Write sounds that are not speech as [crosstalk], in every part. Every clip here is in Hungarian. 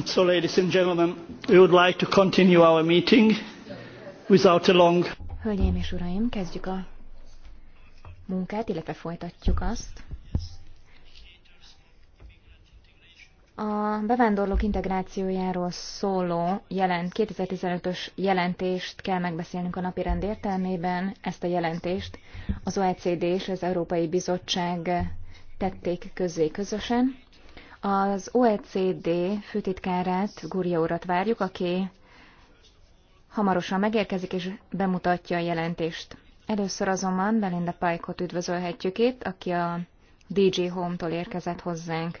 Um, so, ladies and gentlemen, we would like to continue our meeting without a long... Hölgyeim és uraim, kezdjük a munkát, illetve folytatjuk azt. A bevándorlók integrációjáról szóló jelent, 2015-ös jelentést kell megbeszélnünk a napi rend értelmében. Ezt a jelentést az OECD és az Európai Bizottság tették közzé közösen. Az OECD főtitkárát, Gurja urat várjuk, aki hamarosan megérkezik és bemutatja a jelentést. Először azonban Belinda Pajkot üdvözölhetjük itt, aki a DJ Home-tól érkezett hozzánk.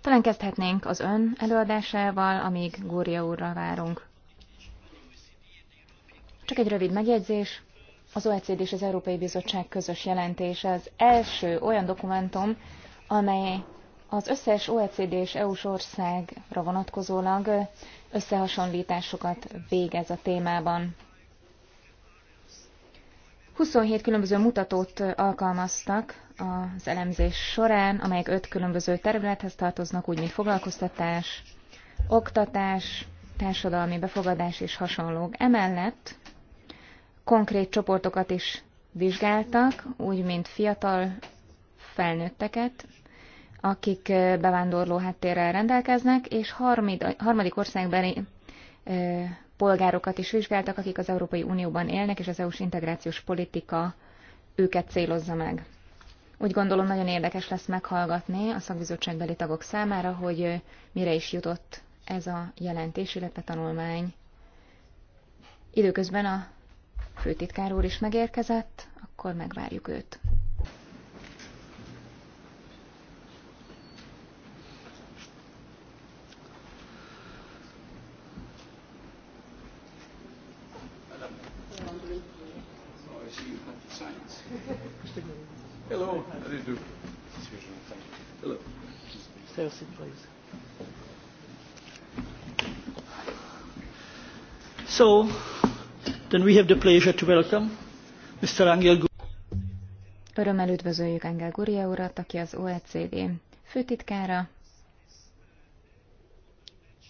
Talán kezdhetnénk az ön előadásával, amíg Gúria úrra várunk. Csak egy rövid megjegyzés. Az OECD és az Európai Bizottság közös jelentése az első olyan dokumentum, amely az összes OECD és EU-s országra vonatkozólag összehasonlításokat végez a témában. 27 különböző mutatót alkalmaztak az elemzés során, amelyek öt különböző területhez tartoznak, úgy mint foglalkoztatás, oktatás, társadalmi befogadás és hasonlók. Emellett konkrét csoportokat is vizsgáltak, úgy mint fiatal felnőtteket, akik bevándorló háttérrel rendelkeznek, és harmadik országbeli polgárokat is vizsgáltak, akik az Európai Unióban élnek, és az EU-s integrációs politika őket célozza meg. Úgy gondolom, nagyon érdekes lesz meghallgatni a szakbizottságbeli tagok számára, hogy mire is jutott ez a jelentés, illetve tanulmány. Időközben a főtitkár úr is megérkezett, akkor megvárjuk őt. So, then we have the pleasure to welcome Mr. Angel Örömmel üdvözöljük Angel Guria urat, aki az OECD főtitkára,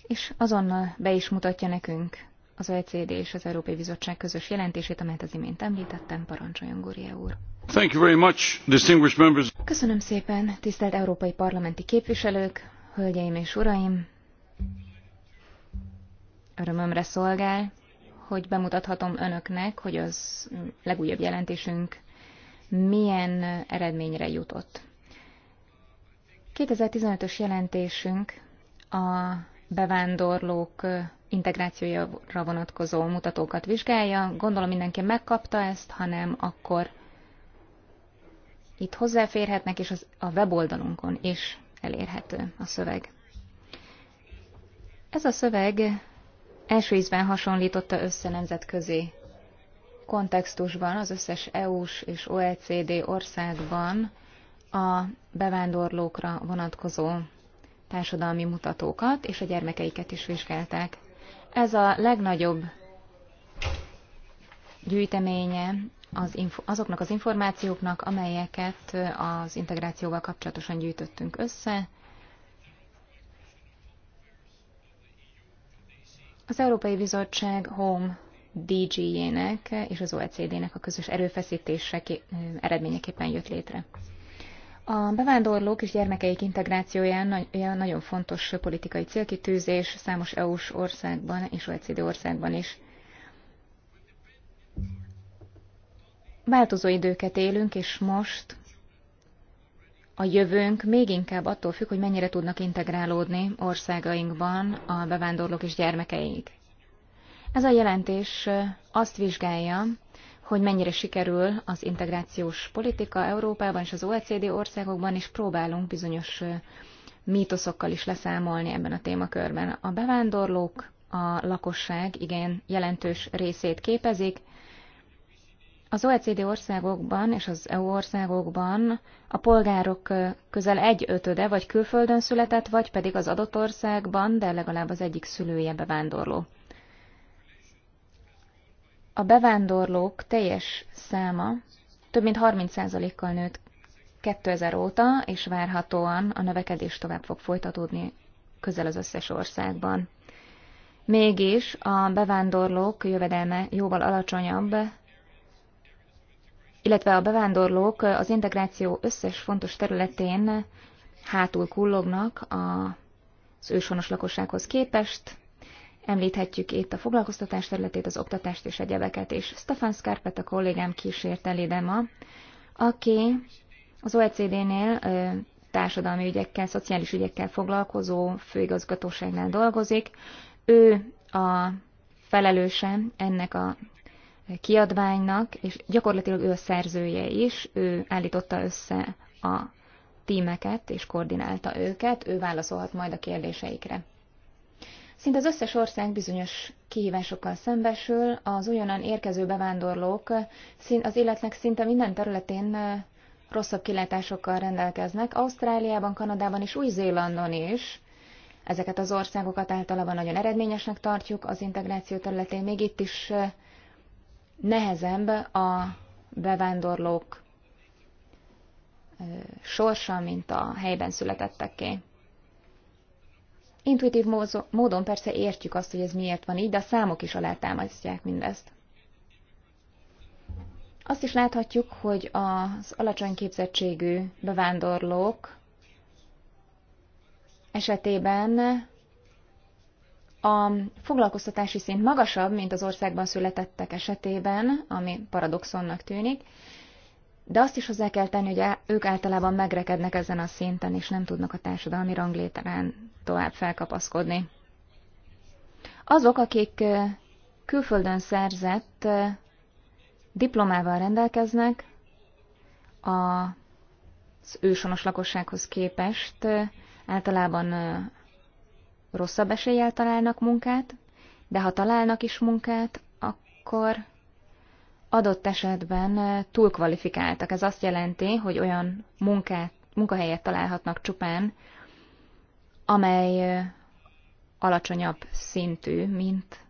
és azonnal be is mutatja nekünk az OECD és az Európai Bizottság közös jelentését, amelyet az imént említettem, parancsoljon Guria úr. Thank you very much, distinguished members. Köszönöm szépen, tisztelt európai parlamenti képviselők, hölgyeim és uraim! Örömömre szolgál, hogy bemutathatom önöknek, hogy az legújabb jelentésünk milyen eredményre jutott. 2015-ös jelentésünk a bevándorlók integrációjára vonatkozó mutatókat vizsgálja. Gondolom mindenki megkapta ezt, hanem akkor itt hozzáférhetnek, és az, a weboldalunkon is elérhető a szöveg. Ez a szöveg első ízben hasonlította össze nemzetközi kontextusban az összes EU-s és OECD országban a bevándorlókra vonatkozó társadalmi mutatókat, és a gyermekeiket is vizsgálták. Ez a legnagyobb gyűjteménye az azoknak az információknak, amelyeket az integrációval kapcsolatosan gyűjtöttünk össze. Az Európai Bizottság Home DG-jének és az OECD-nek a közös erőfeszítések eredményeképpen jött létre. A bevándorlók és gyermekeik integrációja nagyon fontos politikai célkitűzés számos EU-s országban és OECD országban is. Változó időket élünk, és most a jövőnk még inkább attól függ, hogy mennyire tudnak integrálódni országainkban a bevándorlók és gyermekeik. Ez a jelentés azt vizsgálja, hogy mennyire sikerül az integrációs politika Európában és az OECD országokban, és próbálunk bizonyos mítoszokkal is leszámolni ebben a témakörben. A bevándorlók a lakosság igen jelentős részét képezik. Az OECD országokban és az EU országokban a polgárok közel egy ötöde vagy külföldön született, vagy pedig az adott országban, de legalább az egyik szülője bevándorló a bevándorlók teljes száma több mint 30%-kal nőtt 2000 óta, és várhatóan a növekedés tovább fog folytatódni közel az összes országban. Mégis a bevándorlók jövedelme jóval alacsonyabb, illetve a bevándorlók az integráció összes fontos területén hátul kullognak az őshonos lakossághoz képest, Említhetjük itt a foglalkoztatás területét, az oktatást és egyebeket, és Stefan Skarpet a kollégám kísért el ide ma, aki az OECD-nél társadalmi ügyekkel, szociális ügyekkel foglalkozó főigazgatóságnál dolgozik. Ő a felelőse ennek a kiadványnak, és gyakorlatilag ő a szerzője is, ő állította össze a tímeket, és koordinálta őket, ő válaszolhat majd a kérdéseikre. Szinte az összes ország bizonyos kihívásokkal szembesül, az újonnan érkező bevándorlók az életnek szinte minden területén rosszabb kilátásokkal rendelkeznek, Ausztráliában, Kanadában és Új-Zélandon is. Ezeket az országokat általában nagyon eredményesnek tartjuk az integráció területén, még itt is nehezebb a bevándorlók sorsa, mint a helyben születetteké. Intuitív módon persze értjük azt, hogy ez miért van így, de a számok is alátámasztják mindezt. Azt is láthatjuk, hogy az alacsony képzettségű bevándorlók esetében a foglalkoztatási szint magasabb, mint az országban születettek esetében, ami paradoxonnak tűnik, de azt is hozzá kell tenni, hogy e- ők általában megrekednek ezen a szinten, és nem tudnak a társadalmi ranglétrán tovább felkapaszkodni. Azok, akik külföldön szerzett diplomával rendelkeznek, az ősonos lakossághoz képest általában rosszabb eséllyel találnak munkát, de ha találnak is munkát, akkor adott esetben eh, túlkvalifikáltak. Ez azt jelenti, hogy olyan munkát, munkahelyet találhatnak csupán, amely eh, alacsonyabb szintű, mint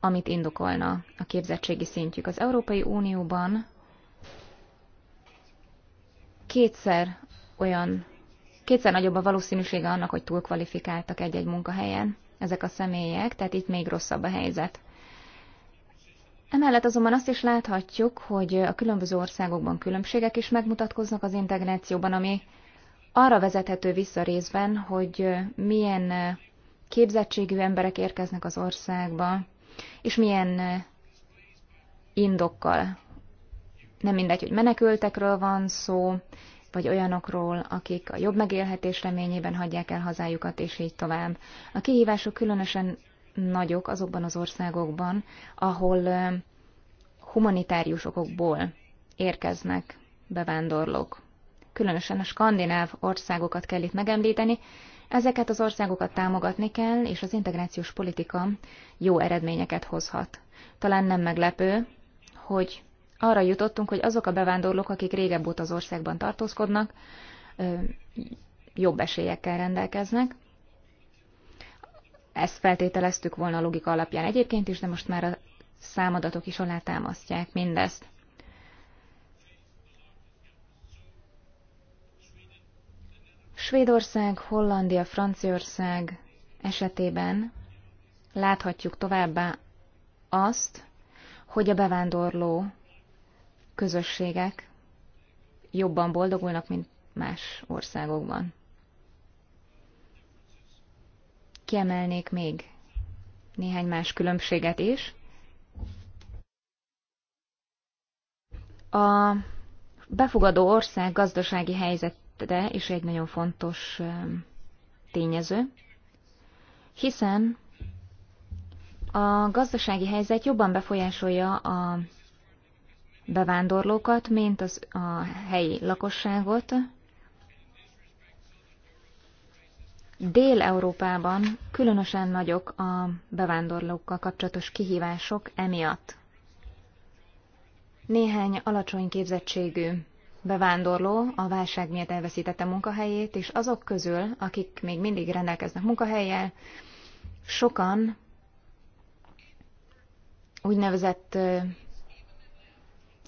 amit indokolna a képzettségi szintjük. Az Európai Unióban kétszer olyan, kétszer nagyobb a valószínűsége annak, hogy túlkvalifikáltak egy-egy munkahelyen ezek a személyek, tehát itt még rosszabb a helyzet. Emellett azonban azt is láthatjuk, hogy a különböző országokban különbségek is megmutatkoznak az integrációban, ami arra vezethető vissza részben, hogy milyen képzettségű emberek érkeznek az országba, és milyen indokkal. Nem mindegy, hogy menekültekről van szó, vagy olyanokról, akik a jobb megélhetés reményében hagyják el hazájukat, és így tovább. A kihívások különösen nagyok azokban az országokban, ahol humanitárius okokból érkeznek bevándorlók. Különösen a skandináv országokat kell itt megemlíteni, ezeket az országokat támogatni kell, és az integrációs politika jó eredményeket hozhat. Talán nem meglepő, hogy arra jutottunk, hogy azok a bevándorlók, akik régebb óta az országban tartózkodnak, jobb esélyekkel rendelkeznek, ezt feltételeztük volna a logika alapján egyébként is, de most már a számadatok is alátámasztják mindezt. Svédország, Hollandia, Franciaország esetében láthatjuk továbbá azt, hogy a bevándorló közösségek jobban boldogulnak, mint más országokban. kiemelnék még néhány más különbséget is. A befogadó ország gazdasági helyzete is egy nagyon fontos tényező, hiszen a gazdasági helyzet jobban befolyásolja a bevándorlókat, mint az, a helyi lakosságot, Dél-Európában különösen nagyok a bevándorlókkal kapcsolatos kihívások emiatt. Néhány alacsony képzettségű bevándorló a válság miatt elveszítette munkahelyét, és azok közül, akik még mindig rendelkeznek munkahelyjel, sokan úgynevezett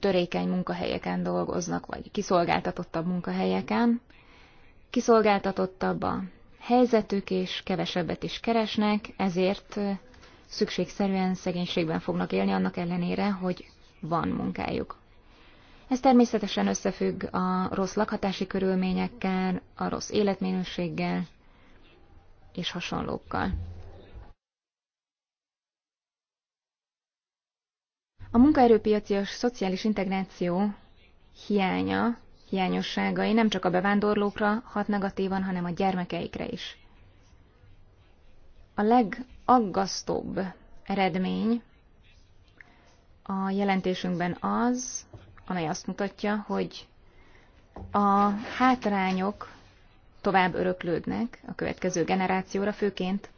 törékeny munkahelyeken dolgoznak, vagy kiszolgáltatottabb munkahelyeken. Kiszolgáltatottabb a helyzetük, és kevesebbet is keresnek, ezért szükségszerűen szegénységben fognak élni annak ellenére, hogy van munkájuk. Ez természetesen összefügg a rossz lakhatási körülményekkel, a rossz életminőséggel és hasonlókkal. A munkaerőpiaci és szociális integráció hiánya hiányosságai nem csak a bevándorlókra hat negatívan, hanem a gyermekeikre is. A legaggasztóbb eredmény a jelentésünkben az, amely azt mutatja, hogy a hátrányok tovább öröklődnek a következő generációra, főként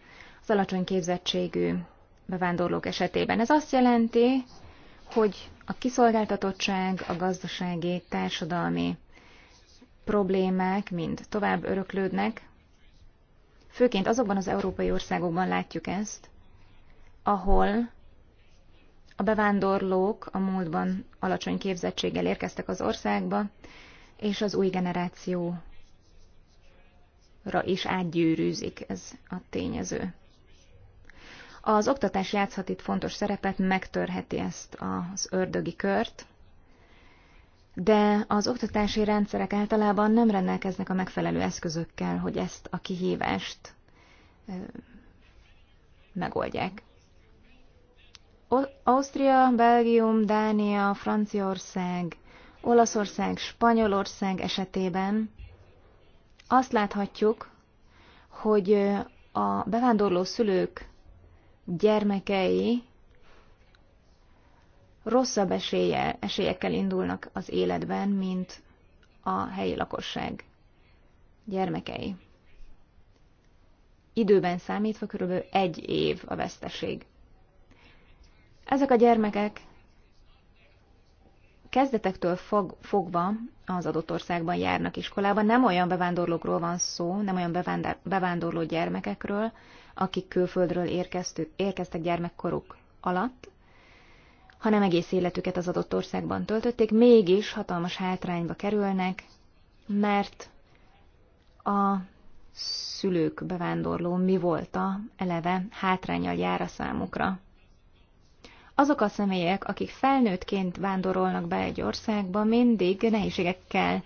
az alacsony képzettségű bevándorlók esetében. Ez azt jelenti, hogy a kiszolgáltatottság, a gazdasági, társadalmi problémák mind tovább öröklődnek. Főként azokban az európai országokban látjuk ezt, ahol a bevándorlók a múltban alacsony képzettséggel érkeztek az országba, és az új generációra is átgyűrűzik ez a tényező. Az oktatás játszhat itt fontos szerepet, megtörheti ezt az ördögi kört, de az oktatási rendszerek általában nem rendelkeznek a megfelelő eszközökkel, hogy ezt a kihívást megoldják. Ausztria, Belgium, Dánia, Franciaország, Olaszország, Spanyolország esetében azt láthatjuk, hogy a bevándorló szülők gyermekei rosszabb esélye, esélyekkel indulnak az életben, mint a helyi lakosság gyermekei. Időben számítva körülbelül egy év a veszteség. Ezek a gyermekek kezdetektől fog, fogva az adott országban járnak iskolába. Nem olyan bevándorlókról van szó, nem olyan bevándorló gyermekekről, akik külföldről érkeztük, érkeztek gyermekkoruk alatt, hanem egész életüket az adott országban töltötték, mégis hatalmas hátrányba kerülnek, mert a szülők bevándorló mi volt a eleve hátrányal jár a számukra. Azok a személyek, akik felnőttként vándorolnak be egy országba, mindig nehézségekkel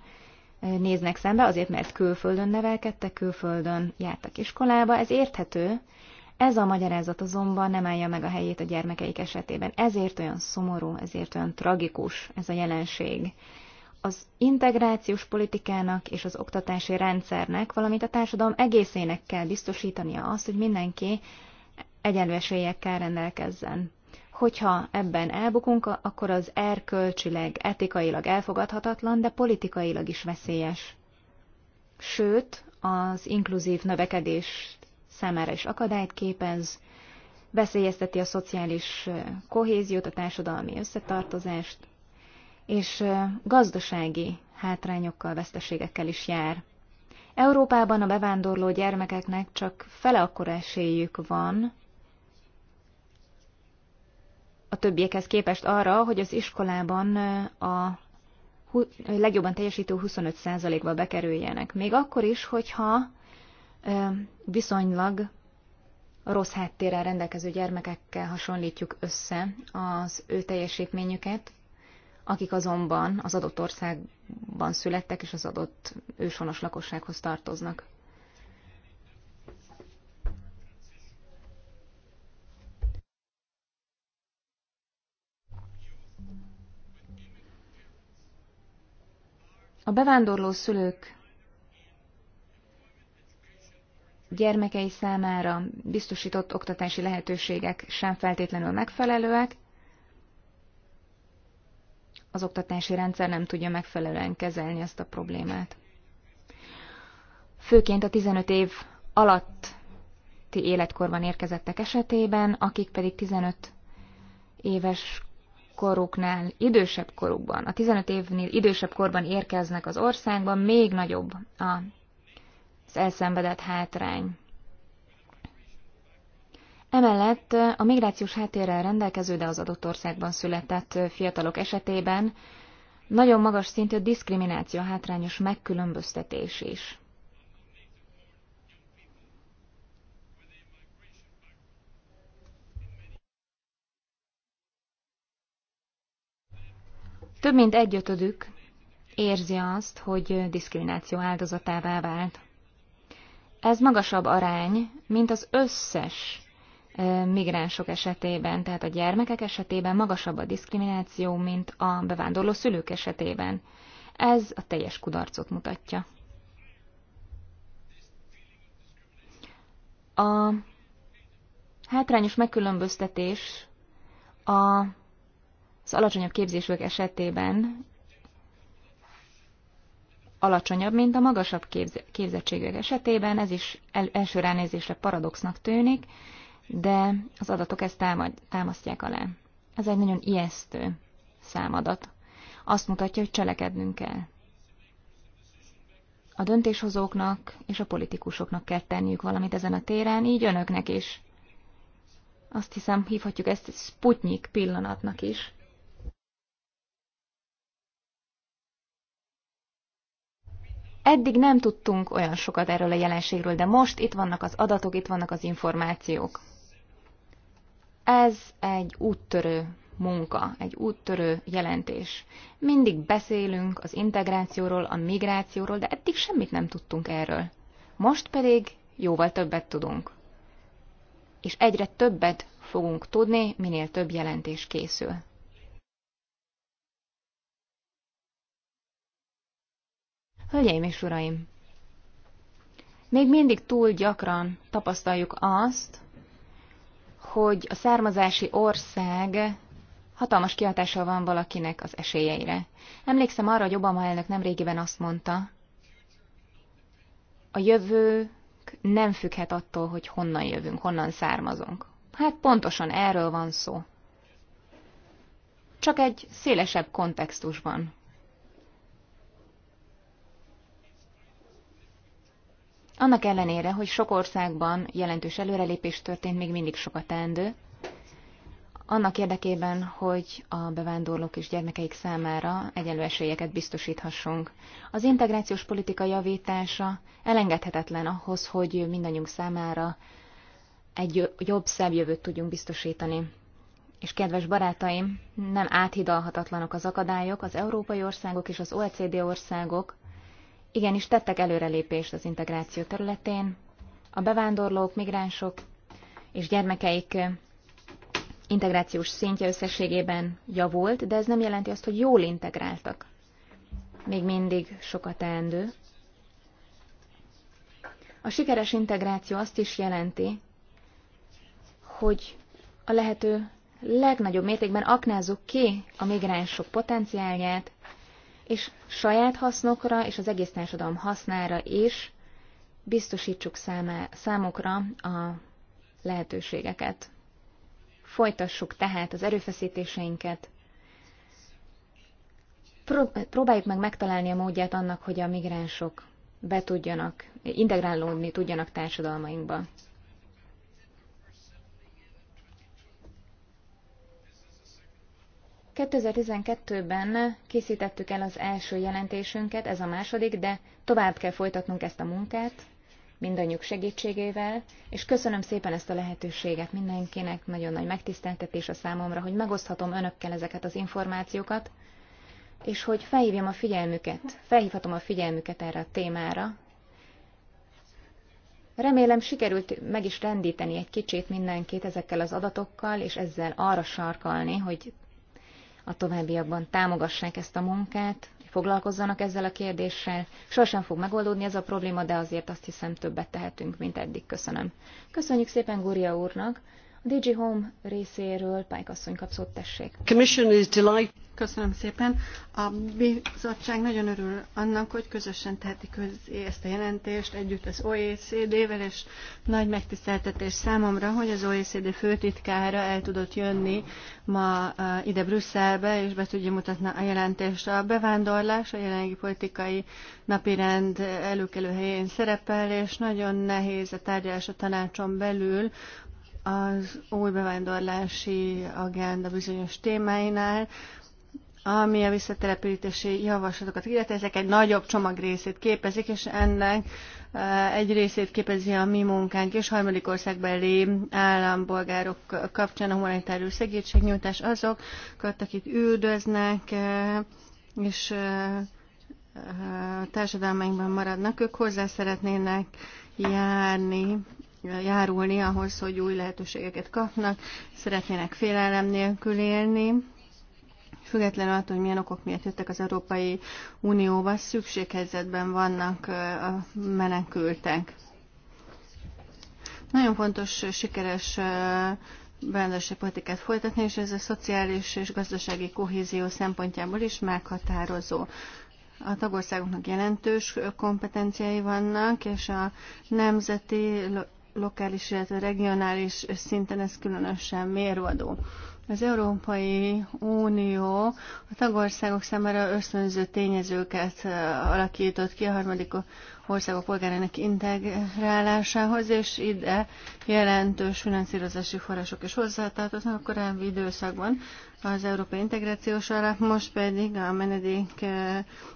néznek szembe, azért mert külföldön nevelkedtek, külföldön jártak iskolába, ez érthető, ez a magyarázat azonban nem állja meg a helyét a gyermekeik esetében. Ezért olyan szomorú, ezért olyan tragikus ez a jelenség. Az integrációs politikának és az oktatási rendszernek, valamint a társadalom egészének kell biztosítania azt, hogy mindenki egyenlő esélyekkel rendelkezzen. Hogyha ebben elbukunk, akkor az erkölcsileg, etikailag elfogadhatatlan, de politikailag is veszélyes. Sőt, az inkluzív növekedés számára is akadályt képez, veszélyezteti a szociális kohéziót, a társadalmi összetartozást, és gazdasági hátrányokkal, veszteségekkel is jár. Európában a bevándorló gyermekeknek csak fele akkora esélyük van a többiekhez képest arra, hogy az iskolában a legjobban teljesítő 25%-ba bekerüljenek. Még akkor is, hogyha viszonylag rossz háttérrel rendelkező gyermekekkel hasonlítjuk össze az ő teljesítményüket, akik azonban az adott országban születtek és az adott őshonos lakossághoz tartoznak. A bevándorló szülők gyermekei számára biztosított oktatási lehetőségek sem feltétlenül megfelelőek, az oktatási rendszer nem tudja megfelelően kezelni ezt a problémát. Főként a 15 év alatti életkorban érkezettek esetében, akik pedig 15 éves koruknál idősebb korukban, a 15 évnél idősebb korban érkeznek az országban, még nagyobb a, az elszenvedett hátrány. Emellett a migrációs háttérrel rendelkező, de az adott országban született fiatalok esetében nagyon magas szintű diszkrimináció hátrányos megkülönböztetés is Több mint egyötödük érzi azt, hogy diszkrimináció áldozatává vált. Ez magasabb arány, mint az összes migránsok esetében, tehát a gyermekek esetében magasabb a diszkrimináció, mint a bevándorló szülők esetében. Ez a teljes kudarcot mutatja. A hátrányos megkülönböztetés a az alacsonyabb képzésűek esetében alacsonyabb, mint a magasabb képz- képzettségűek esetében. Ez is el- első ránézésre paradoxnak tűnik, de az adatok ezt támad- támasztják alá. Ez egy nagyon ijesztő számadat. Azt mutatja, hogy cselekednünk kell. A döntéshozóknak és a politikusoknak kell tenniük valamit ezen a téren, így önöknek is. Azt hiszem, hívhatjuk ezt Sputnik pillanatnak is. Eddig nem tudtunk olyan sokat erről a jelenségről, de most itt vannak az adatok, itt vannak az információk. Ez egy úttörő munka, egy úttörő jelentés. Mindig beszélünk az integrációról, a migrációról, de eddig semmit nem tudtunk erről. Most pedig jóval többet tudunk. És egyre többet fogunk tudni, minél több jelentés készül. Hölgyeim és uraim! Még mindig túl gyakran tapasztaljuk azt, hogy a származási ország hatalmas kihatással van valakinek az esélyeire. Emlékszem arra, hogy Obama elnök nemrégiben azt mondta, a jövő nem függhet attól, hogy honnan jövünk, honnan származunk. Hát pontosan erről van szó. Csak egy szélesebb kontextusban. Annak ellenére, hogy sok országban jelentős előrelépés történt, még mindig sokat teendő. Annak érdekében, hogy a bevándorlók és gyermekeik számára egyenlő esélyeket biztosíthassunk. Az integrációs politika javítása elengedhetetlen ahhoz, hogy mindannyiunk számára egy jobb, szebb jövőt tudjunk biztosítani. És kedves barátaim, nem áthidalhatatlanok az akadályok, az európai országok és az OECD országok igenis tettek előrelépést az integráció területén. A bevándorlók, migránsok és gyermekeik integrációs szintje összességében javult, de ez nem jelenti azt, hogy jól integráltak. Még mindig sokat teendő. A sikeres integráció azt is jelenti, hogy a lehető legnagyobb mértékben aknázzuk ki a migránsok potenciálját, és saját hasznokra és az egész társadalom hasznára is biztosítsuk számá, számokra a lehetőségeket. Folytassuk tehát az erőfeszítéseinket, próbáljuk meg megtalálni a módját annak, hogy a migránsok be tudjanak, integrálódni tudjanak társadalmainkba. 2012-ben készítettük el az első jelentésünket, ez a második, de tovább kell folytatnunk ezt a munkát, mindannyiuk segítségével, és köszönöm szépen ezt a lehetőséget mindenkinek, nagyon nagy megtiszteltetés a számomra, hogy megoszthatom önökkel ezeket az információkat, és hogy felhívjam a figyelmüket, felhívhatom a figyelmüket erre a témára. Remélem sikerült meg is rendíteni egy kicsit mindenkit ezekkel az adatokkal, és ezzel arra sarkalni, hogy a továbbiakban támogassák ezt a munkát, foglalkozzanak ezzel a kérdéssel. Sosem fog megoldódni ez a probléma, de azért azt hiszem többet tehetünk, mint eddig. Köszönöm. Köszönjük szépen Gúria úrnak. A DG Home részéről Pike asszony tessék. Köszönöm szépen. A bizottság nagyon örül annak, hogy közösen teheti közé ezt a jelentést együtt az OECD-vel, és nagy megtiszteltetés számomra, hogy az OECD főtitkára el tudott jönni ma ide Brüsszelbe, és be tudja mutatni a jelentést. A bevándorlás a jelenlegi politikai napirend előkelő helyén szerepel, és nagyon nehéz a tárgyalás a tanácson belül az új bevándorlási agenda bizonyos témáinál, ami a visszatelepítési javaslatokat illeti, ezek egy nagyobb csomag részét képezik, és ennek eh, egy részét képezi a mi munkánk, és harmadik országbeli állampolgárok kapcsán a humanitárius segítségnyújtás azok, akik üldöznek, eh, és eh, társadalmainkban maradnak, ők hozzá szeretnének járni járulni ahhoz, hogy új lehetőségeket kapnak, szeretnének félelem nélkül élni, függetlenül attól, hogy milyen okok miatt jöttek az Európai Unióba, szükséghelyzetben vannak a menekültek. Nagyon fontos, sikeres bevándorlási politikát folytatni, és ez a szociális és gazdasági kohézió szempontjából is meghatározó. A tagországoknak jelentős kompetenciái vannak, és a nemzeti lokális, illetve regionális szinten ez különösen mérvadó. Az Európai Unió a tagországok számára ösztönző tényezőket alakított ki a harmadik országok polgárának integrálásához, és ide jelentős finanszírozási források is hozzátartoznak a korábbi időszakban az európai integrációs alap, most pedig a menedék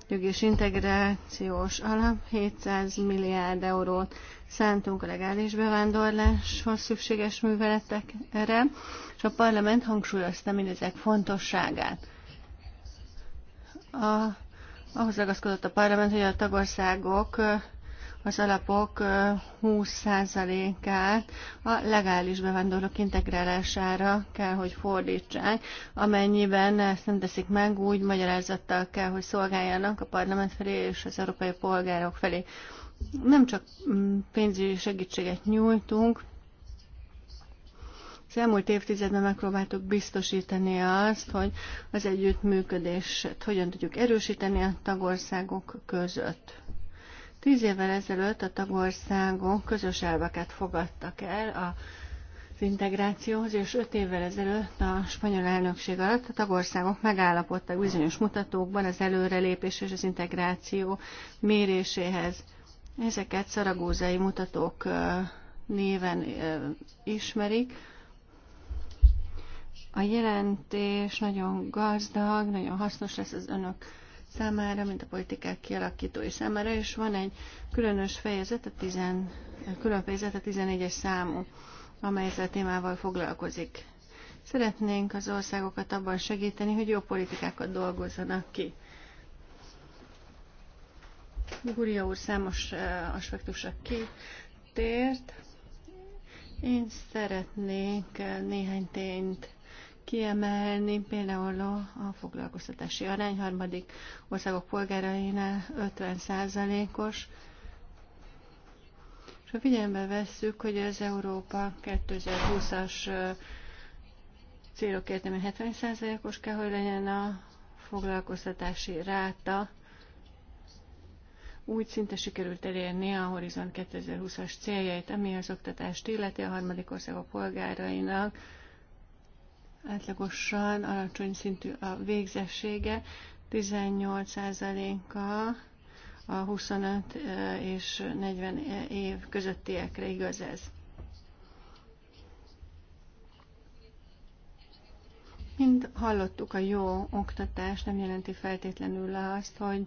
jogi és integrációs alap 700 milliárd eurót szántunk a legális bevándorláshoz szükséges műveletekre, és a parlament hangsúlyozta mindezek fontosságát. A, ahhoz ragaszkodott a parlament, hogy a tagországok az alapok 20%-át a legális bevándorlók integrálására kell, hogy fordítsák. Amennyiben ezt nem teszik meg, úgy magyarázattal kell, hogy szolgáljanak a parlament felé és az európai polgárok felé. Nem csak mm, pénzügyi segítséget nyújtunk, az elmúlt évtizedben megpróbáltuk biztosítani azt, hogy az együttműködést hogyan tudjuk erősíteni a tagországok között. Tíz évvel ezelőtt a tagországok közös elveket fogadtak el a az integrációhoz, és öt évvel ezelőtt a spanyol elnökség alatt a tagországok megállapodtak bizonyos mutatókban az előrelépés és az integráció méréséhez. Ezeket szaragózai mutatók néven ismerik. A jelentés nagyon gazdag, nagyon hasznos lesz az önök számára, mint a politikák kialakítói számára, és van egy különös fejezet, a, tizen, külön fejezet, a 14-es számú, amely ezzel a témával foglalkozik. Szeretnénk az országokat abban segíteni, hogy jó politikákat dolgozzanak ki. Guria úr számos aspektusra kitért. Én szeretnék néhány tényt kiemelni, például a foglalkoztatási arány harmadik országok polgárainál 50 százalékos, és ha figyelembe vesszük, hogy az Európa 2020-as célok értelme 70 százalékos kell, hogy legyen a foglalkoztatási ráta, úgy szinte sikerült elérni a Horizont 2020-as céljait, ami az oktatást illeti a harmadik országok polgárainak átlagosan alacsony szintű a végzettsége, 18%-a a 25 és 40 év közöttiekre igaz ez. Mint hallottuk, a jó oktatás nem jelenti feltétlenül azt, hogy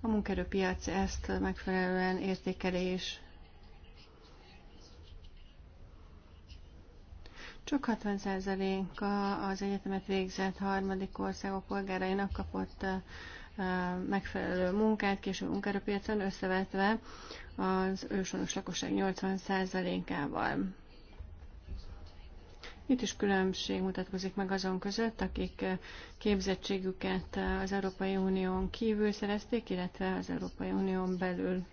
a munkerőpiac ezt megfelelően értékelés Csak 60%-a az egyetemet végzett harmadik országok polgárainak kapott megfelelő munkát, később munkáropiacon összevetve az őshonos lakosság 80%-ával. Itt is különbség mutatkozik meg azon között, akik képzettségüket az Európai Unión kívül szerezték, illetve az Európai Unión belül.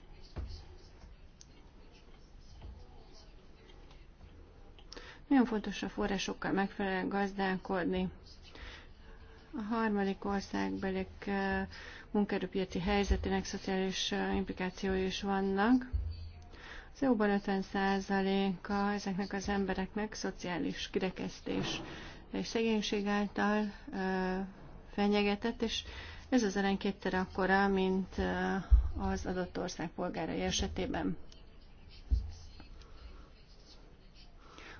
Nagyon fontos a forrásokkal megfelelően gazdálkodni. A harmadik országbeli eh, munkerőpiaci helyzetének szociális eh, implikációi is vannak. Az EU-ban 50%-a ezeknek az embereknek szociális kirekesztés és szegénység által eh, fenyegetett, és ez az arány kétszer akkora, mint az adott ország polgárai esetében.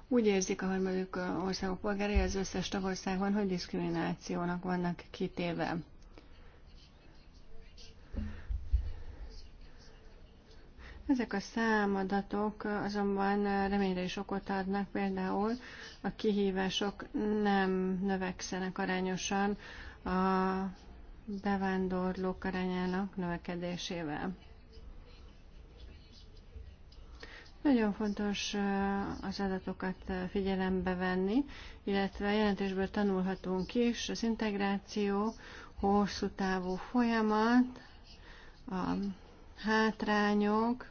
Úgy érzik a harmadik országok polgárai az összes tagországban, hogy diszkriminációnak vannak kitéve. Ezek a számadatok azonban reményre is okot adnak, például a kihívások nem növekszenek arányosan a bevándorlók arányának növekedésével. Nagyon fontos eh, az adatokat eh, figyelembe venni, illetve a jelentésből tanulhatunk is, az integráció hosszú távú folyamat, a hátrányok,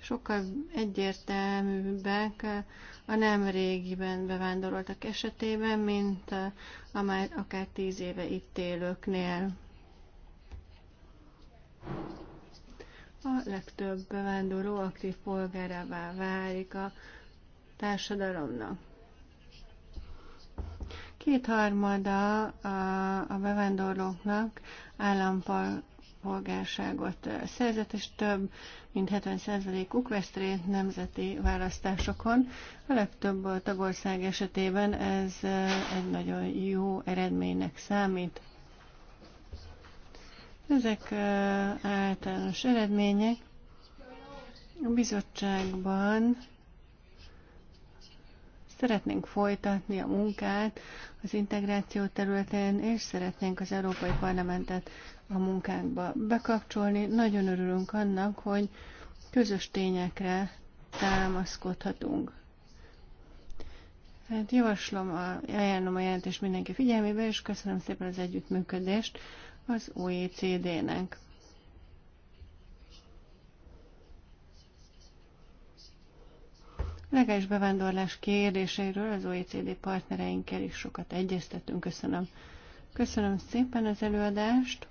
sokkal egyértelműbbek eh, a nem régiben bevándoroltak esetében, mint a már akár tíz éve itt élőknél. A legtöbb bevándorló aktív polgárává válik a társadalomnak. Kétharmada a bevándorlóknak állampolgárságot szerzett, és több mint 70%-uk vesztrét nemzeti választásokon. A legtöbb tagország esetében ez egy nagyon jó eredménynek számít. Ezek általános eredmények. A bizottságban szeretnénk folytatni a munkát az integráció területén, és szeretnénk az Európai Parlamentet a munkánkba bekapcsolni. Nagyon örülünk annak, hogy közös tényekre támaszkodhatunk. Hát javaslom, a, ajánlom a jelentést mindenki figyelmébe, és köszönöm szépen az együttműködést az OECD-nek. Legális bevándorlás kérdéseiről az OECD partnereinkkel is sokat egyeztetünk. Köszönöm. Köszönöm szépen az előadást.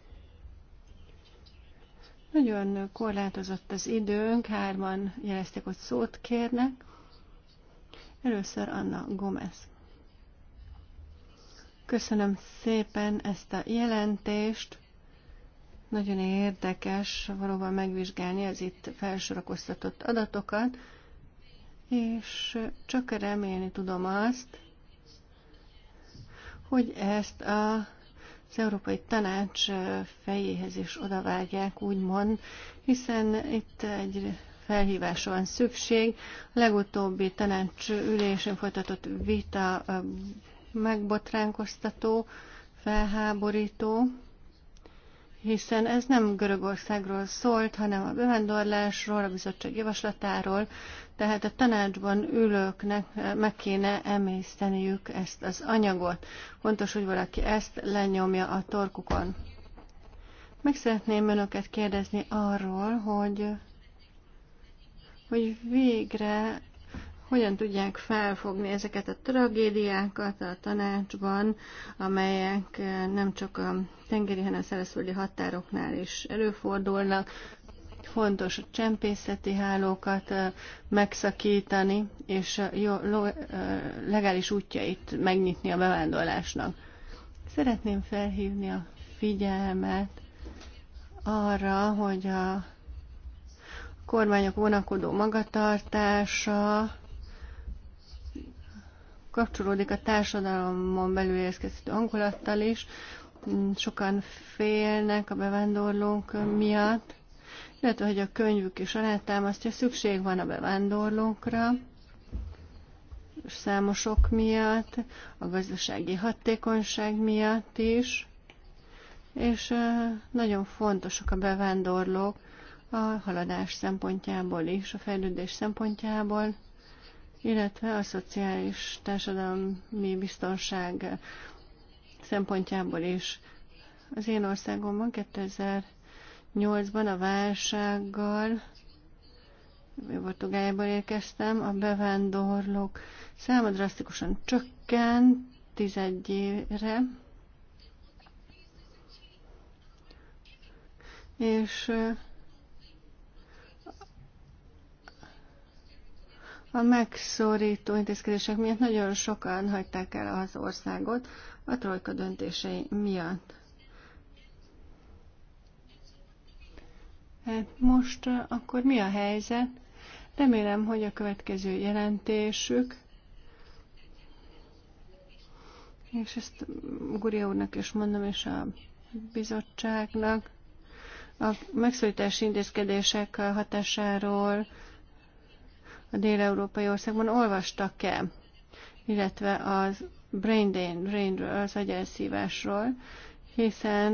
Nagyon korlátozott az időnk, hárman jelezték, hogy szót kérnek. Először Anna Gomez. Köszönöm szépen ezt a jelentést. Nagyon érdekes valóban megvizsgálni az itt felsorakoztatott adatokat, és csak remélni tudom azt, hogy ezt a, az Európai Tanács fejéhez is odavágják, úgymond, hiszen itt egy felhívásra van szükség. A legutóbbi tanács ülésén folytatott vita megbotránkoztató, felháborító, hiszen ez nem Görögországról szólt, hanem a bevándorlásról, a bizottság javaslatáról, tehát a tanácsban ülőknek meg kéne emészteniük ezt az anyagot. Fontos, hogy valaki ezt lenyomja a torkukon. Meg szeretném önöket kérdezni arról, hogy, hogy végre hogyan tudják felfogni ezeket a tragédiákat a tanácsban, amelyek eh, nem csak a tengeri, hanem a szárazföldi határoknál is előfordulnak. Fontos a csempészeti hálókat eh, megszakítani, és a eh, legális útjait megnyitni a bevándorlásnak. Szeretném felhívni a figyelmet arra, hogy a kormányok vonakodó magatartása kapcsolódik a társadalomon belül érkezett angolattal is. Sokan félnek a bevándorlók miatt, illetve hogy a könyvük is alátámasztja, szükség van a bevándorlókra, és számosok miatt, a gazdasági hatékonyság miatt is, és nagyon fontosak a bevándorlók a haladás szempontjából is, a fejlődés szempontjából illetve a szociális társadalmi biztonság szempontjából is. Az én országomban 2008-ban a válsággal Portugáliából érkeztem, a bevándorlók száma drasztikusan csökkent évre, és A megszorító intézkedések miatt nagyon sokan hagyták el az országot a trojka döntései miatt. Hát most akkor mi a helyzet? Remélem, hogy a következő jelentésük, és ezt Guria úrnak is mondom, és a bizottságnak, a megszorítási intézkedések hatásáról a dél-európai országban olvastak-e, illetve az brain drain, brainről, az agyelszívásról, hiszen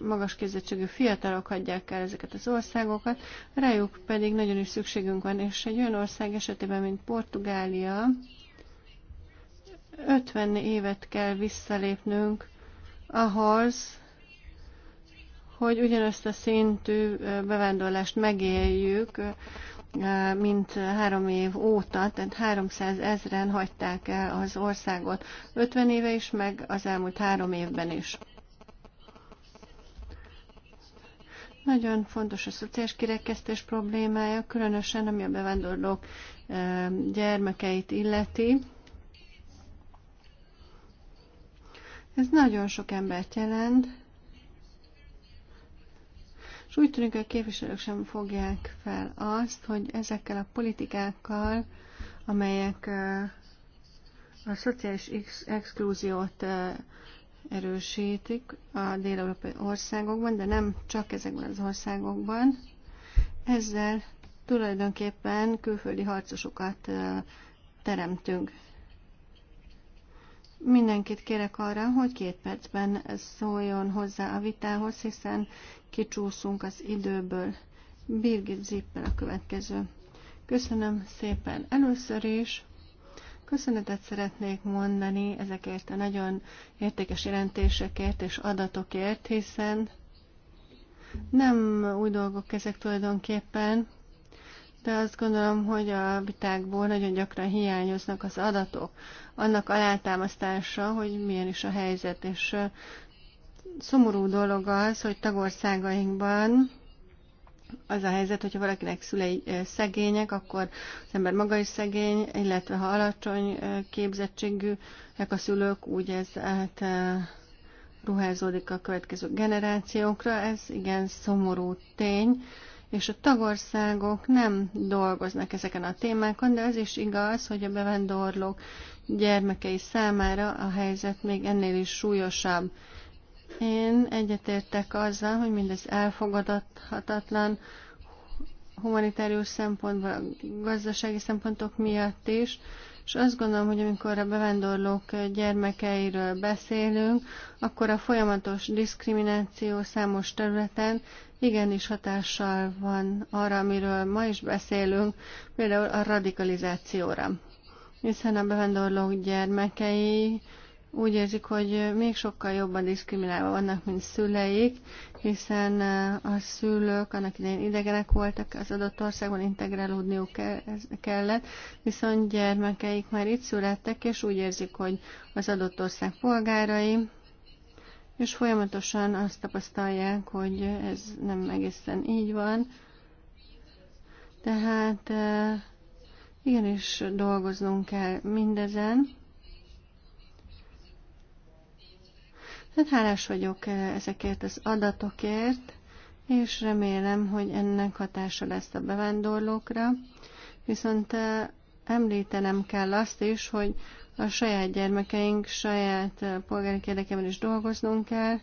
magas képzettségű fiatalok hagyják el ezeket az országokat, rájuk pedig nagyon is szükségünk van, és egy olyan ország esetében, mint Portugália, 50 évet kell visszalépnünk ahhoz, hogy ugyanazt a szintű bevándorlást megéljük mint három év óta, tehát 300 ezren hagyták el az országot 50 éve is, meg az elmúlt három évben is. Nagyon fontos a szociális kirekesztés problémája, különösen ami a bevándorlók gyermekeit illeti. Ez nagyon sok embert jelent, úgy tűnik, hogy a képviselők sem fogják fel azt, hogy ezekkel a politikákkal, amelyek a szociális ex exklúziót erősítik a dél-európai országokban, de nem csak ezekben az országokban, ezzel tulajdonképpen külföldi harcosokat teremtünk. Mindenkit kérek arra, hogy két percben szóljon hozzá a vitához, hiszen kicsúszunk az időből. Birgit Zippel a következő. Köszönöm szépen először is. Köszönetet szeretnék mondani ezekért a nagyon értékes jelentésekért és adatokért, hiszen nem új dolgok ezek tulajdonképpen, illetve azt gondolom, hogy a vitákból nagyon gyakran hiányoznak az adatok, annak alátámasztása, hogy milyen is a helyzet, és szomorú dolog az, hogy tagországainkban az a helyzet, hogyha valakinek szülei szegények, akkor az ember maga is szegény, illetve ha alacsony képzettségűek a szülők, úgy ez hát ruházódik a következő generációkra. Ez igen szomorú tény, és a tagországok nem dolgoznak ezeken a témákon, de az is igaz, hogy a bevándorlók gyermekei számára a helyzet még ennél is súlyosabb. Én egyetértek azzal, hogy mindez elfogadhatatlan humanitárius szempontból, gazdasági szempontok miatt is, és azt gondolom, hogy amikor a bevándorlók gyermekeiről beszélünk, akkor a folyamatos diszkrimináció számos területen igenis hatással van arra, amiről ma is beszélünk, például a radikalizációra. Hiszen a bevándorlók gyermekei úgy érzik, hogy még sokkal jobban diszkriminálva vannak, mint szüleik, hiszen eh, a szülők annak idején idegenek voltak, az adott országban integrálódniuk kellett, viszont gyermekeik már itt születtek, és úgy érzik, hogy az adott ország polgárai, és folyamatosan azt tapasztalják, hogy ez nem egészen így van. Tehát eh, igenis dolgoznunk kell mindezen Tehát hálás vagyok eh, ezekért az adatokért, és remélem, hogy ennek hatása lesz a bevándorlókra. Viszont eh, említenem kell azt is, hogy a saját gyermekeink, saját eh, polgári érdekében is dolgoznunk kell,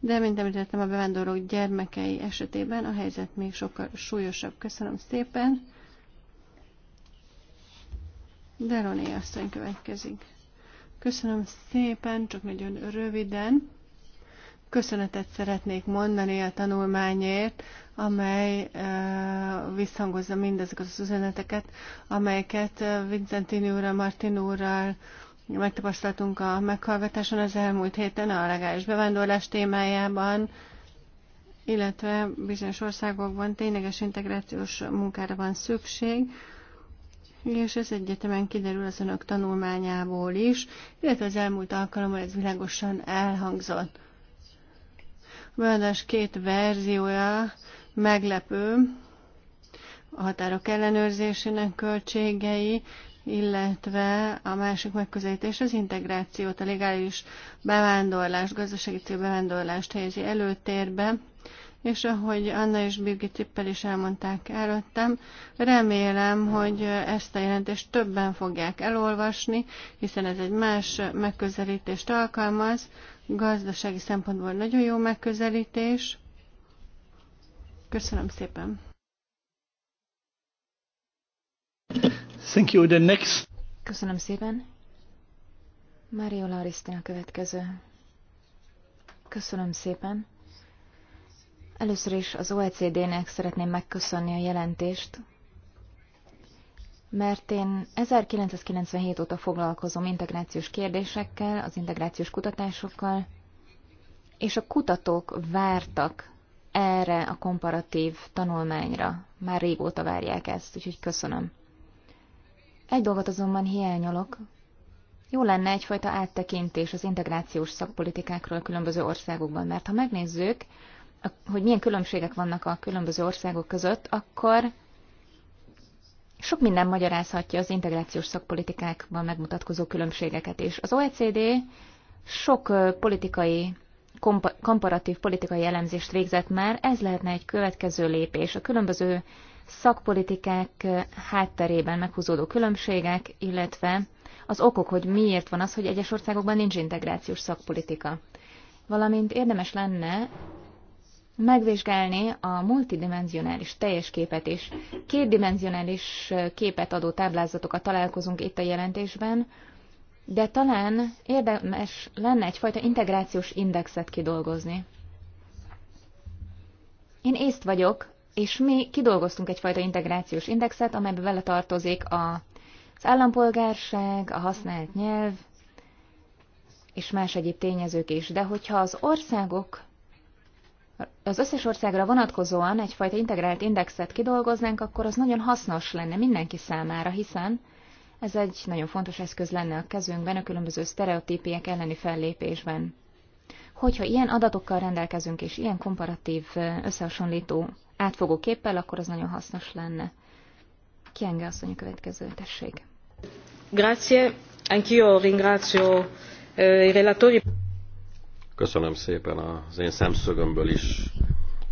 de, mint említettem, a bevándorlók gyermekei esetében a helyzet még sokkal súlyosabb. Köszönöm szépen. Deroné asszony következik. Köszönöm szépen, csak nagyon röviden. Köszönetet szeretnék mondani a tanulmányért, amely eh, visszhangozza mindezeket az üzeneteket, amelyeket eh, Vincentini úrral, Martin úrral megtapasztaltunk a meghallgatáson az elmúlt héten a legális bevándorlás témájában, illetve bizonyos országokban tényleges integrációs munkára van szükség. És ez egyetemen kiderül az önök tanulmányából is, illetve az elmúlt alkalommal ez világosan elhangzott. A beadás két verziója meglepő, a határok ellenőrzésének költségei, illetve a másik megközelítés az integrációt, a legális bevándorlást, gazdasági bevándorlást helyezi előtérbe, és ahogy Anna és Birgit Tippel is elmondták előttem, remélem, hogy ezt a jelentést többen fogják elolvasni, hiszen ez egy más megközelítést alkalmaz, gazdasági szempontból nagyon jó megközelítés. Köszönöm szépen! Thank you. The next. Köszönöm szépen. Mário a következő. Köszönöm szépen. Először is az OECD-nek szeretném megköszönni a jelentést, mert én 1997 óta foglalkozom integrációs kérdésekkel, az integrációs kutatásokkal, és a kutatók vártak erre a komparatív tanulmányra. Már régóta várják ezt, úgyhogy köszönöm. Egy dolgot azonban hiányolok. Jó lenne egyfajta áttekintés az integrációs szakpolitikákról a különböző országokban, mert ha megnézzük, hogy milyen különbségek vannak a különböző országok között, akkor sok minden magyarázhatja az integrációs szakpolitikákban megmutatkozó különbségeket is. Az OECD sok politikai, kompa, komparatív politikai elemzést végzett már, ez lehetne egy következő lépés. A különböző szakpolitikák hátterében meghúzódó különbségek, illetve az okok, hogy miért van az, hogy egyes országokban nincs integrációs szakpolitika. Valamint érdemes lenne megvizsgálni a multidimensionális teljes képet és kétdimensionális képet adó táblázatokat találkozunk itt a jelentésben, de talán érdemes lenne egyfajta integrációs indexet kidolgozni. Én észt vagyok, és mi kidolgoztunk egyfajta integrációs indexet, amelybe vele tartozik a, az állampolgárság, a használt nyelv, és más egyéb tényezők is. De hogyha az országok az összes országra vonatkozóan egyfajta integrált indexet kidolgoznánk, akkor az nagyon hasznos lenne mindenki számára, hiszen ez egy nagyon fontos eszköz lenne a kezünkben a különböző sztereotípiek elleni fellépésben. Hogyha ilyen adatokkal rendelkezünk és ilyen komparatív, összehasonlító, átfogó képpel, akkor az nagyon hasznos lenne. Kienge asszony a következő, tessék. Grazie, anch'io ringrazio i relatori. Köszönöm szépen az én szemszögömből is.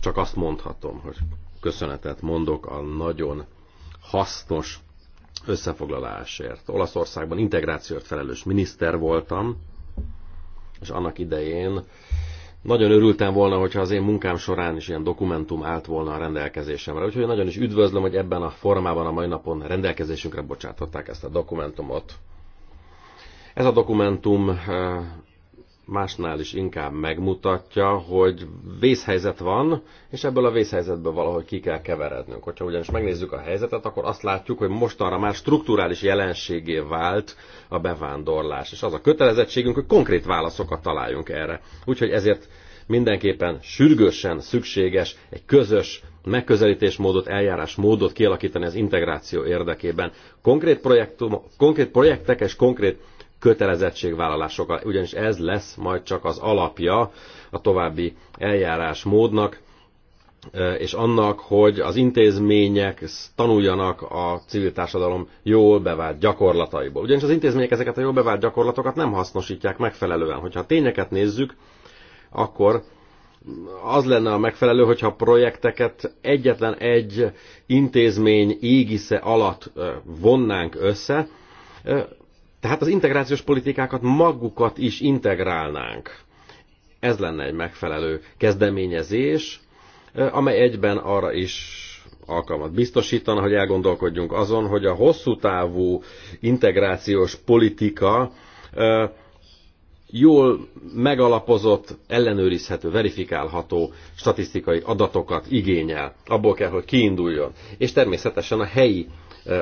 Csak azt mondhatom, hogy köszönetet mondok a nagyon hasznos összefoglalásért. Olaszországban integrációért felelős miniszter voltam, és annak idején nagyon örültem volna, hogyha az én munkám során is ilyen dokumentum állt volna a rendelkezésemre. Úgyhogy nagyon is üdvözlöm, hogy ebben a formában a mai napon rendelkezésünkre bocsátották ezt a dokumentumot. Ez a dokumentum eh, másnál is inkább megmutatja, hogy vészhelyzet van, és ebből a vészhelyzetből valahogy ki kell keverednünk. Hogyha ugyanis megnézzük a helyzetet, akkor azt látjuk, hogy mostanra már strukturális jelenségé vált a bevándorlás, és az a kötelezettségünk, hogy konkrét válaszokat találjunk erre. Úgyhogy ezért mindenképpen sürgősen szükséges egy közös megközelítésmódot, eljárásmódot kialakítani az integráció érdekében. Konkrét, konkrét projektek és konkrét kötelezettségvállalásokkal, ugyanis ez lesz majd csak az alapja a további eljárás módnak és annak, hogy az intézmények tanuljanak a civil társadalom jól bevált gyakorlataiból. Ugyanis az intézmények ezeket a jól bevált gyakorlatokat nem hasznosítják megfelelően. Hogyha a tényeket nézzük, akkor az lenne a megfelelő, hogyha projekteket egyetlen egy intézmény égisze alatt vonnánk össze, tehát az integrációs politikákat magukat is integrálnánk. Ez lenne egy megfelelő kezdeményezés, amely egyben arra is alkalmat biztosítana, hogy elgondolkodjunk azon, hogy a hosszú távú integrációs politika jól megalapozott, ellenőrizhető, verifikálható statisztikai adatokat igényel. Abból kell, hogy kiinduljon. És természetesen a helyi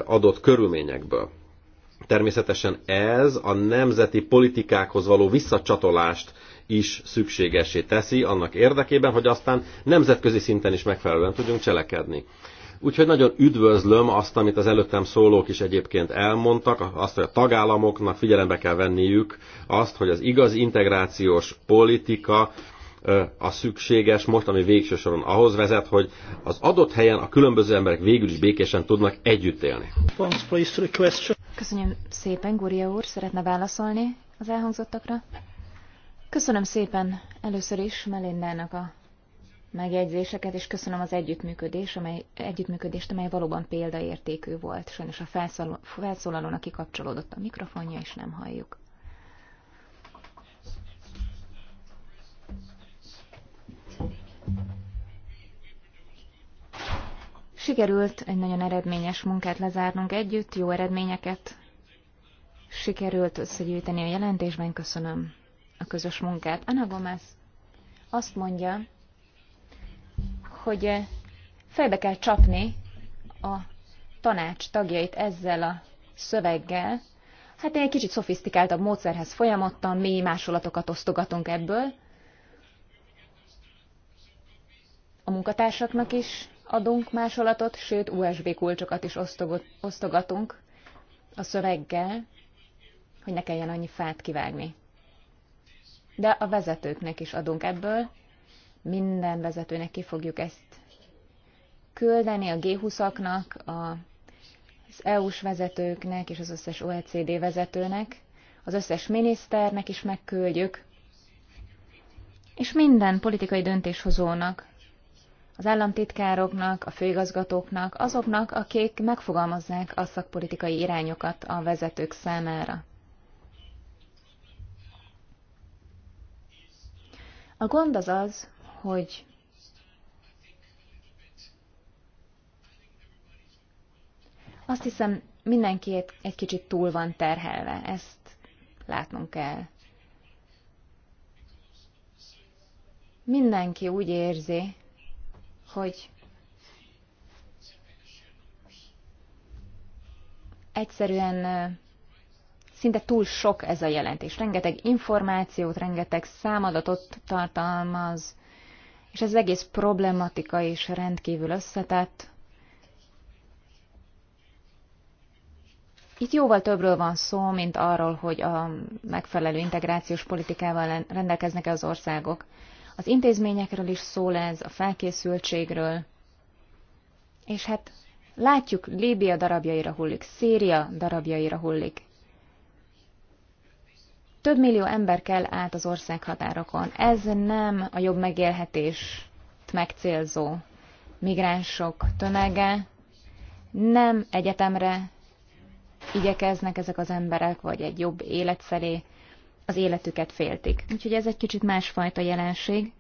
adott körülményekből. Természetesen ez a nemzeti politikákhoz való visszacsatolást is szükségesé teszi annak érdekében, hogy aztán nemzetközi szinten is megfelelően tudjunk cselekedni. Úgyhogy nagyon üdvözlöm azt, amit az előttem szólók is egyébként elmondtak, azt, hogy a tagállamoknak figyelembe kell venniük azt, hogy az igazi integrációs politika a szükséges most, ami végső soron ahhoz vezet, hogy az adott helyen a különböző emberek végül is békésen tudnak együtt élni. Köszönöm szépen, Gúria úr, szeretne válaszolni az elhangzottakra. Köszönöm szépen először is Melindának a megjegyzéseket, és köszönöm az együttműködés, amely, együttműködést, amely valóban példaértékű volt. Sajnos a felszólalónak kikapcsolódott a mikrofonja, és nem halljuk. Sikerült egy nagyon eredményes munkát lezárnunk együtt, jó eredményeket sikerült összegyűjteni a jelentésben, köszönöm a közös munkát. Ana Gomez azt mondja, hogy fejbe kell csapni a tanács tagjait ezzel a szöveggel. Hát én egy kicsit szofisztikáltabb módszerhez folyamodtam, mi másolatokat osztogatunk ebből. A munkatársaknak is adunk másolatot, sőt USB kulcsokat is osztogatunk a szöveggel, hogy ne kelljen annyi fát kivágni. De a vezetőknek is adunk ebből, minden vezetőnek ki fogjuk ezt küldeni, a G20-aknak, az EU-s vezetőknek és az összes OECD vezetőnek, az összes miniszternek is megküldjük, és minden politikai döntéshozónak az államtitkároknak, a főigazgatóknak, azoknak, akik megfogalmazzák a szakpolitikai irányokat a vezetők számára. A gond az az, hogy azt hiszem, mindenki egy kicsit túl van terhelve, ezt látnunk kell. Mindenki úgy érzi, hogy egyszerűen szinte túl sok ez a jelentés. Rengeteg információt, rengeteg számadatot tartalmaz, és ez egész problematika is rendkívül összetett. Itt jóval többről van szó, mint arról, hogy a megfelelő integrációs politikával rendelkeznek-e az országok. Az intézményekről is szól ez, a felkészültségről. És hát látjuk, Líbia darabjaira hullik, Szíria darabjaira hullik. Több millió ember kell át az ország határokon. Ez nem a jobb megélhetést megcélzó migránsok tömege. Nem egyetemre igyekeznek ezek az emberek, vagy egy jobb felé az életüket féltik. Úgyhogy ez egy kicsit másfajta jelenség.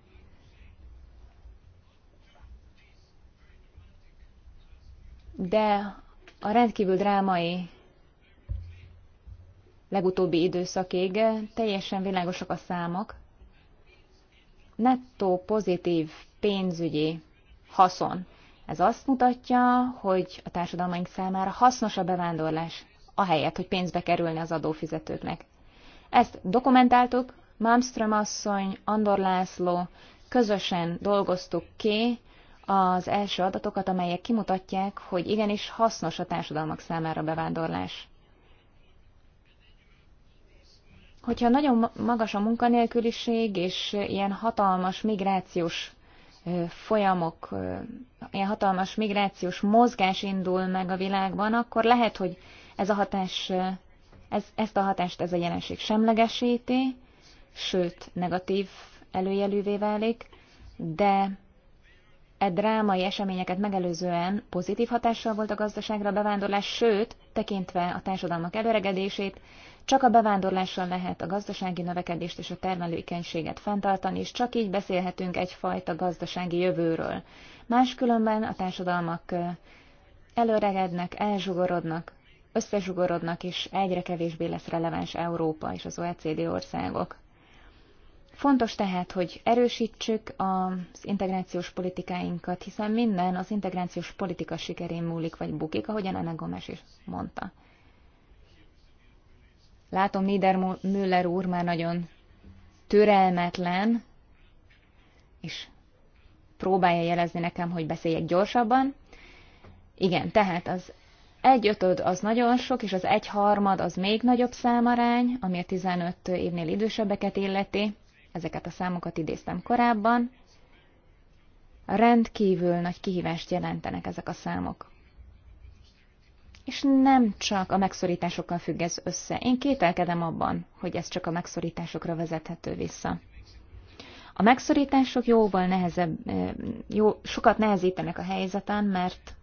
De a rendkívül drámai legutóbbi időszakig teljesen világosak a számok. Nettó pozitív pénzügyi haszon. Ez azt mutatja, hogy a társadalmaink számára hasznos a bevándorlás, ahelyett, hogy pénzbe kerülne az adófizetőknek. Ezt dokumentáltuk, Malmström asszony, Andor László, közösen dolgoztuk ki az első adatokat, amelyek kimutatják, hogy igenis hasznos a társadalmak számára bevándorlás. Hogyha nagyon magas a munkanélküliség, és ilyen hatalmas migrációs folyamok, ilyen hatalmas migrációs mozgás indul meg a világban, akkor lehet, hogy ez a hatás ez, ezt a hatást ez a jelenség semlegesíti, sőt, negatív előjelűvé válik, de e drámai eseményeket megelőzően pozitív hatással volt a gazdaságra a bevándorlás, sőt, tekintve a társadalmak előregedését, csak a bevándorlással lehet a gazdasági növekedést és a termelőikenységet fenntartani, és csak így beszélhetünk egyfajta gazdasági jövőről. Máskülönben a társadalmak előregednek, elzsugorodnak, összezsugorodnak, és egyre kevésbé lesz releváns Európa és az OECD országok. Fontos tehát, hogy erősítsük az integrációs politikáinkat, hiszen minden az integrációs politika sikerén múlik vagy bukik, ahogyan Anna Gomes is mondta. Látom, Nieder Müller úr már nagyon türelmetlen, és próbálja jelezni nekem, hogy beszéljek gyorsabban. Igen, tehát az egy ötöd az nagyon sok, és az egy harmad az még nagyobb számarány, ami a 15 évnél idősebbeket illeti. Ezeket a számokat idéztem korábban. Rendkívül nagy kihívást jelentenek ezek a számok. És nem csak a megszorításokkal függ ez össze. Én kételkedem abban, hogy ez csak a megszorításokra vezethető vissza. A megszorítások jóval nehezebb, eh, jó, sokat nehezítenek a helyzeten, mert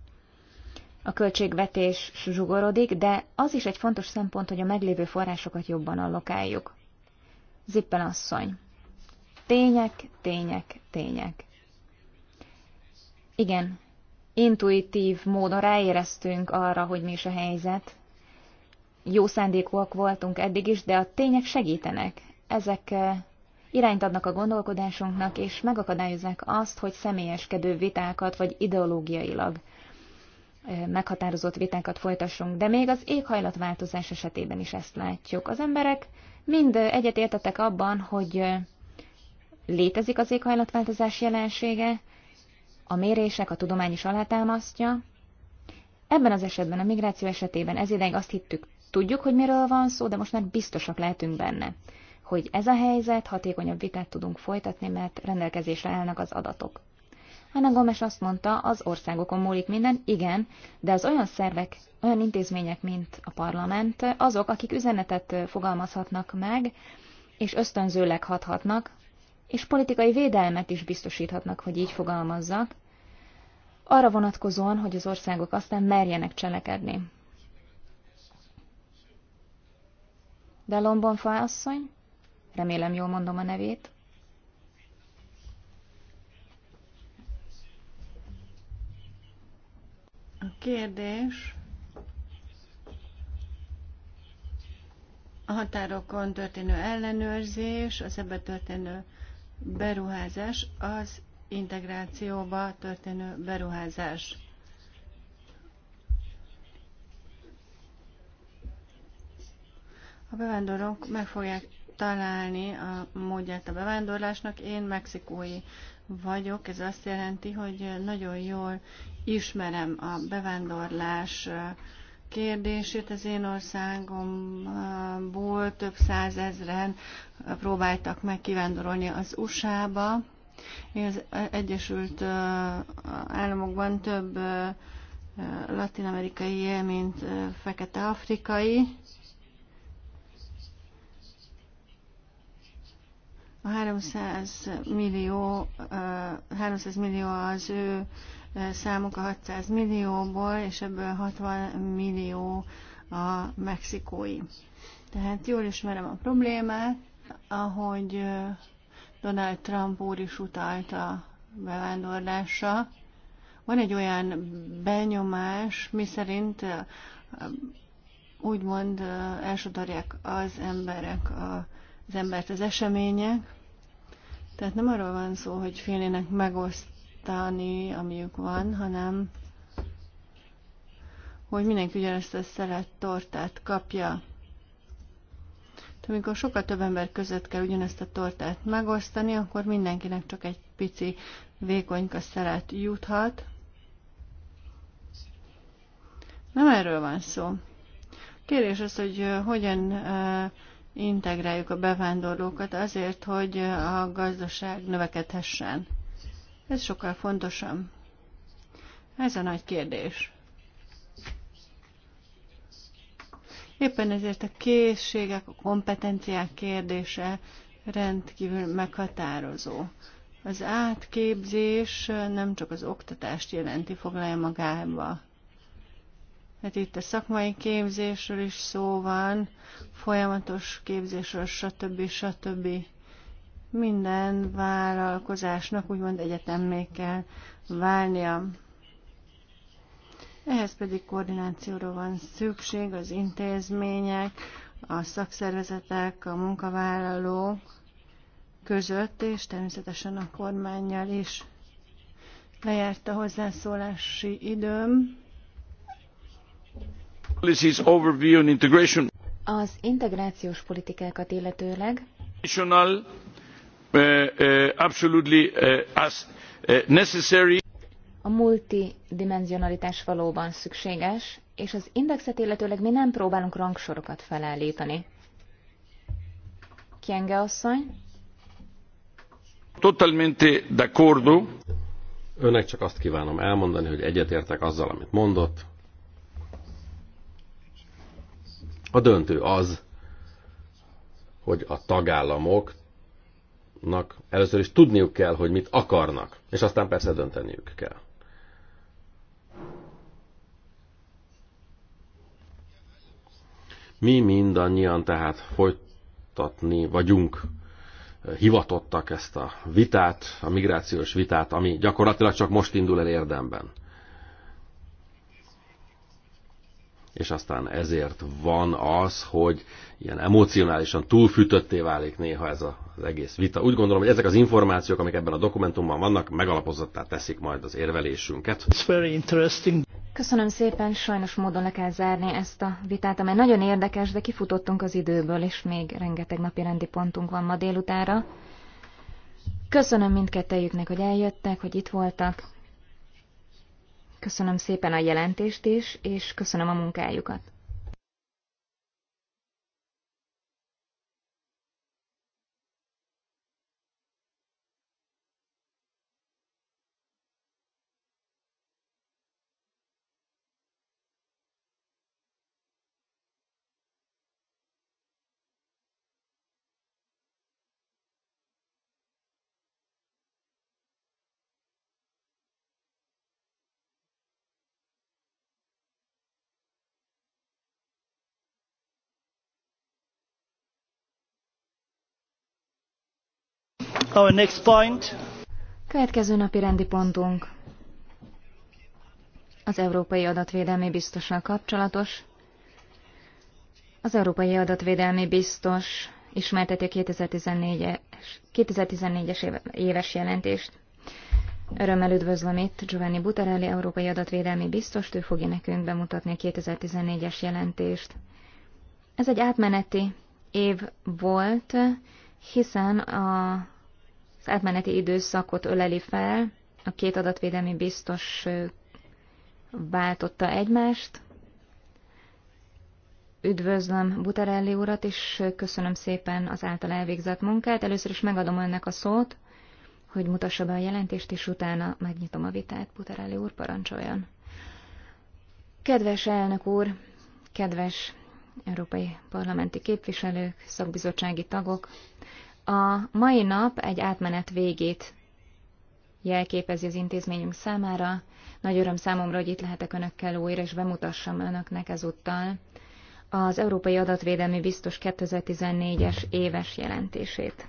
a költségvetés zsugorodik, de az is egy fontos szempont, hogy a meglévő forrásokat jobban allokáljuk. Zippel asszony. Tények, tények, tények. Igen, intuitív módon ráéreztünk arra, hogy mi is a helyzet. Jó szándékúak voltunk eddig is, de a tények segítenek. Ezek eh, irányt adnak a gondolkodásunknak, és megakadályozzák azt, hogy személyeskedő vitákat, vagy ideológiailag meghatározott vitákat folytassunk, de még az éghajlatváltozás esetében is ezt látjuk. Az emberek mind egyetértettek abban, hogy létezik az éghajlatváltozás jelensége, a mérések a tudomány is alátámasztja. Ebben az esetben, a migráció esetében ez ideig azt hittük, tudjuk, hogy miről van szó, de most már biztosak lehetünk benne, hogy ez a helyzet, hatékonyabb vitát tudunk folytatni, mert rendelkezésre állnak az adatok. Ana Gomes azt mondta, az országokon múlik minden, igen, de az olyan szervek, olyan intézmények, mint a parlament, azok, akik üzenetet fogalmazhatnak meg, és ösztönzőleg hathatnak, és politikai védelmet is biztosíthatnak, hogy így fogalmazzak, arra vonatkozóan, hogy az országok aztán merjenek cselekedni. De Lombonfa asszony, remélem jól mondom a nevét, A kérdés a határokon történő ellenőrzés, az ebbe történő beruházás, az integrációba történő beruházás. A bevándorlók meg fogják találni a módját a bevándorlásnak. Én mexikói vagyok, ez azt jelenti, hogy nagyon jól ismerem a bevándorlás kérdését az én országomból több százezren próbáltak meg kivándorolni az USA-ba. Én az Egyesült Államokban több latin-amerikai, mint fekete-afrikai, A 300 millió, 300 millió az ő számuk a 600 millióból, és ebből 60 millió a mexikói. Tehát jól ismerem a problémát, ahogy Donald Trump úr is utalt a bevándorlásra. Van egy olyan benyomás, miszerint úgymond elsodorják az emberek a az embert az események. Tehát nem arról van szó, hogy félnének megosztani, amiük van, hanem hogy mindenki ugyanezt a szelet tortát kapja. Tehát amikor sokkal több ember között kell ugyanezt a tortát megosztani, akkor mindenkinek csak egy pici vékonyka szelet juthat. Nem erről van szó. Kérdés az, hogy eh, hogyan eh, integráljuk a bevándorlókat azért, hogy a gazdaság növekedhessen. Ez sokkal fontosabb. Ez a nagy kérdés. Éppen ezért a készségek, a kompetenciák kérdése rendkívül meghatározó. Az átképzés nem csak az oktatást jelenti, foglalja magába mert hát itt a szakmai képzésről is szó van, folyamatos képzésről, stb. stb. Minden vállalkozásnak úgymond egyetemmé kell válnia. Ehhez pedig koordinációra van szükség az intézmények, a szakszervezetek, a munkavállalók között, és természetesen a kormányjal is. Lejárt a hozzászólási időm. Az integrációs politikákat illetőleg eh, eh, eh, a multidimensionalitás valóban szükséges, és az indexet illetőleg mi nem próbálunk rangsorokat felállítani. Kienge asszony? Totalmente d'accordo. Önnek csak azt kívánom elmondani, hogy egyetértek azzal, amit mondott, A döntő az, hogy a tagállamoknak először is tudniuk kell, hogy mit akarnak, és aztán persze dönteniük kell. Mi mindannyian tehát folytatni vagyunk hivatottak ezt a vitát, a migrációs vitát, ami gyakorlatilag csak most indul el érdemben. és aztán ezért van az, hogy ilyen emocionálisan túlfűtötté válik néha ez az egész vita. Úgy gondolom, hogy ezek az információk, amik ebben a dokumentumban vannak, megalapozottá teszik majd az érvelésünket. It's very interesting. Köszönöm szépen, sajnos módon le kell zárni ezt a vitát, amely nagyon érdekes, de kifutottunk az időből, és még rengeteg napi rendi pontunk van ma délutára. Köszönöm mindkettejüknek, hogy eljöttek, hogy itt voltak. Köszönöm szépen a jelentést is, és köszönöm a munkájukat. Our next point. Következő napi rendi pontunk az Európai Adatvédelmi Biztossal kapcsolatos. Az Európai Adatvédelmi Biztos ismerteti a 2014-es 2014 éves jelentést. Örömmel üdvözlöm itt Giovanni Butarelli, Európai Adatvédelmi Biztos, ő fogja nekünk bemutatni a 2014-es jelentést. Ez egy átmeneti év volt, hiszen a az átmeneti időszakot öleli fel, a két adatvédelmi biztos váltotta egymást. Üdvözlöm Butarelli urat, és köszönöm szépen az által elvégzett munkát. Először is megadom önnek a szót, hogy mutassa be a jelentést, és utána megnyitom a vitát. Butarelli úr, parancsoljon. Kedves elnök úr, kedves európai parlamenti képviselők, szakbizottsági tagok, a mai nap egy átmenet végét jelképezi az intézményünk számára. Nagy öröm számomra, hogy itt lehetek önökkel újra, és bemutassam önöknek ezúttal az Európai Adatvédelmi Biztos 2014-es éves jelentését.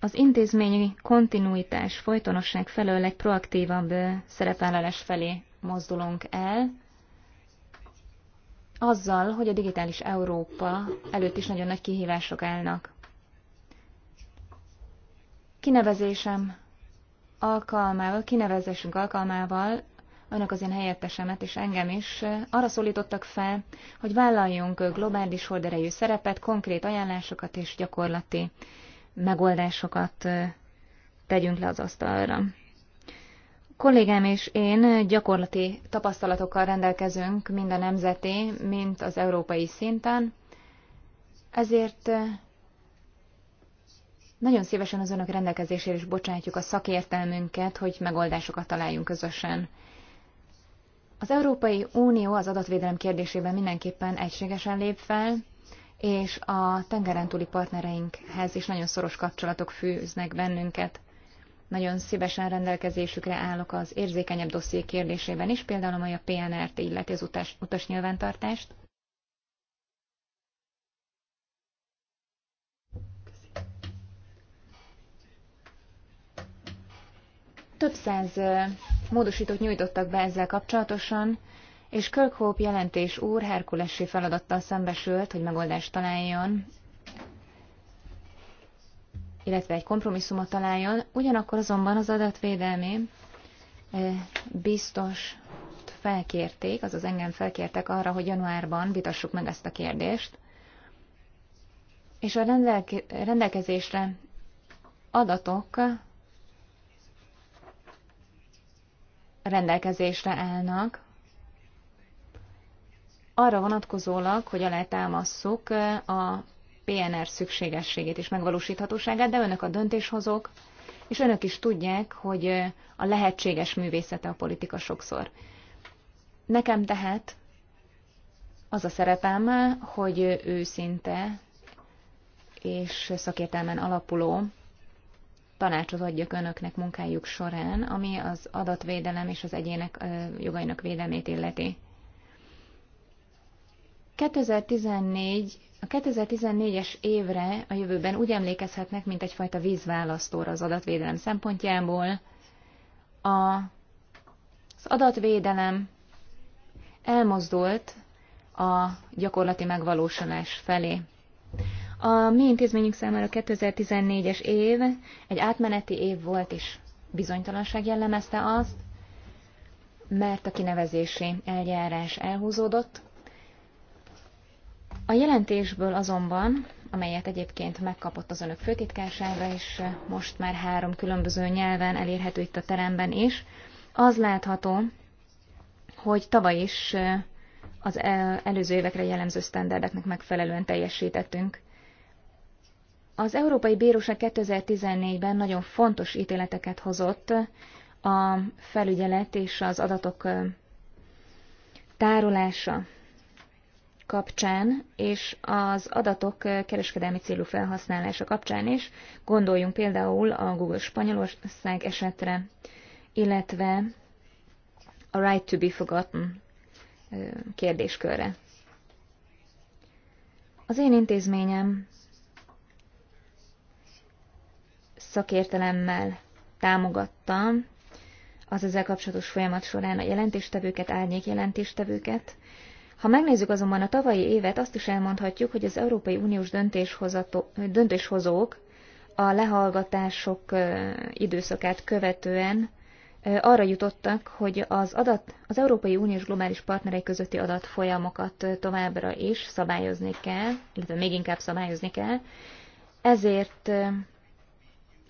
Az intézményi kontinuitás, folytonosság felől egy proaktívabb szerepvállalás felé mozdulunk el, azzal, hogy a digitális Európa előtt is nagyon nagy kihívások állnak. Kinevezésem alkalmával, kinevezésünk alkalmával önök az én helyettesemet és engem is arra szólítottak fel, hogy vállaljunk globális horderejű szerepet, konkrét ajánlásokat és gyakorlati megoldásokat tegyünk le az asztalra kollégám és én gyakorlati tapasztalatokkal rendelkezünk mind a nemzeti, mint az európai szinten, ezért eh, nagyon szívesen az önök rendelkezésére is bocsátjuk a szakértelmünket, hogy megoldásokat találjunk közösen. Az Európai Unió az adatvédelem kérdésében mindenképpen egységesen lép fel, és a tengeren túli partnereinkhez is nagyon szoros kapcsolatok fűznek bennünket. Nagyon szívesen rendelkezésükre állok az érzékenyebb dosszié kérdésében is, például amely a PNR-t illeti az utas, utas nyilvántartást. Több száz módosítót nyújtottak be ezzel kapcsolatosan, és Kirkhope jelentés úr herkulessé feladattal szembesült, hogy megoldást találjon illetve egy kompromisszumot találjon, ugyanakkor azonban az adatvédelmi biztos felkérték, azaz engem felkértek arra, hogy januárban vitassuk meg ezt a kérdést, és a rendelke, rendelkezésre adatok rendelkezésre állnak, arra vonatkozólag, hogy támasszuk a PNR szükségességét és megvalósíthatóságát, de önök a döntéshozók, és önök is tudják, hogy a lehetséges művészete a politika sokszor. Nekem tehát az a szerepem, hogy őszinte és szakértelmen alapuló tanácsot adjak önöknek munkájuk során, ami az adatvédelem és az egyének jogainak védelmét illeti. 2014, a 2014-es évre a jövőben úgy emlékezhetnek, mint egyfajta vízválasztóra az adatvédelem szempontjából. A, az adatvédelem elmozdult a gyakorlati megvalósulás felé. A mi intézményünk számára 2014-es év egy átmeneti év volt, és bizonytalanság jellemezte azt, mert a kinevezési eljárás elhúzódott, a jelentésből azonban, amelyet egyébként megkapott az önök főtitkársága, és most már három különböző nyelven elérhető itt a teremben is, az látható, hogy tavaly is az előző évekre jellemző sztenderdeknek megfelelően teljesítettünk. Az Európai Bíróság 2014-ben nagyon fontos ítéleteket hozott a felügyelet és az adatok tárolása kapcsán, és az adatok kereskedelmi célú felhasználása kapcsán is, gondoljunk például a Google Spanyolország esetre, illetve a Right to be Forgotten kérdéskörre. Az én intézményem szakértelemmel támogatta az ezzel kapcsolatos folyamat során a jelentéstevőket, árnyék jelentéstevőket, ha megnézzük azonban a tavalyi évet, azt is elmondhatjuk, hogy az Európai Uniós döntéshozók a lehallgatások időszakát követően arra jutottak, hogy az, adat, az Európai Uniós globális partnerek közötti adatfolyamokat továbbra is szabályozni kell, illetve még inkább szabályozni kell. Ezért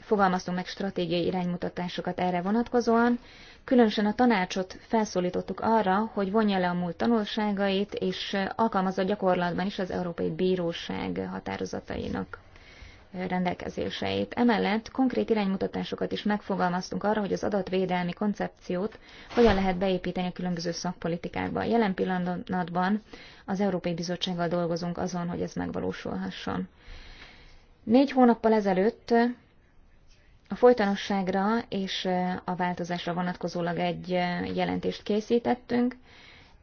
fogalmaztunk meg stratégiai iránymutatásokat erre vonatkozóan. Különösen a tanácsot felszólítottuk arra, hogy vonja le a múlt tanulságait, és alkalmazza gyakorlatban is az Európai Bíróság határozatainak rendelkezéseit. Emellett konkrét iránymutatásokat is megfogalmaztunk arra, hogy az adatvédelmi koncepciót hogyan lehet beépíteni a különböző szakpolitikákba. Jelen pillanatban az Európai Bizottsággal dolgozunk azon, hogy ez megvalósulhasson. Négy hónappal ezelőtt a folytonosságra és a változásra vonatkozólag egy jelentést készítettünk.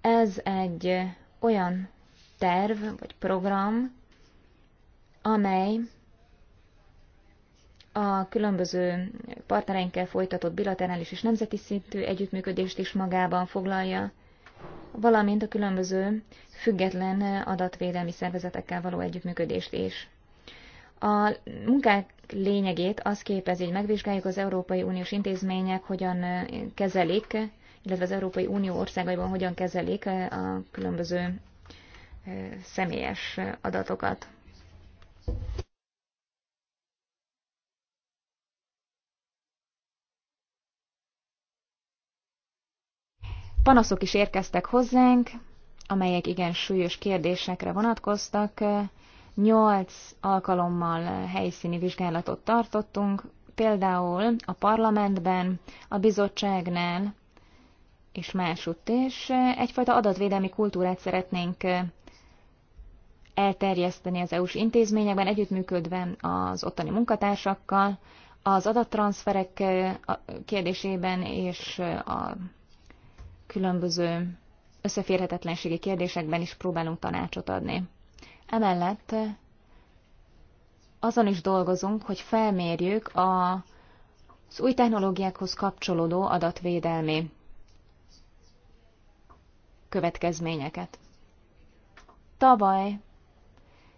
Ez egy olyan terv vagy program, amely a különböző partnereinkkel folytatott bilaterális és nemzeti szintű együttműködést is magában foglalja, valamint a különböző független adatvédelmi szervezetekkel való együttműködést is. A munkák lényegét az képezi, hogy megvizsgáljuk az Európai Uniós intézmények hogyan kezelik, illetve az Európai Unió országaiban hogyan kezelik a különböző személyes adatokat. Panaszok is érkeztek hozzánk, amelyek igen súlyos kérdésekre vonatkoztak, Nyolc alkalommal helyszíni vizsgálatot tartottunk, például a parlamentben, a bizottságnál, és másutt, is. egyfajta adatvédelmi kultúrát szeretnénk elterjeszteni az EU-s intézményekben, együttműködve az ottani munkatársakkal, az adattranszferek kérdésében és a különböző összeférhetetlenségi kérdésekben is próbálunk tanácsot adni. Emellett eh, azon is dolgozunk, hogy felmérjük a, az új technológiákhoz kapcsolódó adatvédelmi következményeket. Tavaly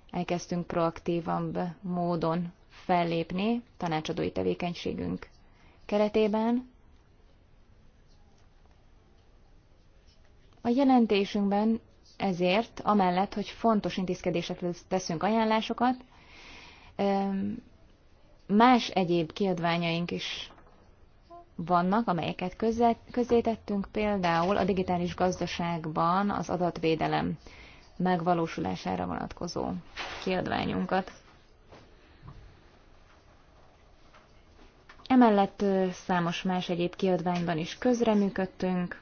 elkezdtünk proaktívabb módon fellépni tanácsadói tevékenységünk keretében. A jelentésünkben ezért, amellett, hogy fontos intézkedésekre teszünk ajánlásokat, más egyéb kiadványaink is vannak, amelyeket közzé, közzétettünk, például a digitális gazdaságban az adatvédelem megvalósulására vonatkozó kiadványunkat. Emellett számos más egyéb kiadványban is közreműködtünk,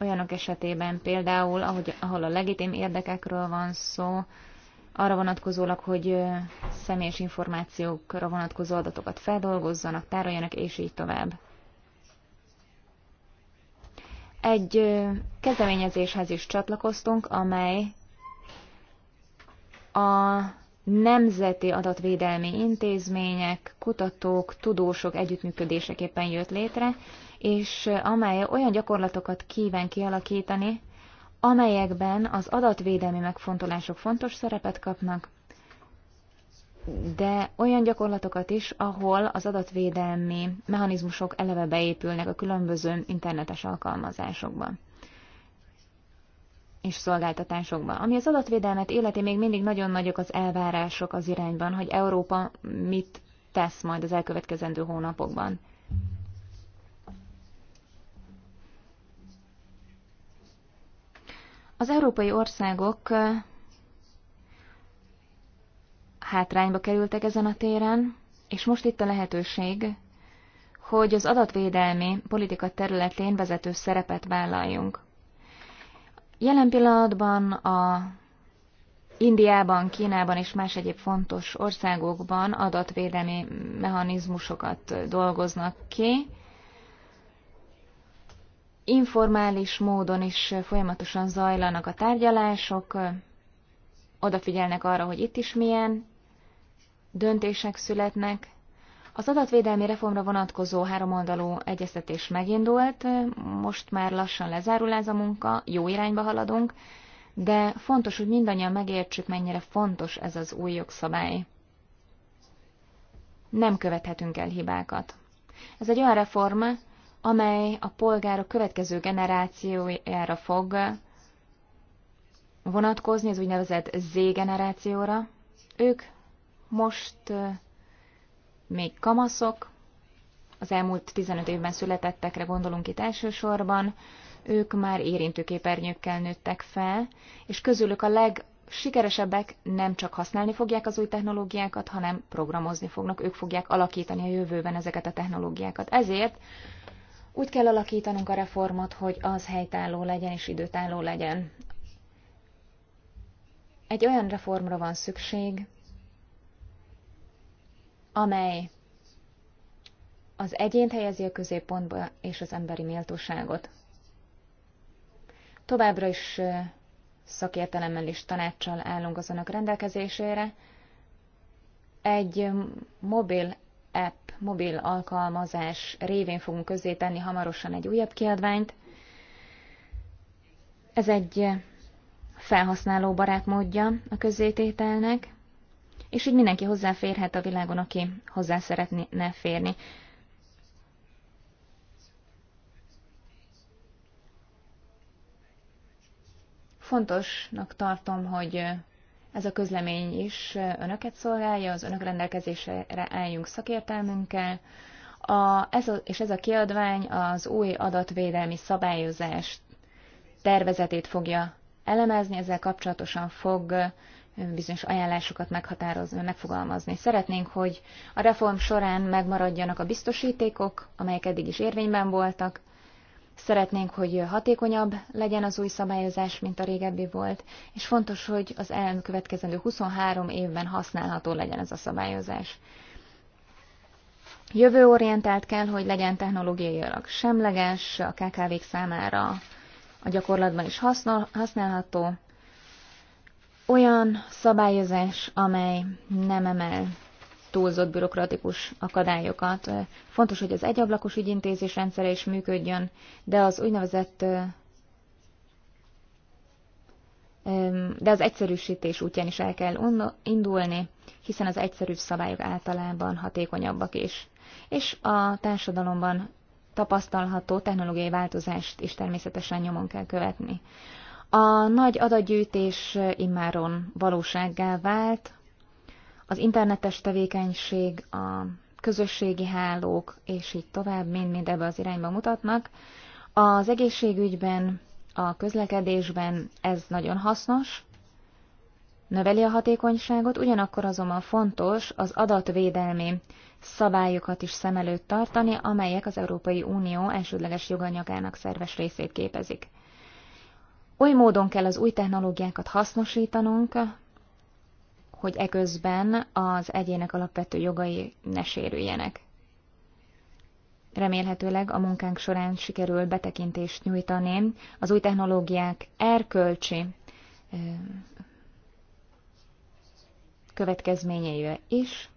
olyanok esetében például, ahogy, ahol a legitim érdekekről van szó, arra vonatkozólag, hogy személyes információkra vonatkozó adatokat feldolgozzanak, tároljanak, és így tovább. Egy kezdeményezéshez is csatlakoztunk, amely a Nemzeti Adatvédelmi Intézmények, kutatók, tudósok együttműködéseképpen jött létre, és amely olyan gyakorlatokat kíván kialakítani, amelyekben az adatvédelmi megfontolások fontos szerepet kapnak, de olyan gyakorlatokat is, ahol az adatvédelmi mechanizmusok eleve beépülnek a különböző internetes alkalmazásokban és szolgáltatásokban. Ami az adatvédelmet életi, még mindig nagyon nagyok az elvárások az irányban, hogy Európa mit tesz majd az elkövetkezendő hónapokban. Az európai országok hátrányba kerültek ezen a téren, és most itt a lehetőség, hogy az adatvédelmi politika területén vezető szerepet vállaljunk. Jelen pillanatban a Indiában, Kínában és más egyéb fontos országokban adatvédelmi mechanizmusokat dolgoznak ki, informális módon is folyamatosan zajlanak a tárgyalások, odafigyelnek arra, hogy itt is milyen döntések születnek. Az adatvédelmi reformra vonatkozó háromoldalú egyeztetés megindult, most már lassan lezárul ez a munka, jó irányba haladunk, de fontos, hogy mindannyian megértsük, mennyire fontos ez az új jogszabály. Nem követhetünk el hibákat. Ez egy olyan reforma, amely a polgárok következő generációjára fog vonatkozni, az úgynevezett Z generációra. Ők most még kamaszok, az elmúlt 15 évben születettekre gondolunk itt elsősorban, ők már érintőképernyőkkel nőttek fel, és közülük a legsikeresebbek nem csak használni fogják az új technológiákat, hanem programozni fognak, ők fogják alakítani a jövőben ezeket a technológiákat. Ezért úgy kell alakítanunk a reformot, hogy az helytálló legyen és időtálló legyen. Egy olyan reformra van szükség, amely az egyént helyezi a középpontba és az emberi méltóságot. Továbbra is szakértelemmel és tanácssal állunk azonok rendelkezésére. Egy mobil app, mobil alkalmazás révén fogunk közzétenni hamarosan egy újabb kiadványt. Ez egy felhasználó barát módja a közzétételnek, és így mindenki hozzáférhet a világon, aki hozzá szeretne férni. Fontosnak tartom, hogy ez a közlemény is önöket szolgálja, az önök rendelkezésére álljunk szakértelmünkkel. A, ez a, és ez a kiadvány az új adatvédelmi szabályozás tervezetét fogja elemezni, ezzel kapcsolatosan fog bizonyos ajánlásokat meghatározni, megfogalmazni. Szeretnénk, hogy a reform során megmaradjanak a biztosítékok, amelyek eddig is érvényben voltak, Szeretnénk, hogy hatékonyabb legyen az új szabályozás, mint a régebbi volt, és fontos, hogy az elkövetkezendő 23 évben használható legyen ez a szabályozás. Jövőorientált kell, hogy legyen technológiailag semleges, a KKV-k számára a gyakorlatban is használható. Olyan szabályozás, amely nem emel túlzott bürokratikus akadályokat. Fontos, hogy az egyablakos ügyintézés rendszere is működjön, de az úgynevezett de az egyszerűsítés útján is el kell indulni, hiszen az egyszerű szabályok általában hatékonyabbak is. És a társadalomban tapasztalható technológiai változást is természetesen nyomon kell követni. A nagy adatgyűjtés immáron valósággá vált, az internetes tevékenység, a közösségi hálók, és így tovább mind-mind ebbe az irányba mutatnak. Az egészségügyben, a közlekedésben ez nagyon hasznos, növeli a hatékonyságot, ugyanakkor azonban fontos az adatvédelmi szabályokat is szem előtt tartani, amelyek az Európai Unió elsődleges joganyagának szerves részét képezik. Oly módon kell az új technológiákat hasznosítanunk, hogy eközben az egyének alapvető jogai ne sérüljenek. Remélhetőleg a munkánk során sikerül betekintést nyújtani az új technológiák erkölcsi következményeivel is,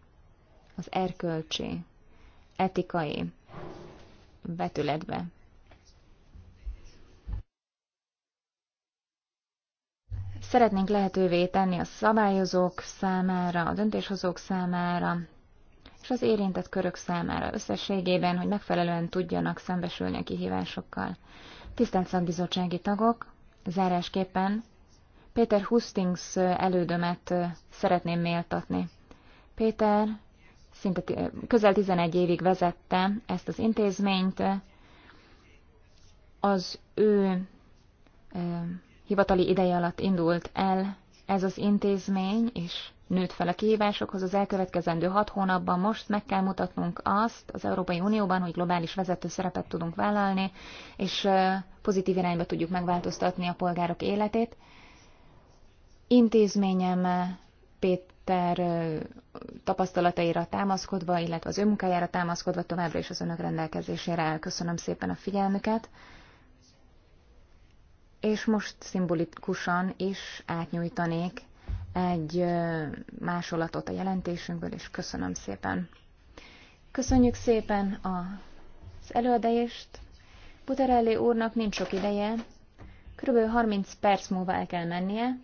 az erkölcsi, etikai vetületbe Szeretnénk lehetővé tenni a szabályozók számára, a döntéshozók számára, és az érintett körök számára összességében, hogy megfelelően tudjanak szembesülni a kihívásokkal. Tisztelt szakbizottsági tagok, zárásképpen Péter Hustings elődömet szeretném méltatni. Péter szinte közel 11 évig vezette ezt az intézményt. Az ő hivatali ideje alatt indult el ez az intézmény, és nőtt fel a kihívásokhoz az elkövetkezendő hat hónapban. Most meg kell mutatnunk azt az Európai Unióban, hogy globális vezető szerepet tudunk vállalni, és pozitív irányba tudjuk megváltoztatni a polgárok életét. Intézményem Péter tapasztalataira támaszkodva, illetve az ő munkájára támaszkodva továbbra is az önök rendelkezésére elköszönöm szépen a figyelmüket és most szimbolikusan is átnyújtanék egy másolatot a jelentésünkből, és köszönöm szépen. Köszönjük szépen az előadást. Buterelli úrnak nincs sok ideje, kb. 30 perc múlva el kell mennie,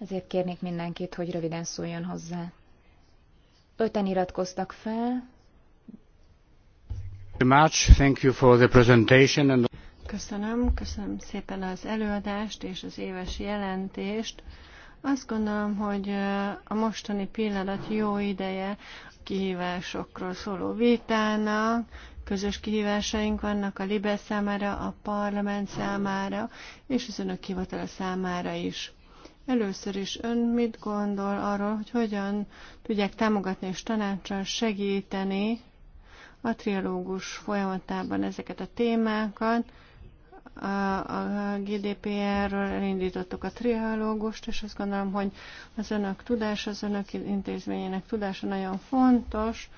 ezért kérnék mindenkit, hogy röviden szóljon hozzá. Öten iratkoztak fel. Thank you for the presentation and Köszönöm, köszönöm szépen az előadást és az éves jelentést. Azt gondolom, hogy a mostani pillanat jó ideje a kihívásokról szóló vitának, közös kihívásaink vannak a Libe számára, a parlament számára, és az önök hivatala számára is. Először is ön mit gondol arról, hogy hogyan tudják támogatni és tanácsal segíteni a trialógus folyamatában ezeket a témákat, a GDPR-ről elindítottuk a triálógust, és azt gondolom, hogy az önök tudása, az önök intézményének tudása nagyon fontos.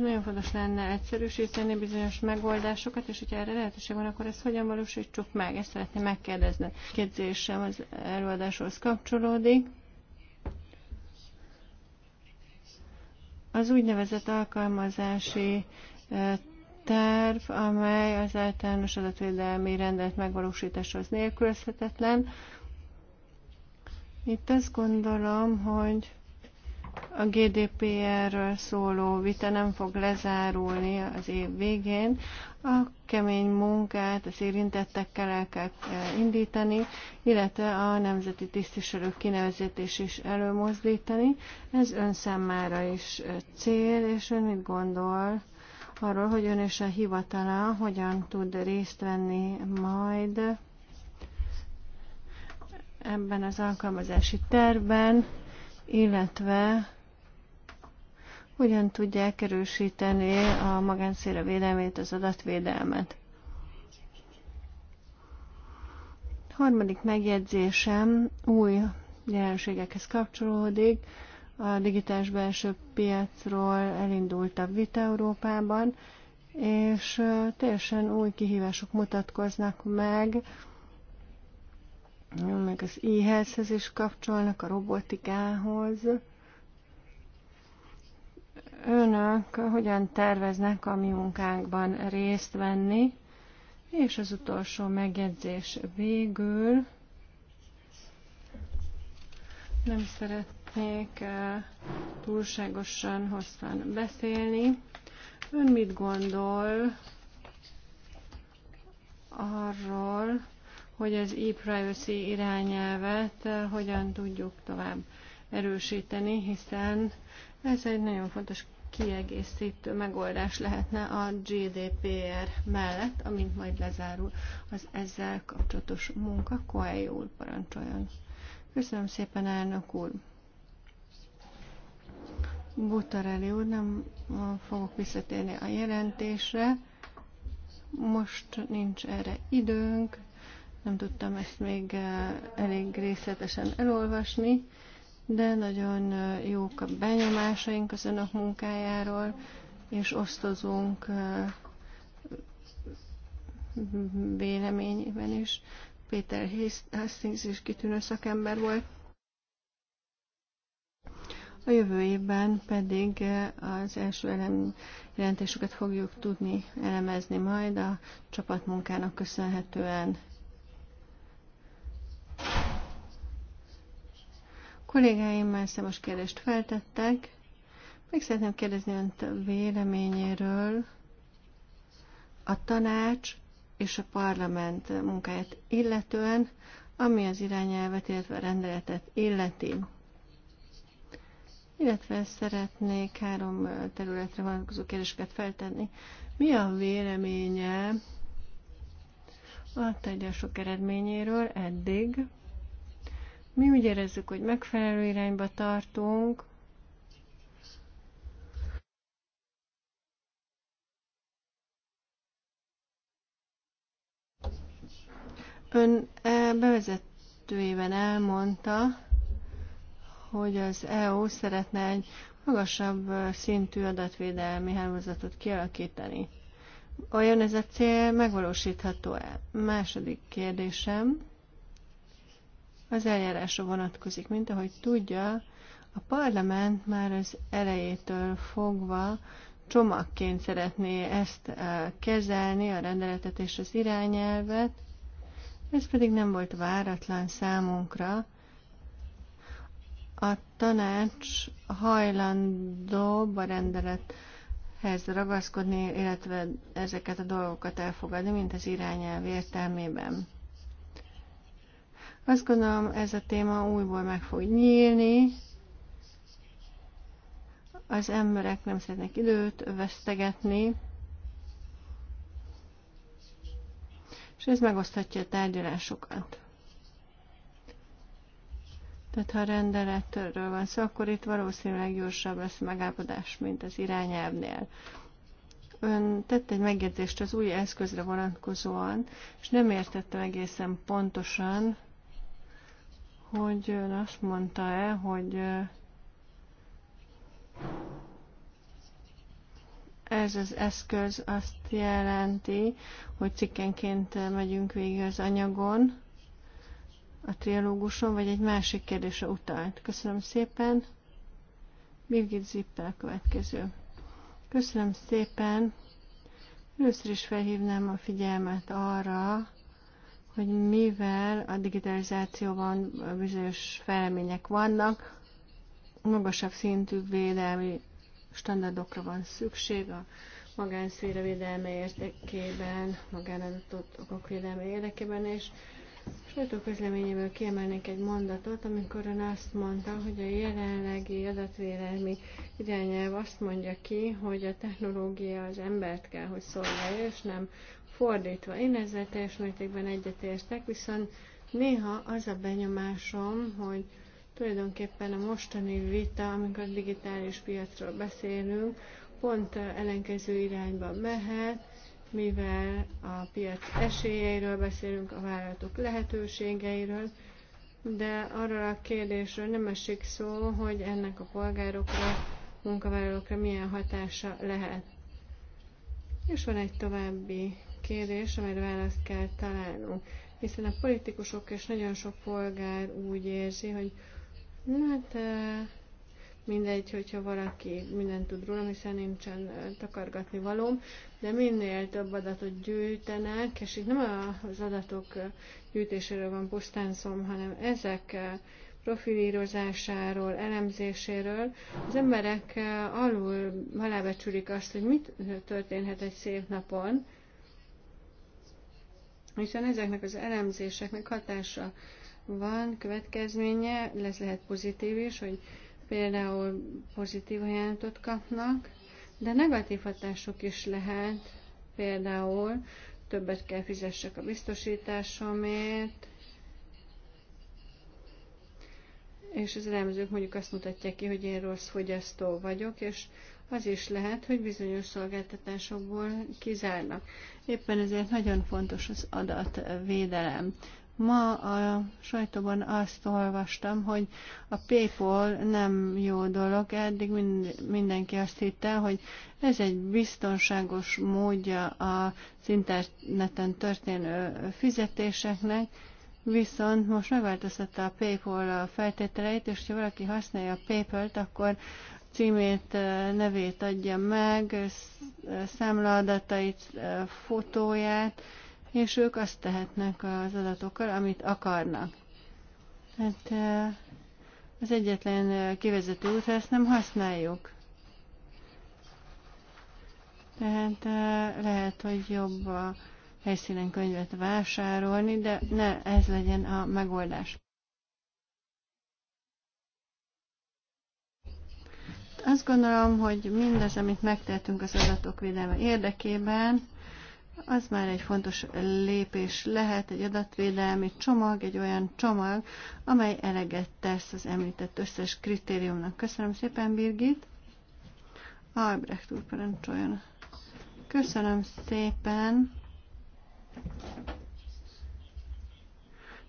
Nagyon fontos lenne egyszerűsíteni bizonyos megoldásokat, és hogyha erre lehetőség van, akkor ezt hogyan valósítsuk meg? Ezt szeretném megkérdezni. Képzésem az előadáshoz kapcsolódik. Az úgynevezett alkalmazási terv, amely az általános adatvédelmi rendelet megvalósításhoz nélkülözhetetlen. Itt azt gondolom, hogy a GDPR-ről szóló vita nem fog lezárulni az év végén. A kemény munkát az érintettekkel el kell e, indítani, illetve a nemzeti tisztviselők kinevezetés is előmozdítani. Ez ön számára is e, cél, és ön mit gondol arról, hogy ön és a hivatala hogyan tud részt venni majd ebben az alkalmazási tervben, illetve hogyan tudják erősíteni a magánszére védelmét, az adatvédelmet. Harmadik megjegyzésem új jelenségekhez kapcsolódik. A digitális belső piacról elindult a vita Európában, és teljesen új kihívások mutatkoznak meg, meg az e is kapcsolnak, a robotikához. Önök hogyan terveznek a mi munkánkban részt venni? És az utolsó megjegyzés végül. Nem szeret szeretnék túlságosan hosszan beszélni. Ön mit gondol arról, hogy az e-privacy irányelvet hogyan tudjuk tovább erősíteni, hiszen ez egy nagyon fontos kiegészítő megoldás lehetne a GDPR mellett, amint majd lezárul az ezzel kapcsolatos munka. Koei úr parancsoljon. Köszönöm szépen, elnök úr! Butareli úr, nem fogok visszatérni a jelentésre. Most nincs erre időnk, nem tudtam ezt még elég részletesen elolvasni, de nagyon jók a benyomásaink az önök munkájáról, és osztozunk véleményében is. Péter Hastings is kitűnő szakember volt, a jövő évben pedig eh, az első elem jelentésüket fogjuk tudni elemezni majd a csapatmunkának köszönhetően. A kollégáim már számos kérdést feltettek. Még szeretném kérdezni önt véleményéről a tanács és a parlament munkáját illetően, ami az irányelvet, illetve a rendeletet illeti illetve szeretnék három területre vonatkozó kérdéseket feltenni. Mi a véleménye a tárgyalások eredményéről eddig? Mi úgy érezzük, hogy megfelelő irányba tartunk, Ön bevezetőjében elmondta, hogy az EU szeretne egy magasabb szintű adatvédelmi hálózatot kialakítani. Olyan ez a cél megvalósítható-e? Második kérdésem az eljárásra vonatkozik, mint ahogy tudja, a parlament már az elejétől fogva csomagként szeretné ezt kezelni, a rendeletet és az irányelvet, ez pedig nem volt váratlan számunkra, a tanács hajlandó a rendelethez ragaszkodni, illetve ezeket a dolgokat elfogadni, mint az irányelv értelmében. Azt gondolom, ez a téma újból meg fog nyílni. Az emberek nem szeretnek időt vesztegetni, és ez megoszthatja a tárgyalásokat. Tehát ha rendeletről van szó, akkor itt valószínűleg gyorsabb lesz a megállapodás, mint az irányelvnél. Ön tett egy megjegyzést az új eszközre vonatkozóan, és nem értettem egészen pontosan, hogy ön azt mondta-e, hogy ez az eszköz azt jelenti, hogy cikkenként megyünk végig az anyagon, a trialóguson, vagy egy másik kérdésre utalt. Köszönöm szépen. Birgit Zippel a következő. Köszönöm szépen. Először is felhívnám a figyelmet arra, hogy mivel a digitalizációban bizonyos felmények vannak, magasabb szintű védelmi standardokra van szükség a magánszféra védelme érdekében, magánadatokok védelme érdekében, és sajtóközleményéből kiemelnék egy mondatot, amikor ön azt mondta, hogy a jelenlegi adatvédelmi irányelv azt mondja ki, hogy a technológia az embert kell, hogy szolgálja, és nem fordítva. Én ezzel teljes mértékben egyetértek, viszont néha az a benyomásom, hogy tulajdonképpen a mostani vita, amikor a digitális piacról beszélünk, pont ellenkező irányba mehet, mivel a piac esélyeiről beszélünk, a vállalatok lehetőségeiről, de arról a kérdésről nem esik szó, hogy ennek a polgárokra, munkavállalókra milyen hatása lehet. És van egy további kérdés, amelyre választ kell találnunk, hiszen a politikusok és nagyon sok polgár úgy érzi, hogy hát Mindegy, hogyha valaki mindent tud rólam, hiszen nincsen takargatni valóm, de minél több adatot gyűjtenek, és itt nem az adatok gyűjtéséről van pusztán szom, hanem ezek profilírozásáról, elemzéséről, az emberek alul alábecsülik azt, hogy mit történhet egy szép napon, hiszen ezeknek az elemzéseknek hatása van, következménye, lesz lehet pozitív is, hogy például pozitív ajánlatot kapnak, de negatív hatások is lehet, például többet kell fizessek a biztosításomért, és az elemzők mondjuk azt mutatják ki, hogy én rossz fogyasztó vagyok, és az is lehet, hogy bizonyos szolgáltatásokból kizárnak. Éppen ezért nagyon fontos az adatvédelem. Ma a sajtóban azt olvastam, hogy a PayPal nem jó dolog, eddig mind, mindenki azt hitte, hogy ez egy biztonságos módja az interneten történő fizetéseknek, viszont most megváltoztatta a PayPal a feltételeit, és ha valaki használja a PayPal-t, akkor címét, eh, nevét adja meg, eh, számlaadatait, eh, fotóját, és ők azt tehetnek az adatokkal, amit akarnak. Hát az egyetlen kivezető út, ha ezt nem használjuk. Tehát lehet, hogy jobb a helyszínen könyvet vásárolni, de ne ez legyen a megoldás. Azt gondolom, hogy mindaz, amit megtehetünk az adatok védelme érdekében, az már egy fontos lépés lehet, egy adatvédelmi csomag, egy olyan csomag, amely eleget tesz az említett összes kritériumnak. Köszönöm szépen, Birgit. Albrecht úr, parancsoljon. Köszönöm szépen.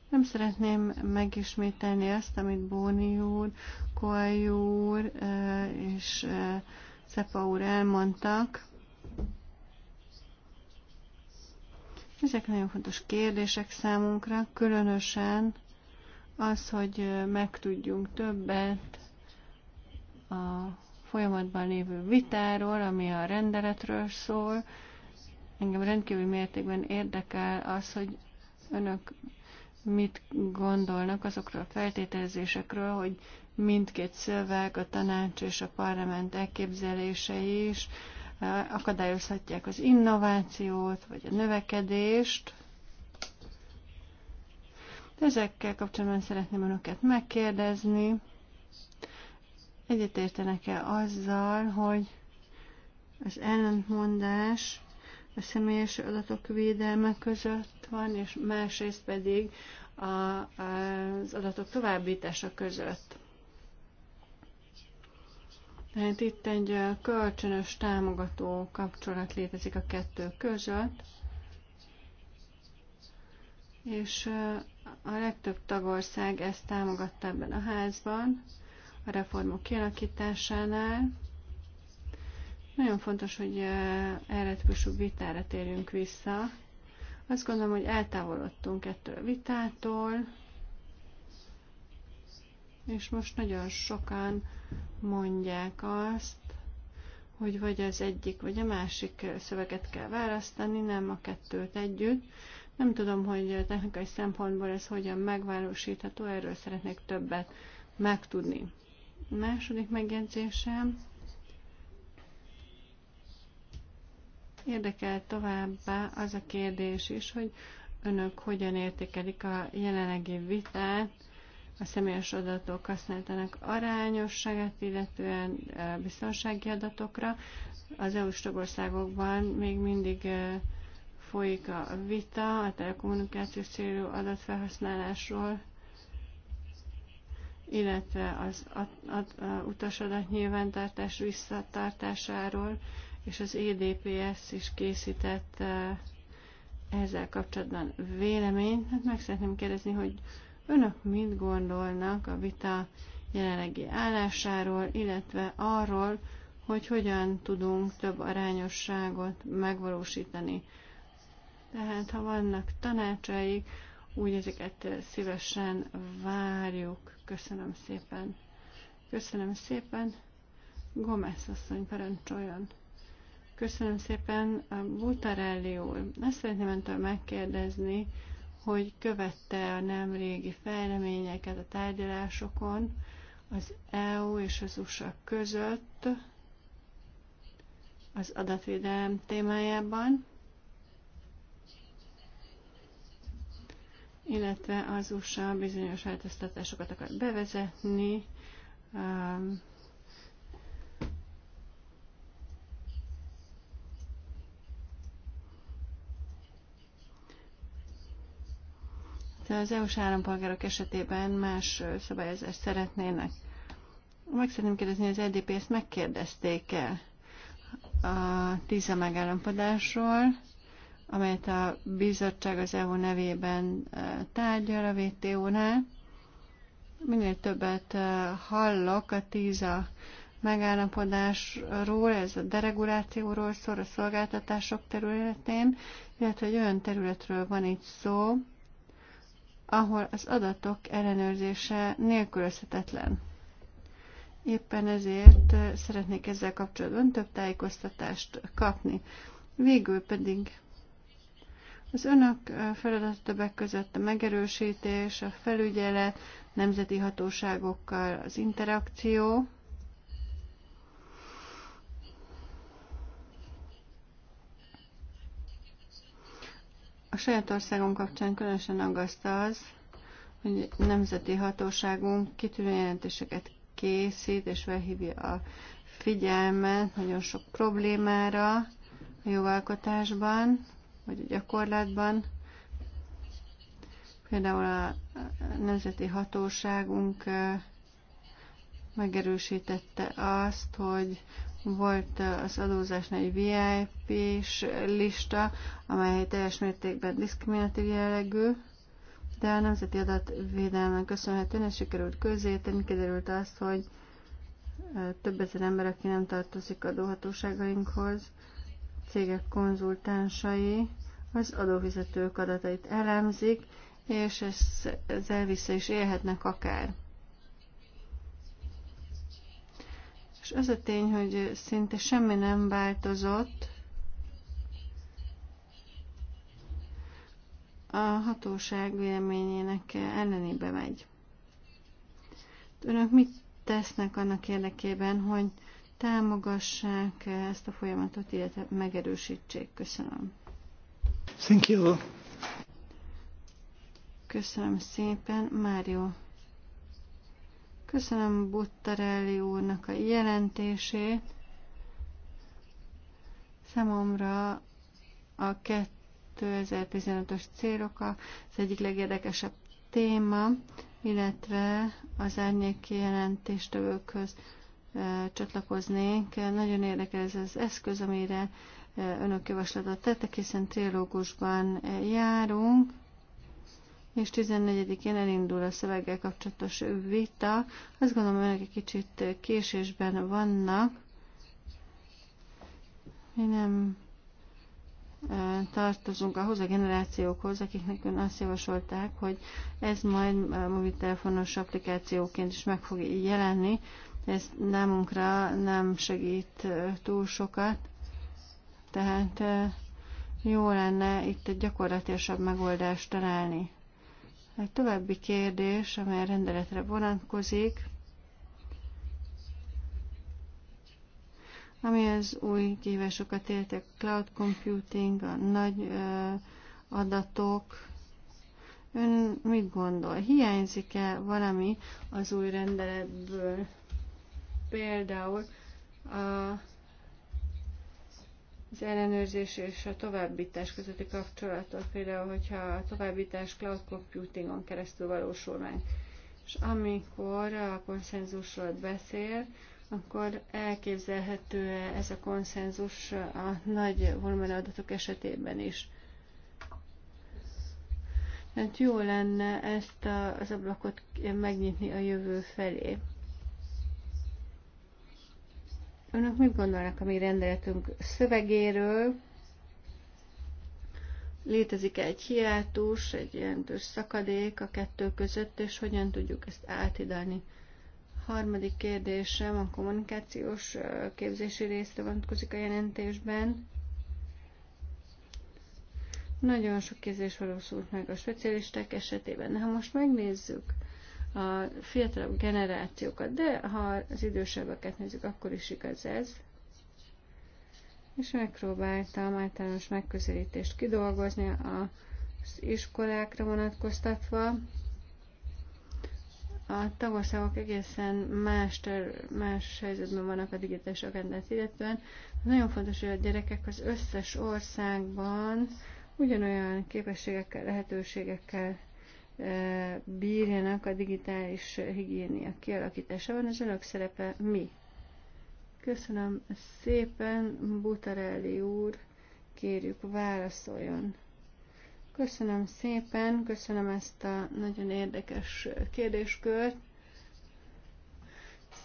Nem szeretném megismételni azt, amit Bóni úr, Koai úr eh, és eh, Szepa úr elmondtak. Ezek nagyon fontos kérdések számunkra, különösen az, hogy megtudjunk többet a folyamatban lévő vitáról, ami a rendeletről szól. Engem rendkívül mértékben érdekel az, hogy önök mit gondolnak azokról a feltételezésekről, hogy mindkét szöveg, a tanács és a parlament elképzelése is akadályozhatják az innovációt, vagy a növekedést. Ezekkel kapcsolatban szeretném önöket megkérdezni. Egyetértenek-e azzal, hogy az ellentmondás a személyes adatok védelme között van, és másrészt pedig a, az adatok továbbítása között. Tehát itt egy kölcsönös támogató kapcsolat létezik a kettő között, és a legtöbb tagország ezt támogatta ebben a házban, a reformok kialakításánál. Nagyon fontos, hogy erre típusú vitára térjünk vissza. Azt gondolom, hogy eltávolodtunk ettől a vitától, és most nagyon sokan mondják azt, hogy vagy az egyik, vagy a másik szöveget kell választani, nem a kettőt együtt. Nem tudom, hogy technikai szempontból ez hogyan megvalósítható, erről szeretnék többet megtudni. A második megjegyzésem. Érdekel továbbá az a kérdés is, hogy önök hogyan értékelik a jelenlegi vitát a személyes adatok használatának arányosságát, illetően biztonsági adatokra. Az EU-s tagországokban még mindig folyik a vita a telekommunikációs célú adatfelhasználásról, illetve az utasadat nyilvántartás visszatartásáról, és az EDPS is készített ezzel kapcsolatban véleményt. Hát meg szeretném kérdezni, hogy Önök mit gondolnak a vita jelenlegi állásáról, illetve arról, hogy hogyan tudunk több arányosságot megvalósítani. Tehát, ha vannak tanácsaik, úgy ezeket szívesen várjuk. Köszönöm szépen. Köszönöm szépen. Gomez asszony parancsoljon. Köszönöm szépen. Butarelli úr, ezt szeretném öntől megkérdezni, hogy követte a nemrégi fejleményeket a tárgyalásokon az EU és az USA között az adatvédelem témájában, illetve az USA bizonyos változtatásokat akar bevezetni, um, de az EU-s állampolgárok esetében más szabályozást szeretnének. Meg szeretném kérdezni, az EDP ezt megkérdezték el a TISA megállapodásról, amelyet a bizottság az EU nevében e, tárgyal a WTO-nál. Minél többet e, hallok a TISA megállapodásról, ez a deregulációról szól a szolgáltatások területén, illetve egy olyan területről van itt szó, ahol az adatok ellenőrzése nélkülözhetetlen. Éppen ezért szeretnék ezzel kapcsolatban több tájékoztatást kapni. Végül pedig az önök feladata többek között a megerősítés, a felügyelet, nemzeti hatóságokkal az interakció, A saját országunk kapcsán különösen aggaszt az, hogy nemzeti hatóságunk kitűnő jelentéseket készít, és felhívja a figyelmet nagyon sok problémára a jogalkotásban, vagy a gyakorlatban. Például a nemzeti hatóságunk megerősítette azt, hogy volt az adózásnál egy VIP-s lista, amely teljes mértékben diszkriminatív jellegű, de a Nemzeti Adatvédelmen köszönhetően ez sikerült közzétenni, kiderült azt, hogy több ezer ember, aki nem tartozik adóhatóságainkhoz, cégek konzultánsai az adófizetők adatait elemzik, és ezzel vissza is élhetnek akár. az a tény, hogy szinte semmi nem változott, a hatóság véleményének ellenébe megy. Önök mit tesznek annak érdekében, hogy támogassák ezt a folyamatot, illetve megerősítsék? Köszönöm. Thank you. Köszönöm szépen, Mário Köszönöm Buttarelli úrnak a jelentését. Számomra a 2015-ös célok az egyik legérdekesebb téma, illetve az árnyéki jelentéstövőkhöz csatlakoznék. Nagyon érdekel ez az eszköz, amire önök javaslatot tettek, hiszen trilógusban járunk és 14-én elindul a szöveggel kapcsolatos vita. Azt gondolom, hogy önök egy kicsit késésben vannak. Mi nem tartozunk ahhoz a generációkhoz, akiknek ön azt javasolták, hogy ez majd a mobiltelefonos applikációként is meg fog jelenni. Ez námunkra nem segít túl sokat, tehát jó lenne itt egy gyakorlatilasabb megoldást találni. Egy további kérdés, amely a rendeletre vonatkozik, ami az új kívásokat éltek, cloud computing, a nagy ö, adatok. Ön mit gondol? Hiányzik-e valami az új rendeletből? Például a az ellenőrzés és a továbbítás közötti kapcsolatot, például, hogyha a továbbítás cloud computingon keresztül valósul meg. És amikor a konszenzusról beszél, akkor elképzelhető -e ez a konszenzus a nagy volumen adatok esetében is. Mert hát jó lenne ezt a, az ablakot megnyitni a jövő felé. Önök mit gondolnak a mi rendeletünk szövegéről? Létezik -e egy hiátus, egy jelentős szakadék a kettő között, és hogyan tudjuk ezt átidalni? Harmadik kérdésem a kommunikációs képzési részre vonatkozik a jelentésben. Nagyon sok kérdés valószínűleg meg a specialisták esetében. Ha most megnézzük a fiatalabb generációkat, de ha az idősebbeket nézzük, akkor is igaz ez. És megpróbáltam általános megközelítést kidolgozni az iskolákra vonatkoztatva. A tagországok egészen más, ter- más helyzetben vannak a digitális agendát illetően. Nagyon fontos, hogy a gyerekek az összes országban ugyanolyan képességekkel, lehetőségekkel bírjanak a digitális higiénia kialakításában. Az önök szerepe mi? Köszönöm szépen, Butarelli úr, kérjük válaszoljon. Köszönöm szépen, köszönöm ezt a nagyon érdekes kérdéskört.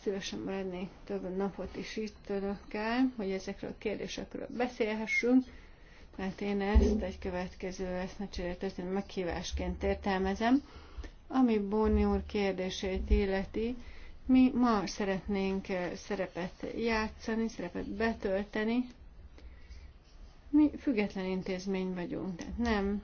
Szívesen maradnék több napot is itt önökkel, hogy ezekről a kérdésekről beszélhessünk mert hát én ezt egy következő eszmecserét történő meghívásként értelmezem. Ami Bóni úr kérdését illeti, mi ma szeretnénk eh, szerepet játszani, szerepet betölteni. Mi független intézmény vagyunk, tehát nem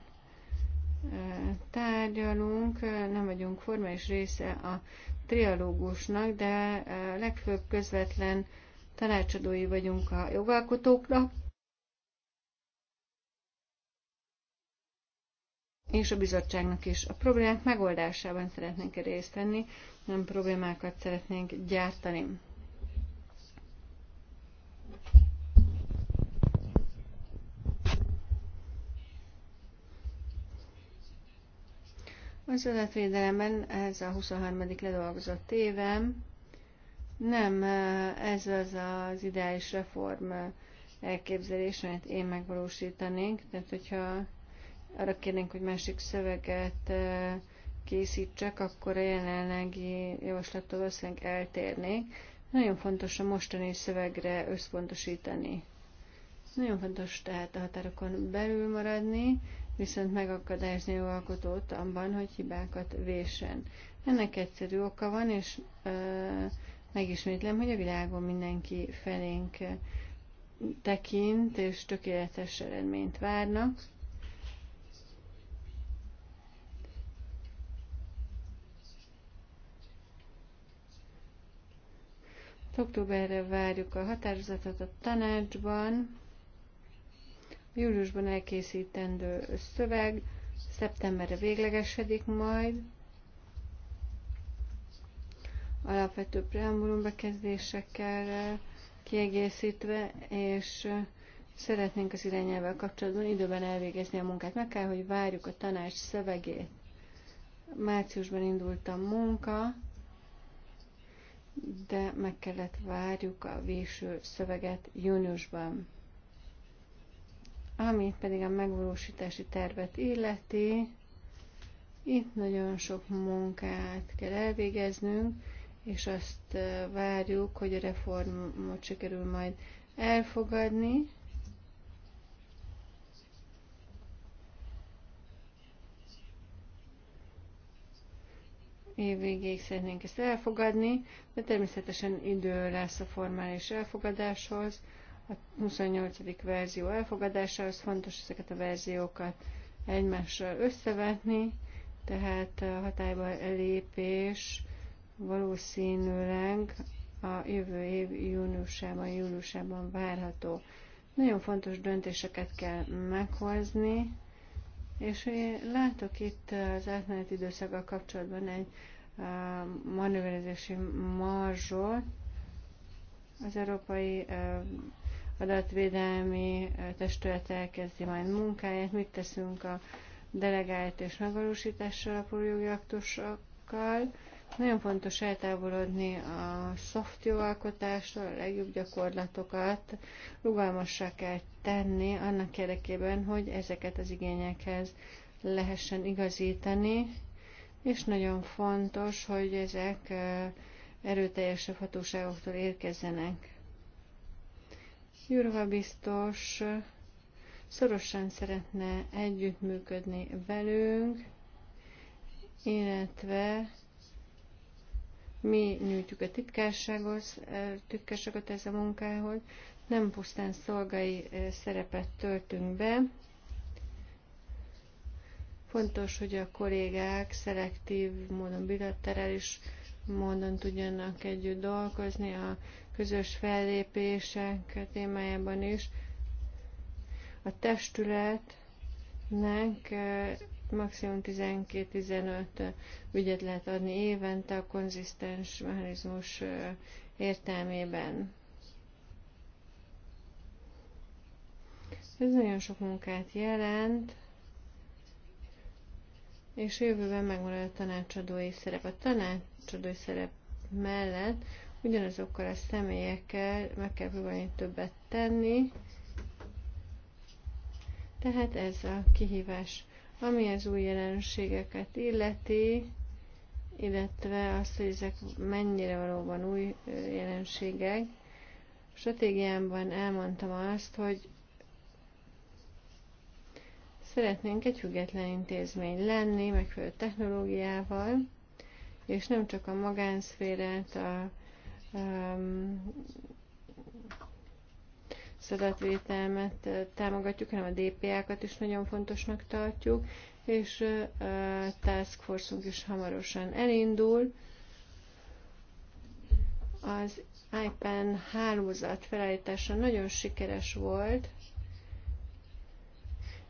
eh, tárgyalunk, eh, nem vagyunk formális része a trialógusnak, de legfőbb közvetlen tanácsadói vagyunk a jogalkotóknak, és a bizottságnak is. A problémák megoldásában szeretnénk részt venni, nem problémákat szeretnénk gyártani. Az adatvédelemben ez a 23. ledolgozott évem. Nem, ez az az ideális reform elképzelés, amit én megvalósítanék. Tehát, hogyha arra kérnénk, hogy másik szöveget készítsek, akkor a jelenlegi javaslattól valószínűleg eltérnék. Nagyon fontos a mostani szövegre összpontosítani. Nagyon fontos tehát a határokon belül maradni, viszont megakadályozni a alkotót abban, hogy hibákat vésen. Ennek egyszerű oka van, és ö, megismétlem, hogy a világon mindenki felénk tekint, és tökéletes eredményt várnak. Októberre várjuk a határozatot a tanácsban. Júliusban elkészítendő szöveg, szeptemberre véglegesedik majd. Alapvető preambulum bekezdésekkel kiegészítve, és szeretnénk az irányelvvel kapcsolatban időben elvégezni a munkát. Meg kell, hogy várjuk a tanács szövegét. Márciusban indult a munka, de meg kellett várjuk a végső szöveget júniusban. Amit pedig a megvalósítási tervet illeti, itt nagyon sok munkát kell elvégeznünk, és azt eh, várjuk, hogy a reformot sikerül majd elfogadni, év végéig szeretnénk ezt elfogadni, de természetesen idő lesz a formális elfogadáshoz. A 28. verzió elfogadásához fontos ezeket a verziókat egymással összevetni, tehát a hatályba lépés valószínűleg a jövő év júniusában, júliusában várható. Nagyon fontos döntéseket kell meghozni, és én látok itt az átmeneti időszakkal kapcsolatban egy manőverezési marzsot, az európai adatvédelmi testület elkezdi majd munkáját, mit teszünk a delegált és megvalósítással a jogi aktusokkal, nagyon fontos eltávolodni a soft jogalkotásról, a legjobb gyakorlatokat, rugalmassá kell tenni annak érdekében, hogy ezeket az igényekhez lehessen igazítani, és nagyon fontos, hogy ezek erőteljesebb hatóságoktól érkezzenek. Jurva biztos szorosan szeretne együttműködni velünk, illetve mi nyújtjuk a titkársághoz, titkárságot ez a munkához, nem pusztán szolgai szerepet töltünk be. Fontos, hogy a kollégák szelektív módon, bilaterális módon tudjanak együtt dolgozni a közös fellépések témájában is. A testületnek maximum 12-15 ügyet lehet adni évente a konzisztens mechanizmus értelmében. Ez nagyon sok munkát jelent, és a jövőben megmarad a tanácsadói szerep. A tanácsadói szerep mellett ugyanazokkal a személyekkel meg kell próbálni többet tenni, tehát ez a kihívás ami az új jelenségeket illeti, illetve azt, hogy ezek mennyire valóban új jelenségek, a stratégiámban elmondtam azt, hogy szeretnénk egy független intézmény lenni, megfelelő technológiával, és nem csak a magánszférát, a a adatvételmet támogatjuk, hanem a DPA-kat is nagyon fontosnak tartjuk, és a Task Force-unk is hamarosan elindul. Az iPen hálózat felállítása nagyon sikeres volt,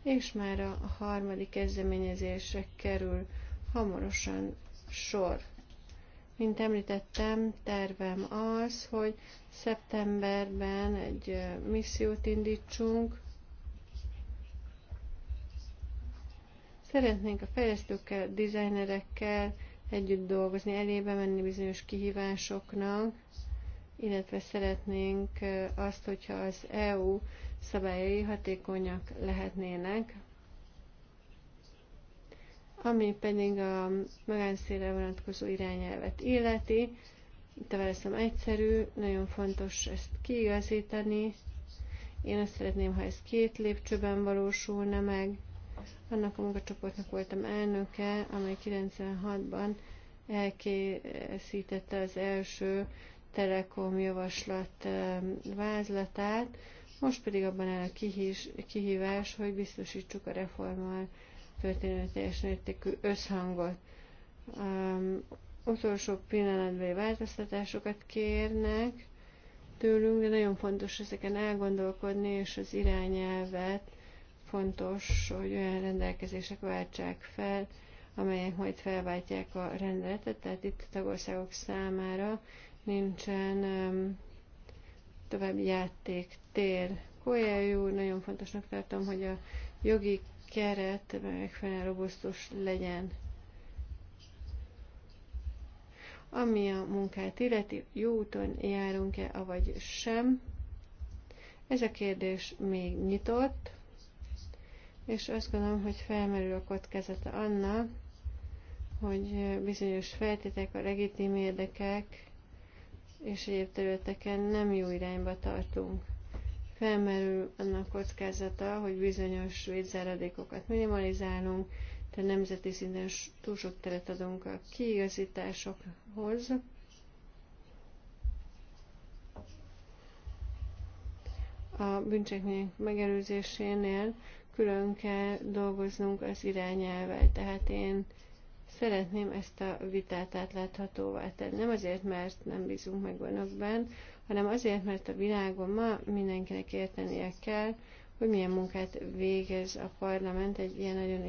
és már a harmadik kezdeményezésre kerül hamarosan sor. Mint említettem, tervem az, hogy szeptemberben egy missziót indítsunk. Szeretnénk a fejlesztőkkel, dizájnerekkel együtt dolgozni, elébe menni bizonyos kihívásoknak, illetve szeretnénk azt, hogyha az EU szabályai hatékonyak lehetnének, ami pedig a magánszélre vonatkozó irányelvet illeti, itt a válaszom egyszerű, nagyon fontos ezt kiigazítani. Én azt szeretném, ha ez két lépcsőben valósulna meg. Annak a munkacsoportnak voltam elnöke, amely 96-ban elkészítette az első Telekom javaslat eh, vázlatát, most pedig abban áll a kihívás, hogy biztosítsuk a reformmal történelmi teljes mértékű összhangot. Um, utolsó pillanatbeli változtatásokat kérnek tőlünk, de nagyon fontos ezeken elgondolkodni, és az irányelvet fontos, hogy olyan rendelkezések váltsák fel, amelyek majd felváltják a rendeletet, tehát itt a tagországok számára nincsen um, további játéktér. Koelyú, nagyon fontosnak tartom, hogy a jogi keret megfelelően robusztus legyen. Ami a munkát illeti, jó úton járunk-e, avagy sem. Ez a kérdés még nyitott, és azt gondolom, hogy felmerül a kockázata annak, hogy bizonyos feltétek, a legitim érdekek és egyéb területeken nem jó irányba tartunk. Felmerül annak kockázata, hogy bizonyos védzáradékokat minimalizálunk, de nemzeti szinten túl sok teret adunk a kiigazításokhoz. A bűncsekmények megelőzésénél külön kell dolgoznunk az irányelvel, tehát én szeretném ezt a vitát átláthatóvá tenni. Nem azért, mert nem bízunk meg önökben, hanem azért, mert a világon ma mindenkinek értenie kell, hogy milyen munkát végez a parlament egy ilyen nagyon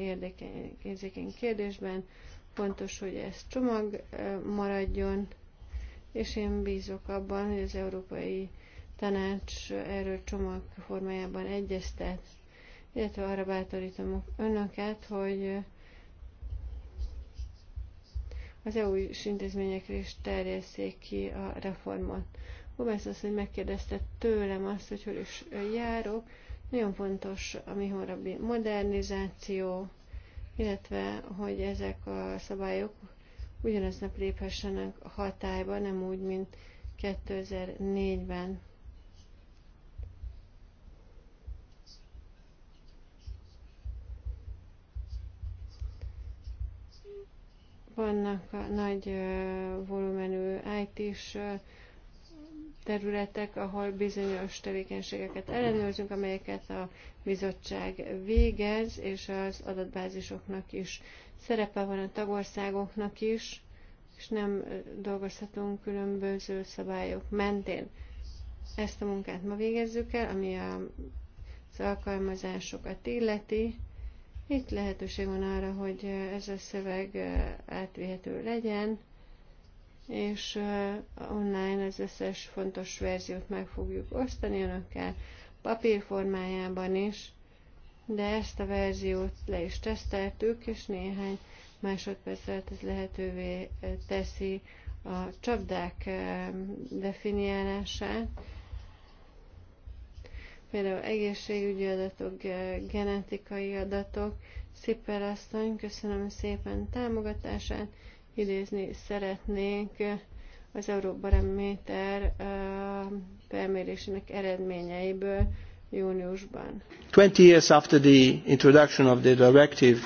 érzékeny kérdésben. Fontos, hogy ez csomag maradjon, és én bízok abban, hogy az Európai Tanács erről csomag formájában egyeztet, illetve arra bátorítom önöket, hogy az EU-s intézményekre is terjesszék ki a reformot. Gomez azt, hogy megkérdezte tőlem azt, hogy hol is járok. Nagyon fontos a mi holnapi modernizáció, illetve hogy ezek a szabályok ugyanaznap léphessenek hatályba, nem úgy, mint 2004-ben. Vannak a nagy volumenű IT-s területek, ahol bizonyos tevékenységeket ellenőrzünk, amelyeket a bizottság végez, és az adatbázisoknak is szerepe van a tagországoknak is, és nem dolgozhatunk különböző szabályok mentén. Ezt a munkát ma végezzük el, ami a, az alkalmazásokat illeti. Itt lehetőség van arra, hogy ez a szöveg átvihető legyen, és online az összes fontos verziót meg fogjuk osztani önökkel, papírformájában is, de ezt a verziót le is teszteltük, és néhány másodperc alatt ez lehetővé teszi a csapdák definiálását, például egészségügyi adatok, genetikai adatok. Szipper asszony, köszönöm szépen támogatását, idézni szeretnénk az Euróbarométer felmérésének eredményeiből júniusban. 20 years after the introduction of the directive,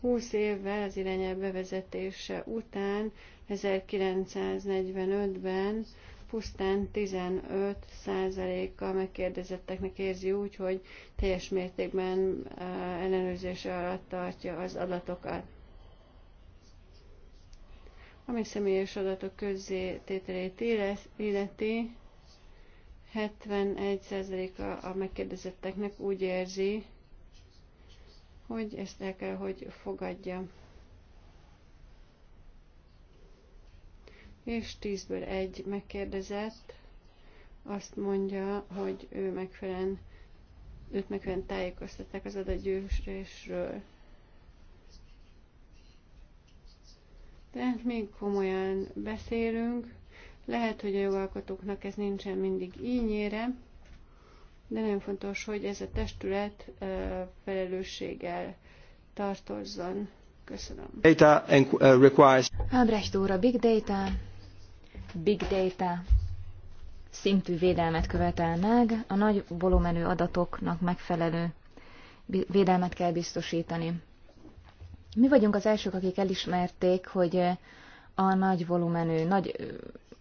20 évvel az irányelv bevezetése után 1945-ben pusztán 15%-a megkérdezetteknek érzi úgy, hogy teljes mértékben ellenőrzése alatt tartja az adatokat. Ami személyes adatok tételét illeti, 71%-a a megkérdezetteknek úgy érzi, hogy ezt el kell, hogy fogadja. És 10-ből egy megkérdezett azt mondja, hogy ő megfelelően, őt megfelelően tájékoztatták az adatgyűjtésről. Tehát még komolyan beszélünk. Lehet, hogy a jogalkotóknak ez nincsen mindig ínyére, de nagyon fontos, hogy ez a testület felelősséggel tartozzon. Köszönöm. Data uh, requires... Ábrecht úr, a big data, big data szintű védelmet követel meg, a nagy volumenű adatoknak megfelelő védelmet kell biztosítani. Mi vagyunk az elsők, akik elismerték, hogy a nagy volumenű, nagy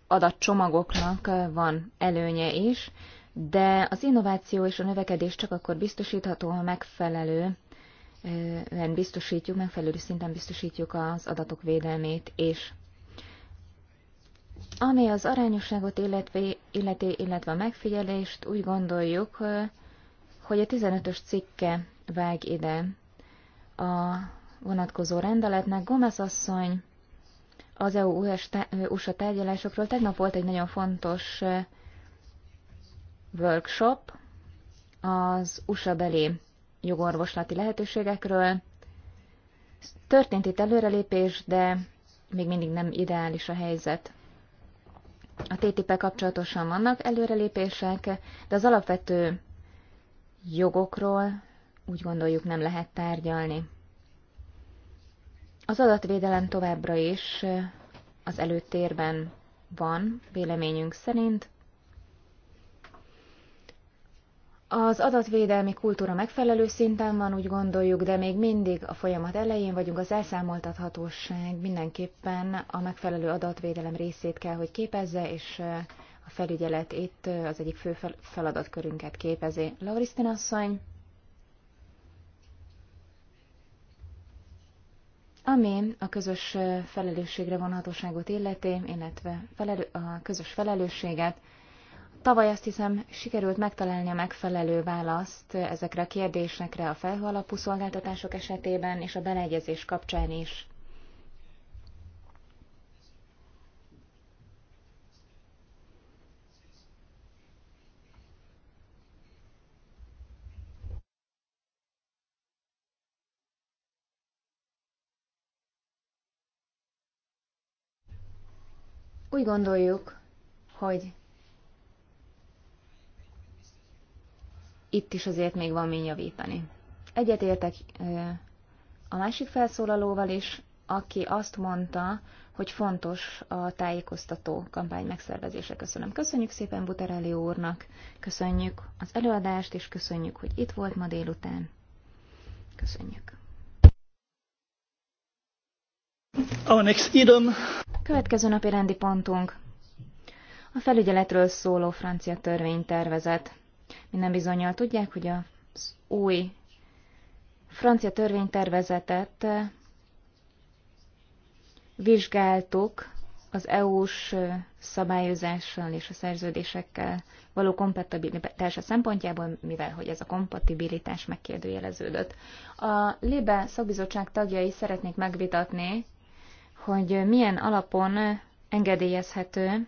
adatcsomagoknak van előnye is, de az innováció és a növekedés csak akkor biztosítható, ha megfelelő biztosítjuk, megfelelő szinten biztosítjuk az adatok védelmét és ami az arányosságot illetve, illeti, illetve a megfigyelést, úgy gondoljuk, hogy a 15-ös cikke vág ide. A vonatkozó rendeletnek. Gomez asszony az EU-USA e tárgyalásokról tegnap volt egy nagyon fontos workshop az USA beli jogorvoslati lehetőségekről. Történt itt előrelépés, de még mindig nem ideális a helyzet. A ttip kapcsolatosan vannak előrelépések, de az alapvető jogokról úgy gondoljuk nem lehet tárgyalni. Az adatvédelem továbbra is az előtérben van, véleményünk szerint. Az adatvédelmi kultúra megfelelő szinten van, úgy gondoljuk, de még mindig a folyamat elején vagyunk, az elszámoltathatóság mindenképpen a megfelelő adatvédelem részét kell, hogy képezze, és a felügyelet itt az egyik fő feladatkörünket képezi. Laurisztin asszony. Ami a közös felelősségre vonhatóságot illeti, illetve felelő, a közös felelősséget, tavaly azt hiszem sikerült megtalálni a megfelelő választ ezekre a kérdésekre a felhő alapú szolgáltatások esetében és a beleegyezés kapcsán is. Úgy gondoljuk, hogy itt is azért még van mi javítani. Egyetértek a másik felszólalóval is, aki azt mondta, hogy fontos a tájékoztató kampány megszervezése. Köszönöm. Köszönjük szépen Buterelli úrnak, köszönjük az előadást, és köszönjük, hogy itt volt ma délután. Köszönjük. Következő napi rendi pontunk. A felügyeletről szóló francia törvénytervezet. Minden bizonyal tudják, hogy az új francia törvénytervezetet eh, vizsgáltuk az EU-s eh, szabályozással és a szerződésekkel való kompatibilitása szempontjából, mivel hogy ez a kompatibilitás megkérdőjeleződött. A LIBE szakbizottság tagjai szeretnék megvitatni hogy milyen alapon engedélyezhető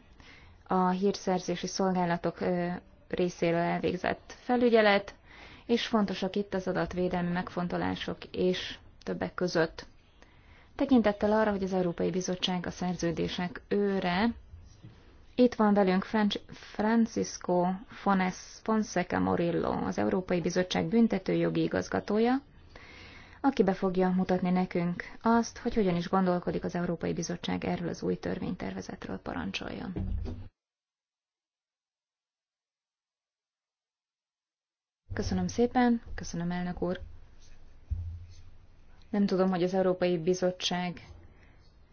a hírszerzési szolgálatok részéről elvégzett felügyelet, és fontosak itt az adatvédelmi megfontolások és többek között. Tekintettel arra, hogy az Európai Bizottság a szerződések őre, itt van velünk Francisco Fonseca Morillo, az Európai Bizottság büntetőjogi igazgatója, aki be fogja mutatni nekünk azt, hogy hogyan is gondolkodik az Európai Bizottság erről az új törvénytervezetről parancsoljon. Köszönöm szépen, köszönöm elnök úr. Nem tudom, hogy az Európai Bizottság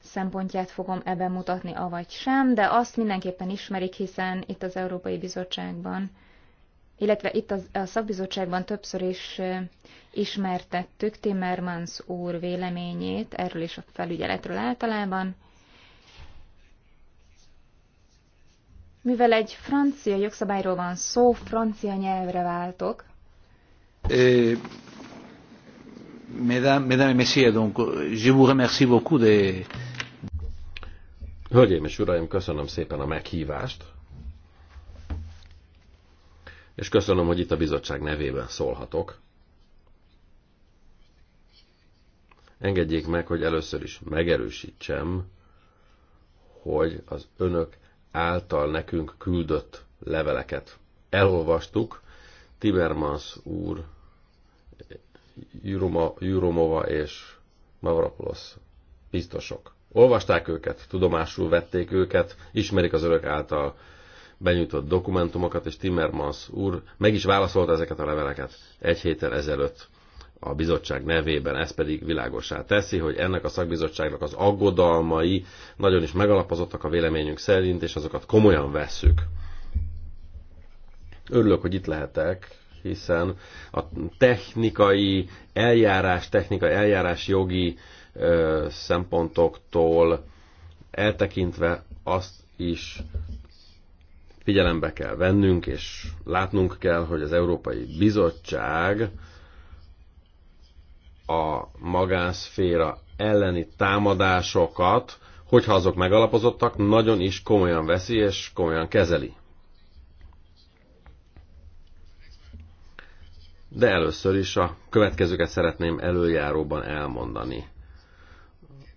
szempontját fogom ebben mutatni, avagy sem, de azt mindenképpen ismerik, hiszen itt az Európai Bizottságban illetve itt az, a szakbizottságban többször is ismertettük Timmermans úr véleményét, erről is a felügyeletről általában. Mivel egy francia jogszabályról van szó, francia nyelvre váltok. Eh, mesdames, messieurs, donc, je vous remercie beaucoup de... Hölgyeim és uraim, köszönöm szépen a meghívást és köszönöm, hogy itt a bizottság nevében szólhatok. Engedjék meg, hogy először is megerősítsem, hogy az önök által nekünk küldött leveleket elolvastuk. Tibermans úr, Juroma, Juromova és Mavropoulos biztosok. Olvasták őket, tudomásul vették őket, ismerik az örök által benyújtott dokumentumokat, és Timmermans úr meg is válaszolta ezeket a leveleket egy héttel ezelőtt a bizottság nevében, ez pedig világosá teszi, hogy ennek a szakbizottságnak az aggodalmai nagyon is megalapozottak a véleményünk szerint, és azokat komolyan vesszük. Örülök, hogy itt lehetek, hiszen a technikai eljárás, technikai eljárás jogi ö, szempontoktól eltekintve azt is figyelembe kell vennünk, és látnunk kell, hogy az Európai Bizottság a magánszféra elleni támadásokat, hogyha azok megalapozottak, nagyon is komolyan veszi és komolyan kezeli. De először is a következőket szeretném előjáróban elmondani.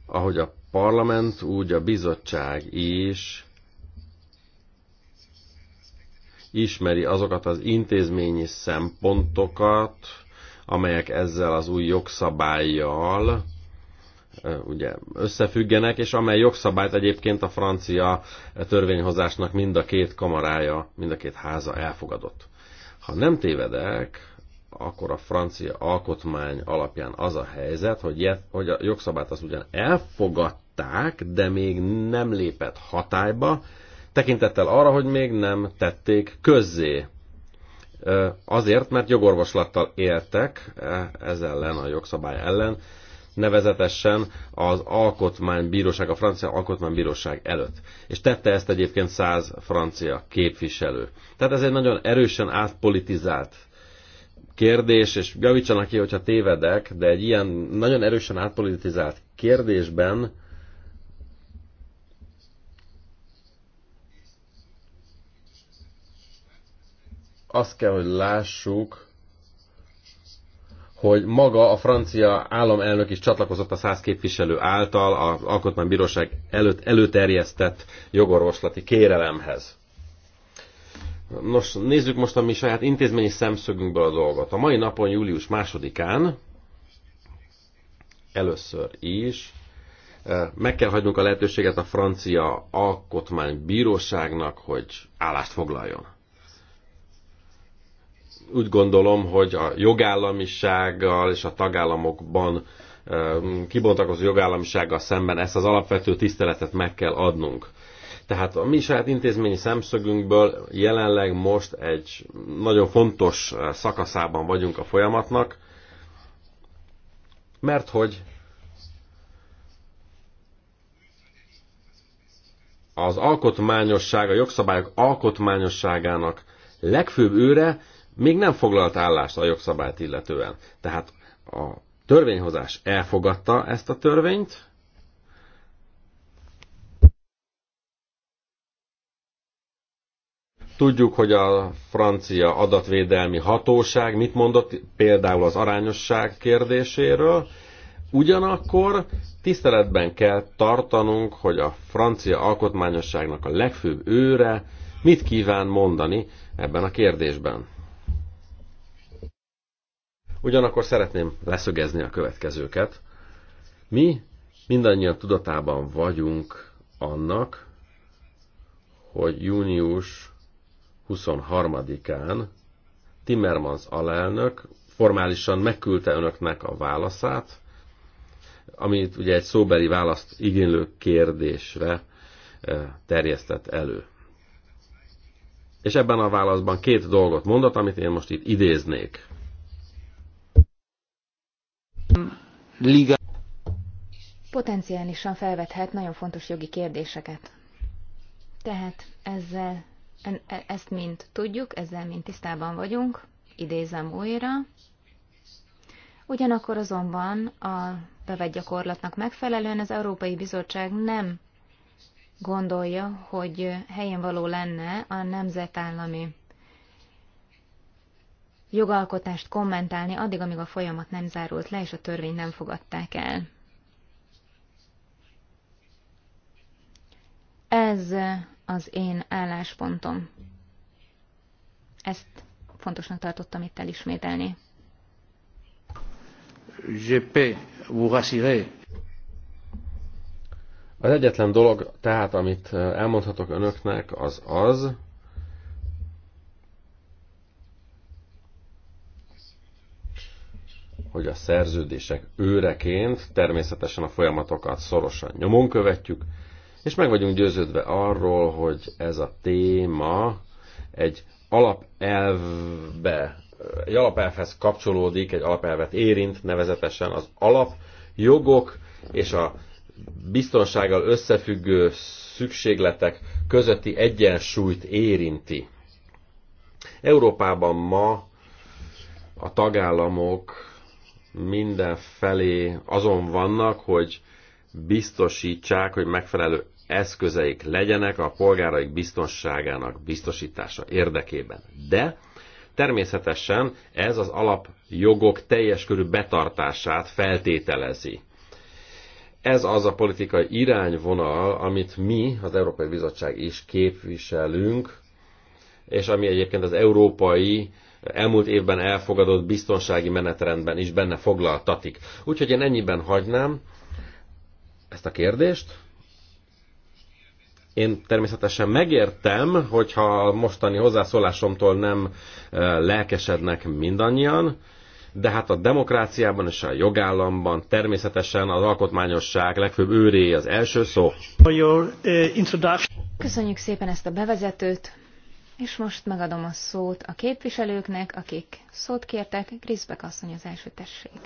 Ahogy a parlament, úgy a bizottság is ismeri azokat az intézményi szempontokat, amelyek ezzel az új jogszabályjal ugye összefüggenek, és amely jogszabályt egyébként a francia törvényhozásnak mind a két kamarája, mind a két háza elfogadott. Ha nem tévedek, akkor a francia alkotmány alapján az a helyzet, hogy, je, hogy a jogszabályt az ugyan elfogadták, de még nem lépett hatályba, tekintettel arra, hogy még nem tették közzé. Azért, mert jogorvoslattal éltek e, ez ellen, a jogszabály ellen, nevezetesen az alkotmánybíróság, a francia alkotmánybíróság előtt. És tette ezt egyébként 100 francia képviselő. Tehát ez egy nagyon erősen átpolitizált kérdés, és javítsanak ki, hogyha tévedek, de egy ilyen nagyon erősen átpolitizált kérdésben azt kell, hogy lássuk, hogy maga a francia államelnök is csatlakozott a száz képviselő által az Alkotmánybíróság előtt előterjesztett jogorvoslati kérelemhez. Nos, nézzük most a mi saját intézményi szemszögünkből a dolgot. A mai napon, július másodikán először is eh, meg kell hagynunk a lehetőséget a francia alkotmánybíróságnak, hogy állást foglaljon úgy gondolom, hogy a jogállamisággal és a tagállamokban kibontakozó jogállamisággal szemben ezt az alapvető tiszteletet meg kell adnunk. Tehát a mi saját intézményi szemszögünkből jelenleg most egy nagyon fontos szakaszában vagyunk a folyamatnak, mert hogy az alkotmányosság, a jogszabályok alkotmányosságának legfőbb őre még nem foglalt állást a jogszabályt illetően. Tehát a törvényhozás elfogadta ezt a törvényt, Tudjuk, hogy a francia adatvédelmi hatóság mit mondott például az arányosság kérdéséről. Ugyanakkor tiszteletben kell tartanunk, hogy a francia alkotmányosságnak a legfőbb őre mit kíván mondani ebben a kérdésben. Ugyanakkor szeretném leszögezni a következőket. Mi mindannyian tudatában vagyunk annak, hogy június 23-án Timmermans alelnök formálisan megküldte önöknek a válaszát, amit ugye egy szóbeli választ igénylő kérdésre eh, terjesztett elő. És ebben a válaszban két dolgot mondott, amit én most itt idéznék. Potenciálisan felvethet nagyon fontos jogi kérdéseket. Tehát ezzel, e, ezt mind tudjuk, ezzel mind tisztában vagyunk, idézem újra. Ugyanakkor azonban a bevett gyakorlatnak megfelelően az Európai Bizottság nem gondolja, hogy helyén való lenne a nemzetállami jogalkotást kommentálni addig, amíg a folyamat nem zárult le, és a törvény nem fogadták el. Ez az én álláspontom. Ezt fontosnak tartottam itt elismételni. GP, vous Az egyetlen dolog, tehát amit elmondhatok önöknek, az az, hogy a szerződések őreként természetesen a folyamatokat szorosan nyomon követjük, és meg vagyunk győződve arról, hogy ez a téma egy alapelvbe, egy alapelvhez kapcsolódik, egy alapelvet érint, nevezetesen az alapjogok és a biztonsággal összefüggő szükségletek közötti egyensúlyt érinti. Európában ma a tagállamok mindenfelé azon vannak, hogy biztosítsák, hogy megfelelő eszközeik legyenek a polgáraik biztonságának biztosítása érdekében. De természetesen ez az alapjogok teljes körű betartását feltételezi. Ez az a politikai irányvonal, amit mi, az Európai Bizottság is képviselünk, és ami egyébként az európai elmúlt évben elfogadott biztonsági menetrendben is benne foglaltatik. Úgyhogy én ennyiben hagynám ezt a kérdést. Én természetesen megértem, hogyha a mostani hozzászólásomtól nem lelkesednek mindannyian, de hát a demokráciában és a jogállamban természetesen az alkotmányosság legfőbb őré az első szó. Köszönjük szépen ezt a bevezetőt. És most megadom a szót a képviselőknek, akik szót kértek. Griszbek asszony az első tessék.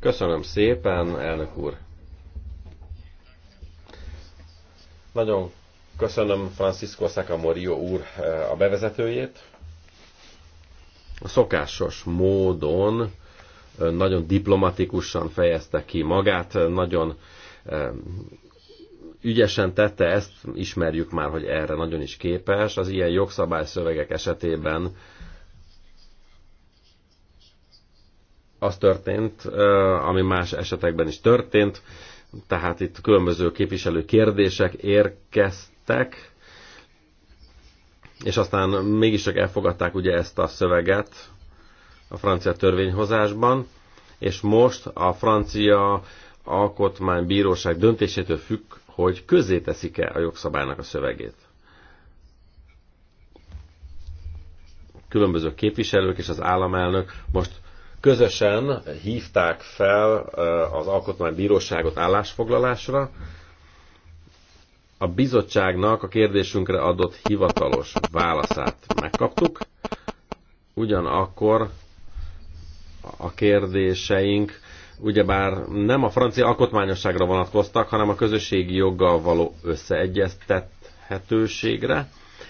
Köszönöm szépen, elnök úr. Nagyon köszönöm Francisco Sacamorio úr eh, a bevezetőjét. A szokásos módon eh, nagyon diplomatikusan fejezte ki magát, eh, nagyon ügyesen tette, ezt ismerjük már, hogy erre nagyon is képes. Az ilyen jogszabályszövegek esetében az történt, ami más esetekben is történt, tehát itt különböző képviselő kérdések érkeztek, és aztán mégiscsak elfogadták ugye ezt a szöveget a francia törvényhozásban, és most a francia alkotmánybíróság döntésétől függ, hogy közé teszik-e a jogszabálynak a szövegét. Különböző képviselők és az államelnök most közösen hívták fel eh, az Alkotmánybíróságot állásfoglalásra. A bizottságnak a kérdésünkre adott hivatalos válaszát megkaptuk, ugyanakkor a kérdéseink ugyebár nem a francia alkotmányosságra vonatkoztak, hanem a közösségi joggal való összeegyeztethetőségre,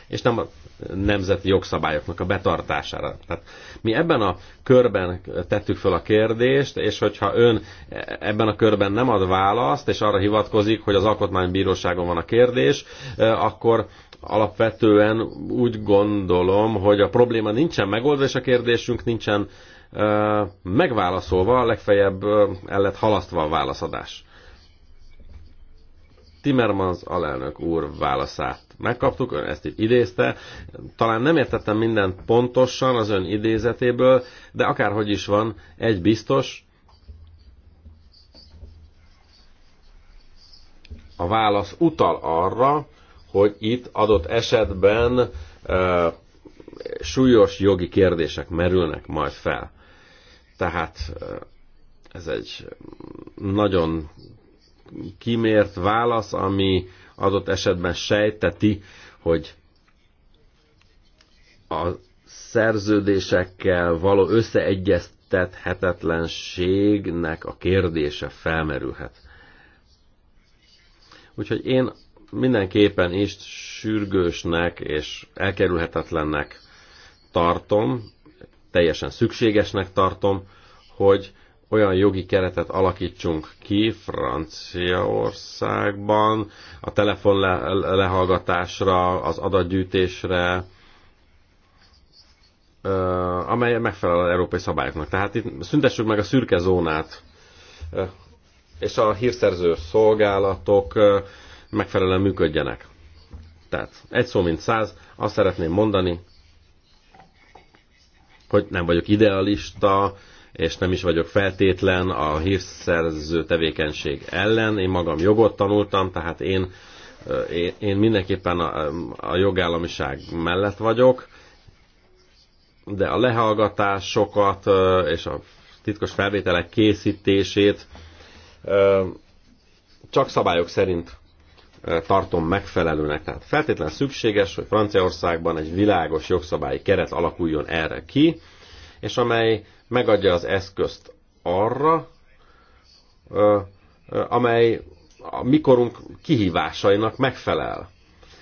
és nem a nemzeti jogszabályoknak a betartására. Tehát mi ebben a körben tettük fel a kérdést, és hogyha ön ebben a körben nem ad választ, és arra hivatkozik, hogy az alkotmánybíróságon van a kérdés, e, akkor alapvetően úgy gondolom, hogy a probléma nincsen megoldva, és a kérdésünk nincsen megválaszolva, legfeljebb el lett halasztva a válaszadás. Timmermans alelnök úr válaszát megkaptuk, ön ezt idézte. Talán nem értettem mindent pontosan az ön idézetéből, de akárhogy is van, egy biztos, a válasz utal arra, hogy itt adott esetben e, súlyos jogi kérdések merülnek majd fel. Tehát eh, ez egy nagyon kimért válasz, ami adott esetben sejteti, hogy a szerződésekkel való összeegyeztethetetlenségnek a kérdése felmerülhet. Úgyhogy én mindenképpen is sürgősnek és elkerülhetetlennek tartom teljesen szükségesnek tartom, hogy olyan jogi keretet alakítsunk ki Franciaországban, a telefonlehallgatásra, az adatgyűjtésre, amely megfelel az európai szabályoknak. Tehát itt szüntessük meg a szürke zónát, és a hírszerző szolgálatok megfelelően működjenek. Tehát egy szó mint száz, azt szeretném mondani, hogy nem vagyok idealista, és nem is vagyok feltétlen a hírszerző tevékenység ellen. Én magam jogot tanultam, tehát én, én, én mindenképpen a, a jogállamiság mellett vagyok, de a lehallgatásokat és a titkos felvételek készítését csak szabályok szerint tartom megfelelőnek. Tehát feltétlen szükséges, hogy Franciaországban egy világos jogszabályi keret alakuljon erre ki, és amely megadja az eszközt arra, amely a mikorunk kihívásainak megfelel.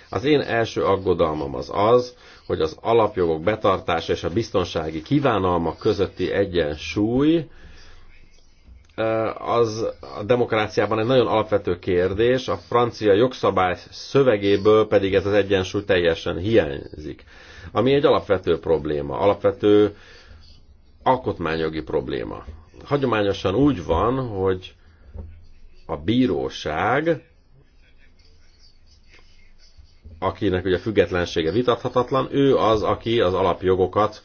Az én első aggodalmam az az, hogy az alapjogok betartása és a biztonsági kívánalmak közötti egyensúly, az a demokráciában egy nagyon alapvető kérdés, a francia jogszabály szövegéből pedig ez az egyensúly teljesen hiányzik. Ami egy alapvető probléma, alapvető alkotmányjogi probléma. Hagyományosan úgy van, hogy a bíróság, akinek ugye függetlensége vitathatatlan, ő az, aki az alapjogokat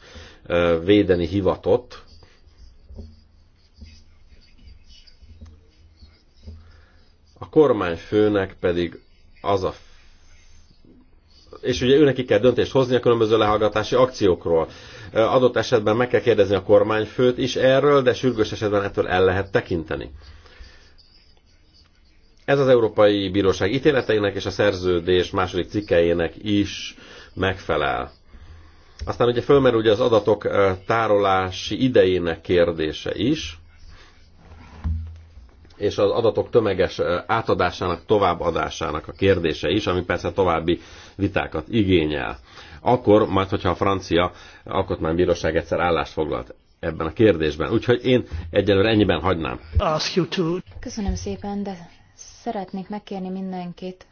védeni hivatott, a kormányfőnek pedig az a és ugye őnek kell döntést hozni a különböző lehallgatási akciókról. Adott esetben meg kell kérdezni a kormányfőt is erről, de sürgős esetben ettől el lehet tekinteni. Ez az Európai Bíróság ítéleteinek és a szerződés második cikkeinek is megfelel. Aztán ugye fölmerül ugye az adatok tárolási idejének kérdése is és az adatok tömeges átadásának, továbbadásának a kérdése is, ami persze további vitákat igényel. Akkor, majd hogyha a francia alkotmánybíróság egyszer állást foglalt ebben a kérdésben. Úgyhogy én egyelőre ennyiben hagynám. Köszönöm szépen, de szeretnék megkérni mindenkit,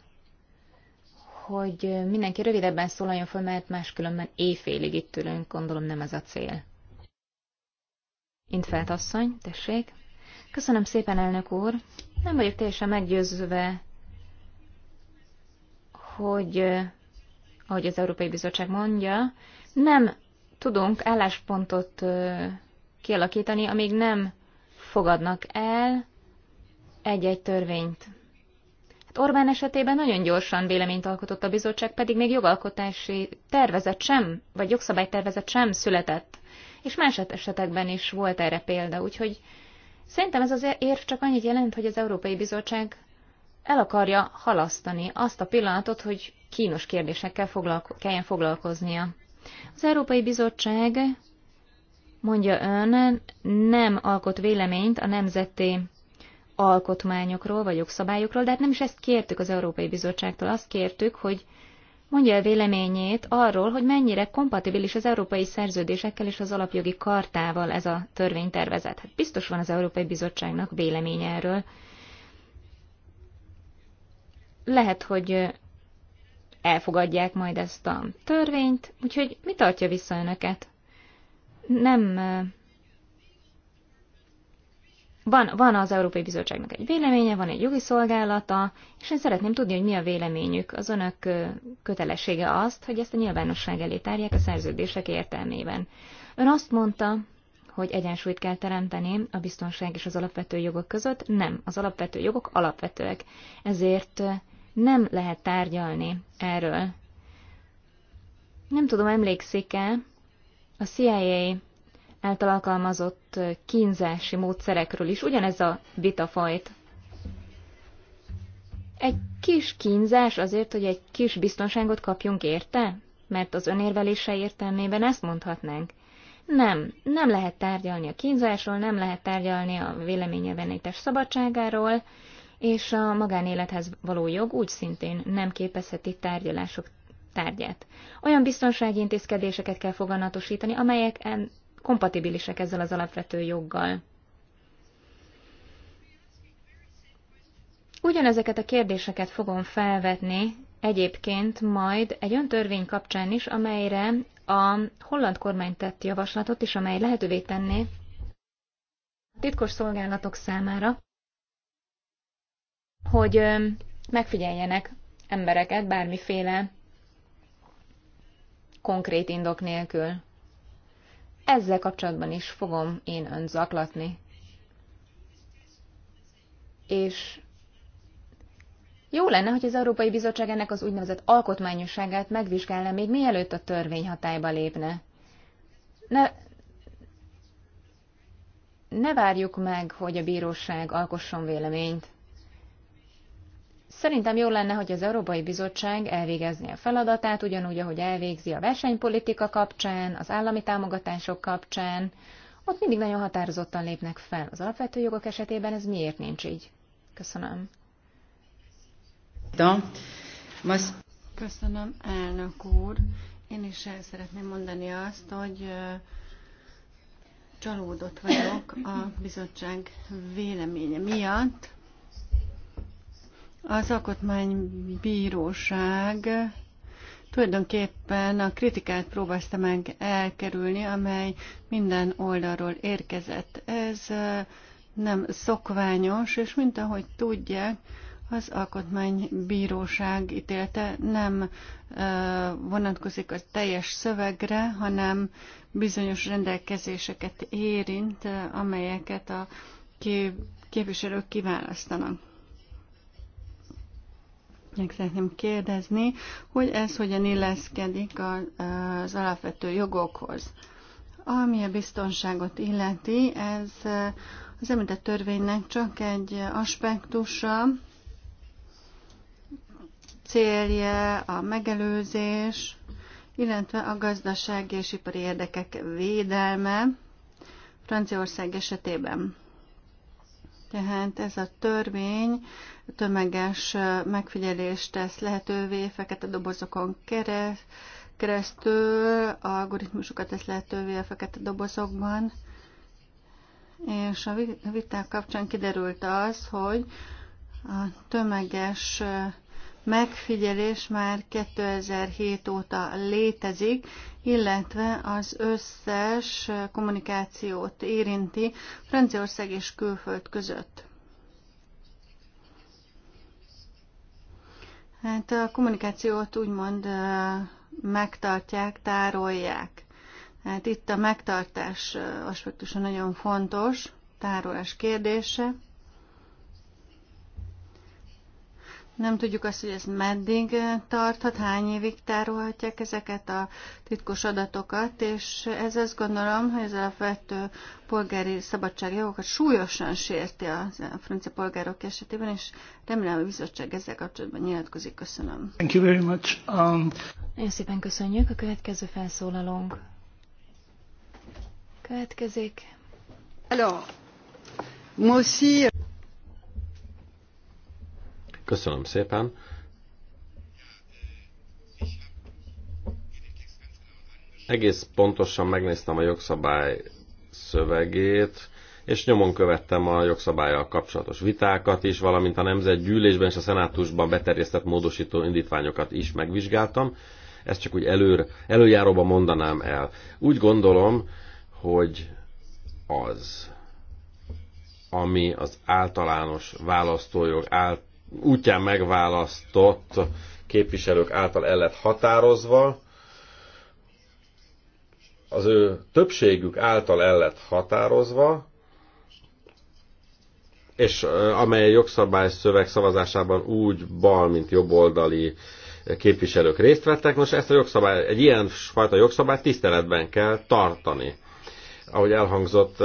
hogy mindenki rövidebben szólaljon fel, mert máskülönben éjfélig itt ülünk, gondolom nem ez a cél. Intfelt asszony, tessék. Köszönöm szépen, elnök úr. Nem vagyok teljesen meggyőzve, hogy, eh, ahogy az Európai Bizottság mondja, nem tudunk álláspontot eh, kialakítani, amíg nem fogadnak el egy-egy törvényt. Hát Orbán esetében nagyon gyorsan véleményt alkotott a bizottság, pedig még jogalkotási tervezet sem, vagy jogszabálytervezet sem született. És más esetekben is volt erre példa, úgyhogy Szerintem ez az érv csak annyit jelent, hogy az Európai Bizottság el akarja halasztani azt a pillanatot, hogy kínos kérdésekkel foglalko- kelljen foglalkoznia. Az Európai Bizottság, mondja ön, nem alkot véleményt a nemzeti alkotmányokról vagy jogszabályokról, de hát nem is ezt kértük az Európai Bizottságtól, azt kértük, hogy mondja el véleményét arról, hogy mennyire kompatibilis az európai szerződésekkel és az alapjogi kartával ez a törvénytervezet. Hát biztos van az Európai Bizottságnak véleménye erről. Lehet, hogy elfogadják majd ezt a törvényt, úgyhogy mi tartja vissza önöket? Nem van, van az Európai Bizottságnak egy véleménye, van egy jogi szolgálata, és én szeretném tudni, hogy mi a véleményük. Az önök kötelessége azt, hogy ezt a nyilvánosság elé tárják a szerződések értelmében. Ön azt mondta, hogy egyensúlyt kell teremteni a biztonság és az alapvető jogok között. Nem, az alapvető jogok alapvetőek, ezért nem lehet tárgyalni erről. Nem tudom, emlékszik-e a CIA által alkalmazott kínzási módszerekről is ugyanez a vita folyt. Egy kis kínzás azért, hogy egy kis biztonságot kapjunk érte? Mert az önérvelése értelmében ezt mondhatnánk. Nem, nem lehet tárgyalni a kínzásról, nem lehet tárgyalni a véleménynyilvánítés szabadságáról, és a magánélethez való jog úgy szintén nem képezheti tárgyalások tárgyát. Olyan biztonsági intézkedéseket kell foganatosítani, amelyek kompatibilisek ezzel az alapvető joggal. Ugyanezeket a kérdéseket fogom felvetni egyébként majd egy olyan törvény kapcsán is, amelyre a holland kormány tett javaslatot is, amely lehetővé tenné a titkos szolgálatok számára, hogy megfigyeljenek embereket bármiféle konkrét indok nélkül ezzel kapcsolatban is fogom én önt zaklatni. És jó lenne, hogy az Európai Bizottság ennek az úgynevezett alkotmányosságát megvizsgálna még mielőtt a törvény hatályba lépne. Ne, ne várjuk meg, hogy a bíróság alkosson véleményt. Szerintem jó lenne, hogy az Európai Bizottság elvégezné a feladatát, ugyanúgy, ahogy elvégzi a versenypolitika kapcsán, az állami támogatások kapcsán. Ott mindig nagyon határozottan lépnek fel. Az alapvető jogok esetében ez miért nincs így? Köszönöm. Köszönöm, elnök úr. Én is el szeretném mondani azt, hogy csalódott vagyok a bizottság véleménye miatt az alkotmánybíróság tulajdonképpen a kritikát próbálta meg elkerülni, amely minden oldalról érkezett. Ez nem szokványos, és mint ahogy tudják, az alkotmánybíróság ítélete nem vonatkozik a teljes szövegre, hanem bizonyos rendelkezéseket érint, amelyeket a képviselők kiválasztanak meg szeretném kérdezni, hogy ez hogyan illeszkedik az alapvető jogokhoz. Ami a biztonságot illeti, ez az említett törvénynek csak egy aspektusa, célja a megelőzés, illetve a gazdasági és ipari érdekek védelme Franciaország esetében. Tehát ez a törvény tömeges megfigyelést tesz lehetővé fekete dobozokon keresztül, algoritmusokat tesz lehetővé a fekete dobozokban, és a viták kapcsán kiderült az, hogy a tömeges megfigyelés már 2007 óta létezik, illetve az összes kommunikációt érinti Franciaország és külföld között. Hát a kommunikációt úgymond megtartják, tárolják. Hát itt a megtartás aspektusa nagyon fontos, tárolás kérdése. Nem tudjuk azt, hogy ez meddig eh, tarthat, hány évig tárolhatják ezeket a titkos adatokat, és ez azt gondolom, hogy ez a alapvető polgári szabadságjogokat súlyosan sérti a francia polgárok esetében, és remélem a bizottság ezzel kapcsolatban nyilatkozik. Köszönöm. Thank you very much. Um... Nagyon szépen köszönjük. A következő felszólalónk következik. Alors, moi aussi... Köszönöm szépen. Egész pontosan megnéztem a jogszabály szövegét, és nyomon követtem a jogszabályjal kapcsolatos vitákat is, valamint a Nemzetgyűlésben és a Szenátusban beterjesztett módosító indítványokat is megvizsgáltam. Ezt csak úgy előr, előjáróba mondanám el. Úgy gondolom, hogy az, ami az általános választójog, által útján megválasztott képviselők által el lett határozva, az ő többségük által el lett határozva, és amely jogszabály szöveg szavazásában úgy bal, mint jobboldali képviselők részt vettek. Nos, ezt a jogszabály, egy ilyen fajta jogszabályt tiszteletben kell tartani. Ahogy elhangzott,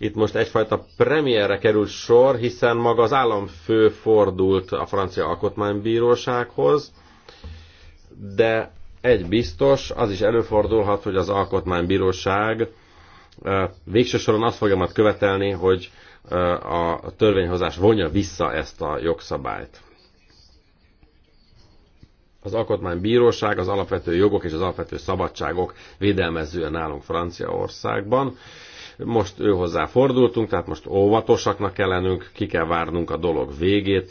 itt most egyfajta premierre került sor, hiszen maga az államfő fordult a francia alkotmánybírósághoz, de egy biztos, az is előfordulhat, hogy az alkotmánybíróság végsősoron azt fogja majd követelni, hogy a törvényhozás vonja vissza ezt a jogszabályt. Az alkotmánybíróság az alapvető jogok és az alapvető szabadságok védelmezője nálunk Franciaországban, most őhozzá fordultunk, tehát most óvatosaknak kell lennünk, ki kell várnunk a dolog végét.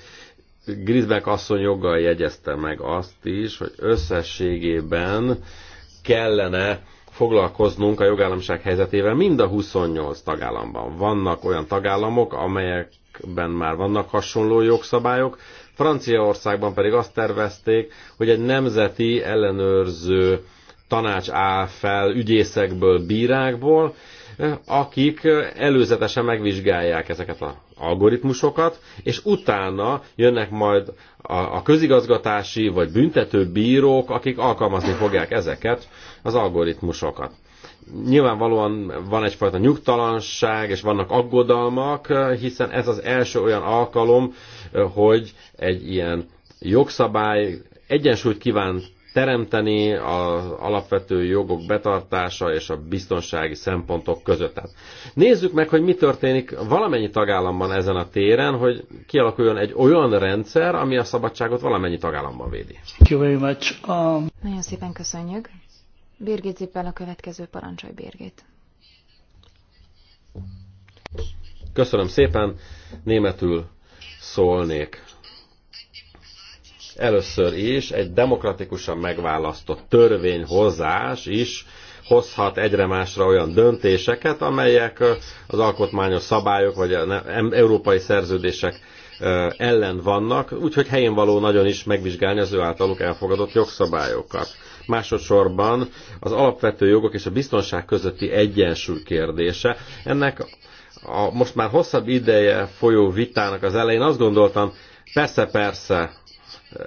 Grisbeck asszony joggal jegyezte meg azt is, hogy összességében kellene foglalkoznunk a jogállamiság helyzetével mind a 28 tagállamban. Vannak olyan tagállamok, amelyekben már vannak hasonló jogszabályok, Franciaországban pedig azt tervezték, hogy egy nemzeti ellenőrző tanács áll fel ügyészekből, bírákból, akik előzetesen megvizsgálják ezeket az algoritmusokat, és utána jönnek majd a közigazgatási vagy büntető bírók, akik alkalmazni fogják ezeket az algoritmusokat nyilvánvalóan van egyfajta nyugtalanság, és vannak aggodalmak, hiszen ez az első olyan alkalom, hogy egy ilyen jogszabály egyensúlyt kíván teremteni az alapvető jogok betartása és a biztonsági szempontok között. Hát nézzük meg, hogy mi történik valamennyi tagállamban ezen a téren, hogy kialakuljon egy olyan rendszer, ami a szabadságot valamennyi tagállamban védi. Thank you very much. Um... Nagyon szépen köszönjük. Birgit Zippel a következő parancsolj Birgit. Köszönöm szépen, németül szólnék. Először is egy demokratikusan megválasztott törvényhozás is hozhat egyre másra olyan döntéseket, amelyek az alkotmányos szabályok vagy a európai szerződések ellen vannak, úgyhogy helyén való nagyon is megvizsgálni az ő általuk elfogadott jogszabályokat. Másodszorban az alapvető jogok és a biztonság közötti egyensúly kérdése. Ennek a most már hosszabb ideje folyó vitának az elején azt gondoltam, persze, persze,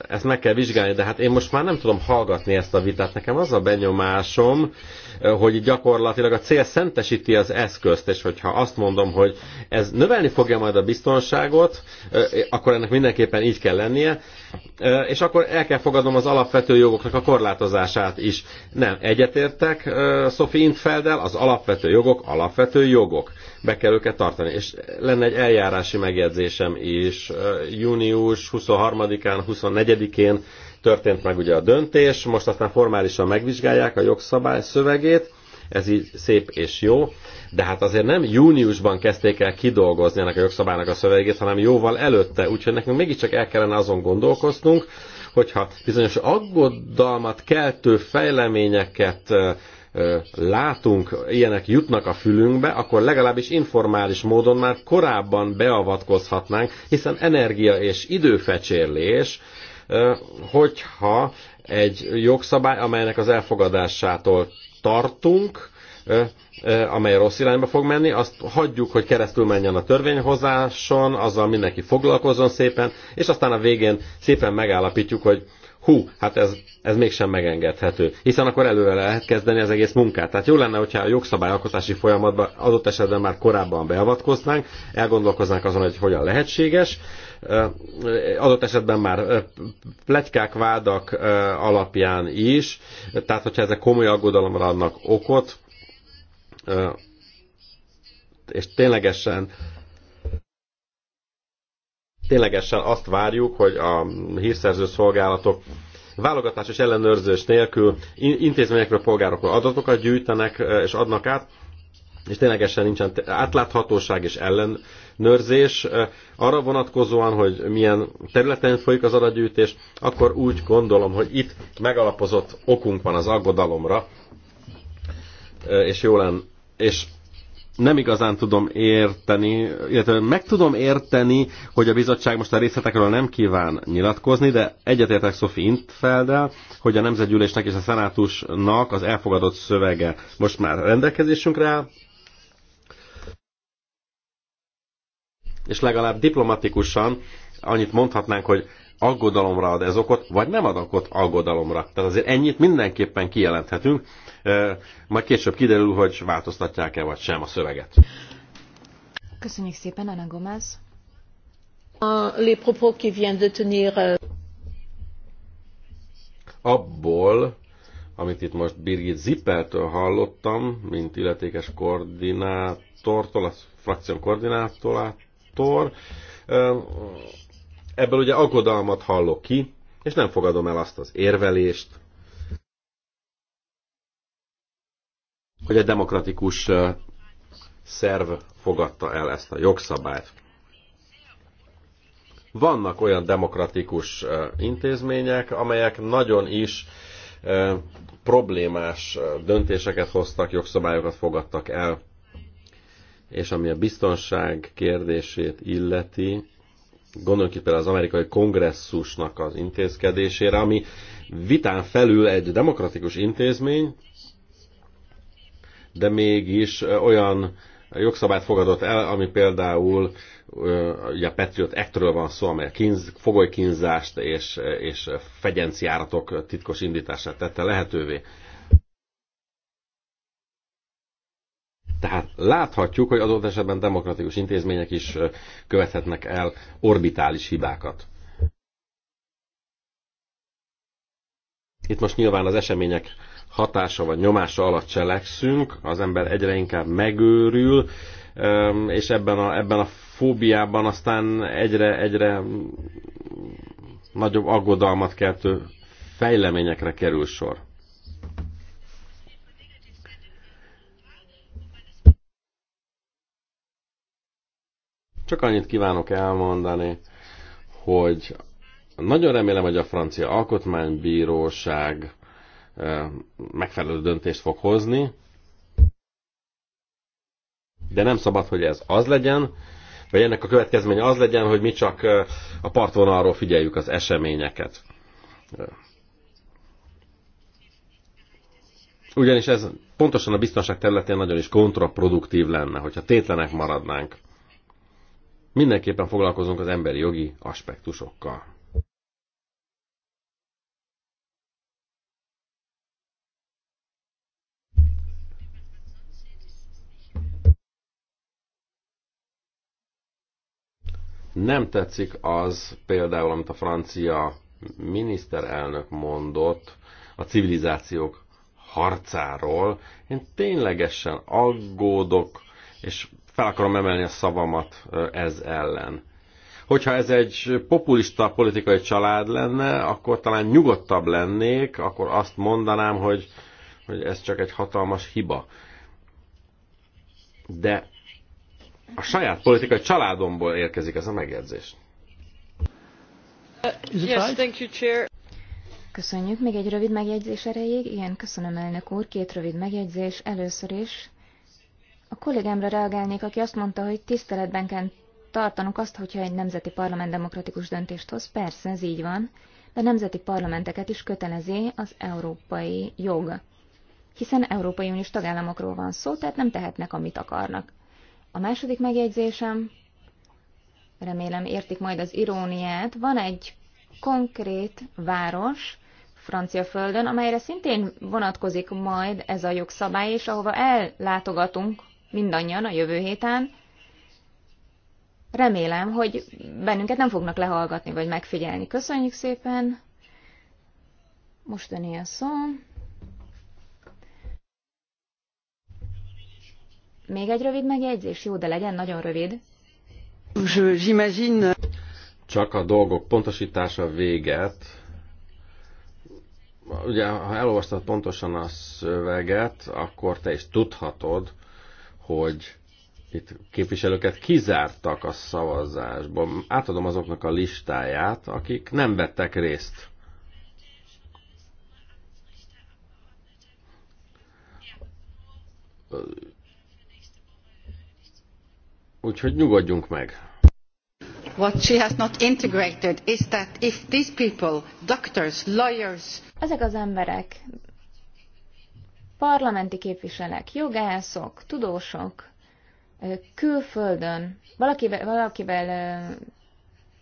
ezt meg kell vizsgálni, de hát én most már nem tudom hallgatni ezt a vitát. Nekem az a benyomásom, hogy gyakorlatilag a cél szentesíti az eszközt, és hogyha azt mondom, hogy ez növelni fogja majd a biztonságot, akkor ennek mindenképpen így kell lennie, és akkor el kell fogadnom az alapvető jogoknak a korlátozását is. Nem, egyetértek Sophie Intfeldel, az alapvető jogok alapvető jogok. Be kell őket tartani. És lenne egy eljárási megjegyzésem is. Június 23-án, 24-én történt meg ugye a döntés, most aztán formálisan megvizsgálják a jogszabály szövegét, ez így szép és jó, de hát azért nem júniusban kezdték el kidolgozni ennek a jogszabálynak a szövegét, hanem jóval előtte, úgyhogy nekünk mégiscsak el kellene azon gondolkoznunk, hogyha bizonyos aggodalmat keltő fejleményeket látunk, ilyenek jutnak a fülünkbe, akkor legalábbis informális módon már korábban beavatkozhatnánk, hiszen energia és időfecsérlés, hogyha egy jogszabály, amelynek az elfogadásától tartunk, amely rossz irányba fog menni, azt hagyjuk, hogy keresztül menjen a törvényhozáson, azzal mindenki foglalkozzon szépen, és aztán a végén szépen megállapítjuk, hogy hú, hát ez, ez mégsem megengedhető. Hiszen akkor előre lehet kezdeni az egész munkát. Tehát jó lenne, hogyha a jogszabályalkotási folyamatban adott esetben már korábban beavatkoznánk, elgondolkoznánk azon, hogy hogyan lehetséges. Adott esetben már pletykák, vádak alapján is, tehát hogyha ezek komoly aggodalomra adnak okot, és ténylegesen ténylegesen azt várjuk, hogy a hírszerző szolgálatok válogatás és ellenőrzés nélkül intézményekről, polgárokról adatokat gyűjtenek e, és adnak át, és ténylegesen nincsen átláthatóság és ellenőrzés e, arra vonatkozóan, hogy milyen területen folyik az adatgyűjtés, akkor úgy gondolom, hogy itt megalapozott okunk van az aggodalomra, e, és jó lenne, és nem igazán tudom érteni, illetve meg tudom érteni, hogy a bizottság most a részletekről nem kíván nyilatkozni, de egyetértek Sophie Intfeldel, hogy a Nemzetgyűlésnek és a Szenátusnak az elfogadott szövege most már rendelkezésünkre áll, és legalább diplomatikusan annyit mondhatnánk, hogy aggodalomra ad ez okot, vagy nem ad okot aggodalomra. Tehát azért ennyit mindenképpen kijelenthetünk, majd később kiderül, hogy változtatják-e vagy sem a szöveget. Köszönjük szépen, Anna Gomez. Euh, Abból, amit itt most Birgit Zippertől hallottam, mint illetékes koordinátortól, a frakció koordinátorától, Ebből ugye aggodalmat hallok ki, és nem fogadom el azt az érvelést, hogy a demokratikus szerv fogadta el ezt a jogszabályt. Vannak olyan demokratikus intézmények, amelyek nagyon is problémás döntéseket hoztak, jogszabályokat fogadtak el, és ami a biztonság kérdését illeti, Gondoljunk itt például az amerikai kongresszusnak az intézkedésére, ami vitán felül egy demokratikus intézmény, de mégis olyan jogszabályt fogadott el, ami például ugye a Patriot act van szó, amely kínz, fogolykínzást és, és fegyenciáratok titkos indítását tette lehetővé. Tehát láthatjuk, hogy adott esetben demokratikus intézmények is követhetnek el orbitális hibákat. Itt most nyilván az események hatása vagy nyomása alatt cselekszünk, az ember egyre inkább megőrül, és ebben a, ebben a fóbiában aztán egyre, egyre nagyobb aggodalmat keltő fejleményekre kerül sor. Csak annyit kívánok elmondani, hogy nagyon remélem, hogy a francia alkotmánybíróság eh, megfelelő döntést fog hozni, de nem szabad, hogy ez az legyen, vagy ennek a következménye az legyen, hogy mi csak eh, a partvonalról figyeljük az eseményeket. Ugyanis ez pontosan a biztonság területén nagyon is kontraproduktív lenne, hogyha tétlenek maradnánk. Mindenképpen foglalkozunk az emberi jogi aspektusokkal. Nem tetszik az például, amit a francia miniszterelnök mondott a civilizációk harcáról. Én ténylegesen aggódok, és fel akarom emelni a szavamat ez ellen. Hogyha ez egy populista politikai család lenne, akkor talán nyugodtabb lennék, akkor azt mondanám, hogy, hogy ez csak egy hatalmas hiba. De a saját politikai családomból érkezik ez a megjegyzés. Uh, Köszönjük. Még egy rövid megjegyzés erejéig. Igen, köszönöm elnök úr. Két rövid megjegyzés. Először is a kollégámra reagálnék, aki azt mondta, hogy tiszteletben kell tartanunk azt, hogyha egy nemzeti parlament demokratikus döntést hoz. Persze, ez így van, de nemzeti parlamenteket is kötelezi az európai jog. Hiszen Európai Uniós tagállamokról van szó, tehát nem tehetnek, amit akarnak. A második megjegyzésem, remélem értik majd az iróniát, van egy konkrét város francia földön, amelyre szintén vonatkozik majd ez a jogszabály, és ahova ellátogatunk mindannyian a jövő héten. Remélem, hogy bennünket nem fognak lehallgatni vagy megfigyelni. Köszönjük szépen! Most a szó. Még egy rövid megjegyzés, jó, de legyen nagyon rövid. Csak a dolgok pontosítása véget. Ugye, ha elolvastad pontosan a szöveget, akkor te is tudhatod, hogy itt képviselőket kizártak a szavazásban. Átadom azoknak a listáját, akik nem vettek részt. Úgyhogy nyugodjunk meg. What she has not integrated is that if these people, doctors, lawyers, ezek az emberek, parlamenti képviselek, jogászok, tudósok, külföldön, valakivel, valakivel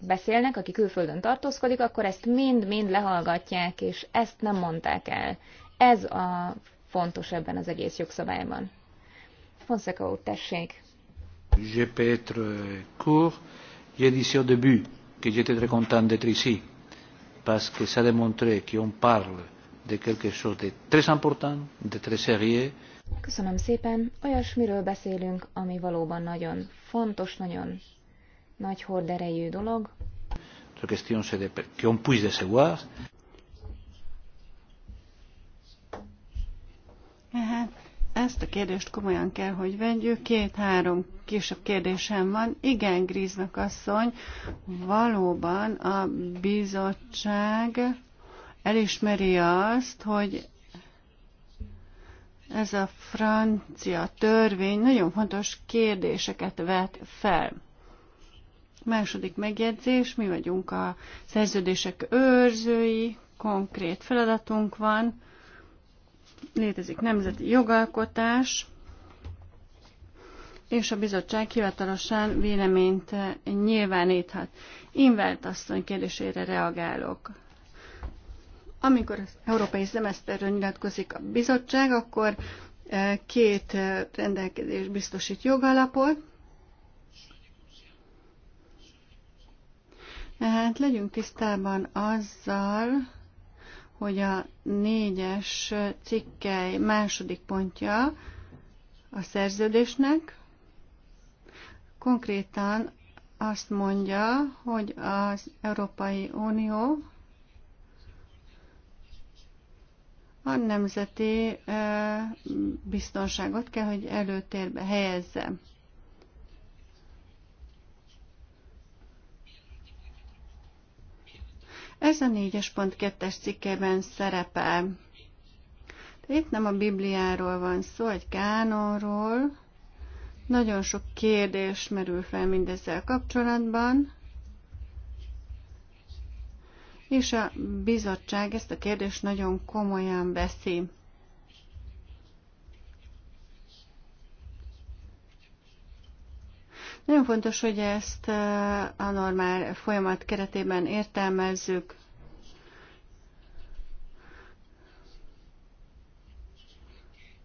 beszélnek, aki külföldön tartózkodik, akkor ezt mind-mind lehallgatják, és ezt nem mondták el. Ez a fontos ebben az egész jogszabályban. Fonseca úr, tessék! Je peux être euh, court. J'ai dit au début que j'étais très content d'être ici, parce que ça démontrait qu'on parle Köszönöm szépen. Olyasmiről beszélünk, ami valóban nagyon fontos, nagyon nagy horderejű dolog. Hát, ezt a kérdést komolyan kell, hogy vegyük. Két-három kisebb kérdésem van. Igen, Gríznak asszony, valóban a bizottság elismeri azt, hogy ez a francia törvény nagyon fontos kérdéseket vet fel. Második megjegyzés, mi vagyunk a szerződések őrzői, konkrét feladatunk van, létezik nemzeti jogalkotás, és a bizottság hivatalosan véleményt nyilváníthat. Invert asszony kérdésére reagálok. Amikor az európai szemeszterről nyilatkozik a bizottság, akkor e, két e, rendelkezés biztosít jogalapot. Hát legyünk tisztában azzal, hogy a négyes cikkely második pontja a szerződésnek konkrétan azt mondja, hogy az Európai Unió a nemzeti biztonságot kell, hogy előtérbe helyezze. Ez a 4.2-es cikkeben szerepel. De itt nem a Bibliáról van szó, egy kánonról. Nagyon sok kérdés merül fel mindezzel kapcsolatban és a bizottság ezt a kérdést nagyon komolyan veszi. Nagyon fontos, hogy ezt a normál folyamat keretében értelmezzük.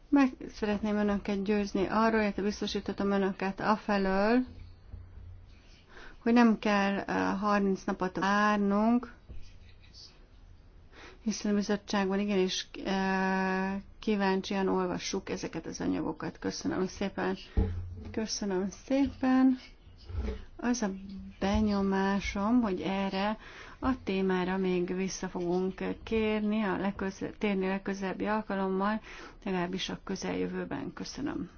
Meg szeretném önöket győzni arról, illetve biztosítottam önöket afelől, hogy nem kell 30 napot várnunk, hiszen a bizottságban igenis e, kíváncsian olvassuk ezeket az anyagokat. Köszönöm szépen. Köszönöm szépen. Az a benyomásom, hogy erre a témára még vissza fogunk kérni, a legköze, térni legközelebbi alkalommal, legalábbis a közeljövőben. Köszönöm.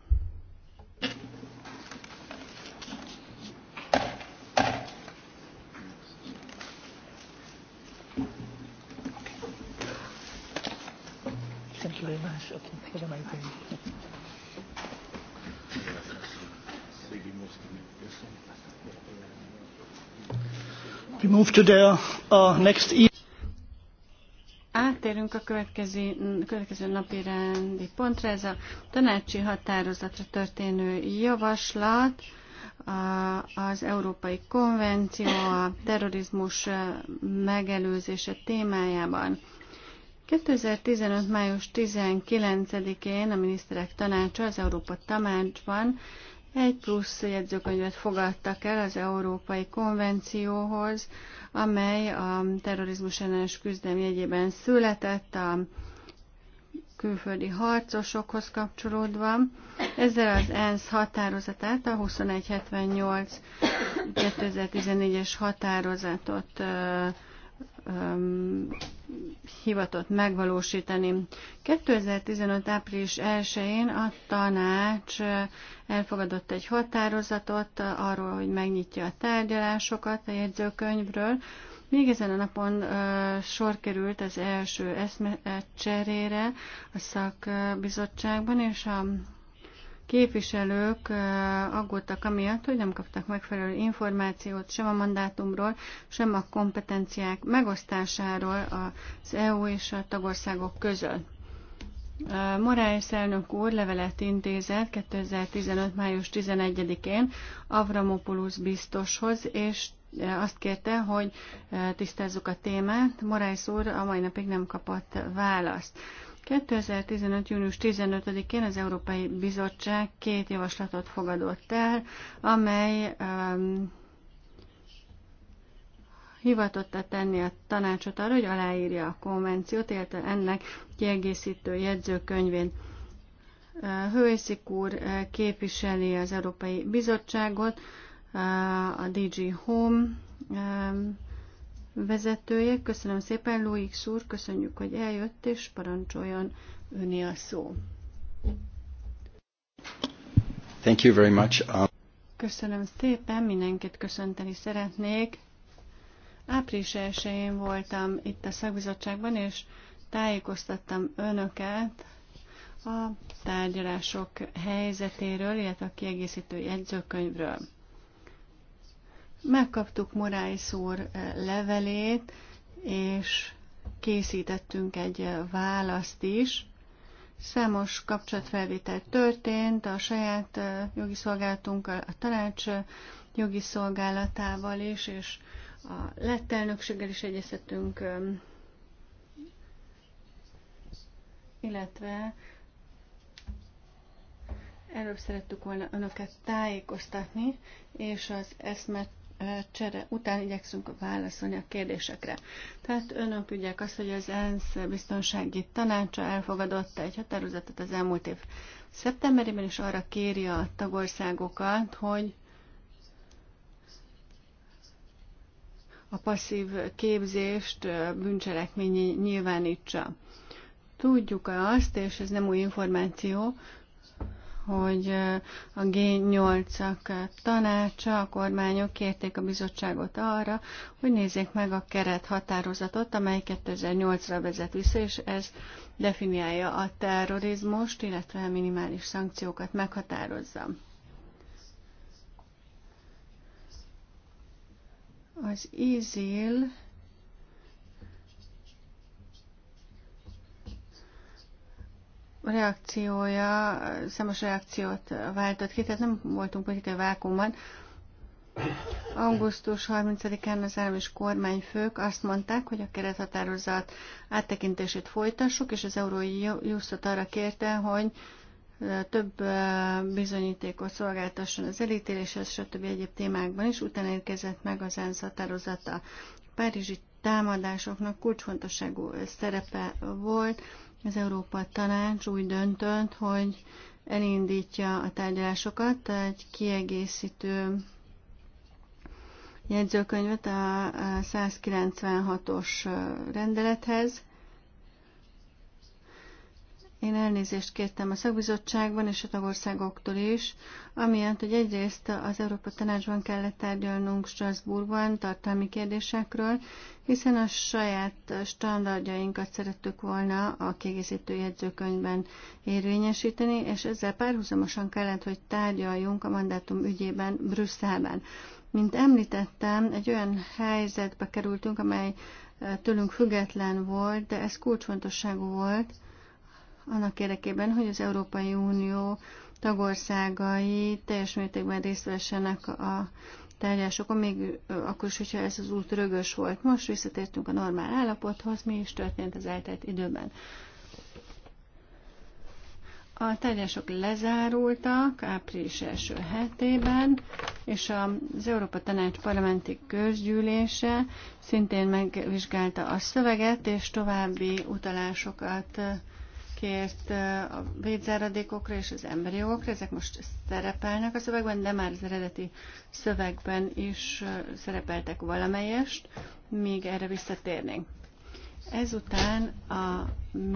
We move to the uh, next e- Átérünk a következő, következő napi rendi pontra, ez a tanácsi határozatra történő javaslat, az Európai Konvenció a terrorizmus megelőzése témájában. 2015. május 19-én a miniszterek tanácsa az Európa Tanácsban egy plusz jegyzőkönyvet fogadtak el az Európai Konvencióhoz, amely a terrorizmus ellenes küzdelem jegyében született a külföldi harcosokhoz kapcsolódva. Ezzel az ENSZ határozatát, a 2178 2014-es határozatot hivatott megvalósítani. 2015. április 1-én a tanács elfogadott egy határozatot arról, hogy megnyitja a tárgyalásokat a jegyzőkönyvről. Még ezen a napon sor került az első eszmecserére a szakbizottságban, és a képviselők eh, aggódtak amiatt, hogy nem kaptak megfelelő információt sem a mandátumról, sem a kompetenciák megosztásáról az EU és a tagországok között. Eh, Morális elnök úr levelet intézett 2015. május 11-én Avramopoulos biztoshoz, és eh, azt kérte, hogy tisztázzuk a témát. Morális úr a mai napig nem kapott választ. 2015. június 15-én az Európai Bizottság két javaslatot fogadott el, amely um, hivatotta tenni a tanácsot arra, hogy aláírja a konvenciót, illetve ennek kiegészítő jegyzőkönyvén. Uh, Hőészik úr uh, képviseli az Európai Bizottságot, uh, a DG Home um, vezetője. Köszönöm szépen, Lóik úr, köszönjük, hogy eljött, és parancsoljon öné a szó. Thank you very much. Um... Köszönöm szépen, mindenkit köszönteni szeretnék. Április elsőjén voltam itt a szakbizottságban, és tájékoztattam önöket a tárgyalások helyzetéről, illetve a kiegészítő jegyzőkönyvről. Megkaptuk Moráis úr eh, levelét, és készítettünk egy eh, választ is. Számos kapcsolatfelvétel történt a saját eh, jogi szolgálatunkkal, a tanács jogi szolgálatával is, és a lett elnökséggel is egyeztetünk, illetve előbb szerettük volna önöket tájékoztatni, és az eszmet csere után igyekszünk válaszolni a kérdésekre. Tehát önök tudják azt, hogy az ENSZ biztonsági tanácsa elfogadott egy határozatot az elmúlt év szeptemberében, és arra kéri a tagországokat, hogy a passzív képzést bűncselekményi nyilvánítsa. Tudjuk azt, és ez nem új információ, hogy a G8-ak tanácsa, a kormányok kérték a bizottságot arra, hogy nézzék meg a keret határozatot, amely 2008-ra vezet vissza, és ez definiálja a terrorizmust, illetve a minimális szankciókat meghatározza. Az ISIL reakciója számos reakciót váltott ki, tehát nem voltunk politikai vákumban. Augusztus 30-án az állam és kormányfők azt mondták, hogy a kerethatározat áttekintését folytassuk, és az Jusztot arra kérte, hogy több bizonyítékot szolgáltasson az elítéléshez, stb. egyéb témákban is. Utána érkezett meg az ENSZ határozata. Párizsi támadásoknak kulcsfontosságú szerepe volt, az Európa Tanács úgy döntött, hogy elindítja a tárgyalásokat, egy kiegészítő jegyzőkönyvet a 196-os rendelethez, én elnézést kértem a szakbizottságban és a tagországoktól is, amiatt, hogy egyrészt az Európa Tanácsban kellett tárgyalnunk Strasbourgban tartalmi kérdésekről, hiszen a saját standardjainkat szerettük volna a kiegészítő jegyzőkönyvben érvényesíteni, és ezzel párhuzamosan kellett, hogy tárgyaljunk a mandátum ügyében Brüsszelben. Mint említettem, egy olyan helyzetbe kerültünk, amely eh, tőlünk független volt, de ez kulcsfontosságú volt, annak érdekében, hogy az Európai Unió tagországai teljes mértékben részt vessenek a tárgyásokon, még akkor is, hogyha ez az út rögös volt. Most visszatértünk a normál állapothoz, mi is történt az eltelt időben. A tárgyások lezárultak április első hetében, és az Európa Tanács parlamenti közgyűlése szintén megvizsgálta a szöveget, és további utalásokat kért a védzáradékokra és az emberi jogokra, ezek most szerepelnek a szövegben, de már az eredeti szövegben is szerepeltek valamelyest, még erre visszatérnénk. Ezután a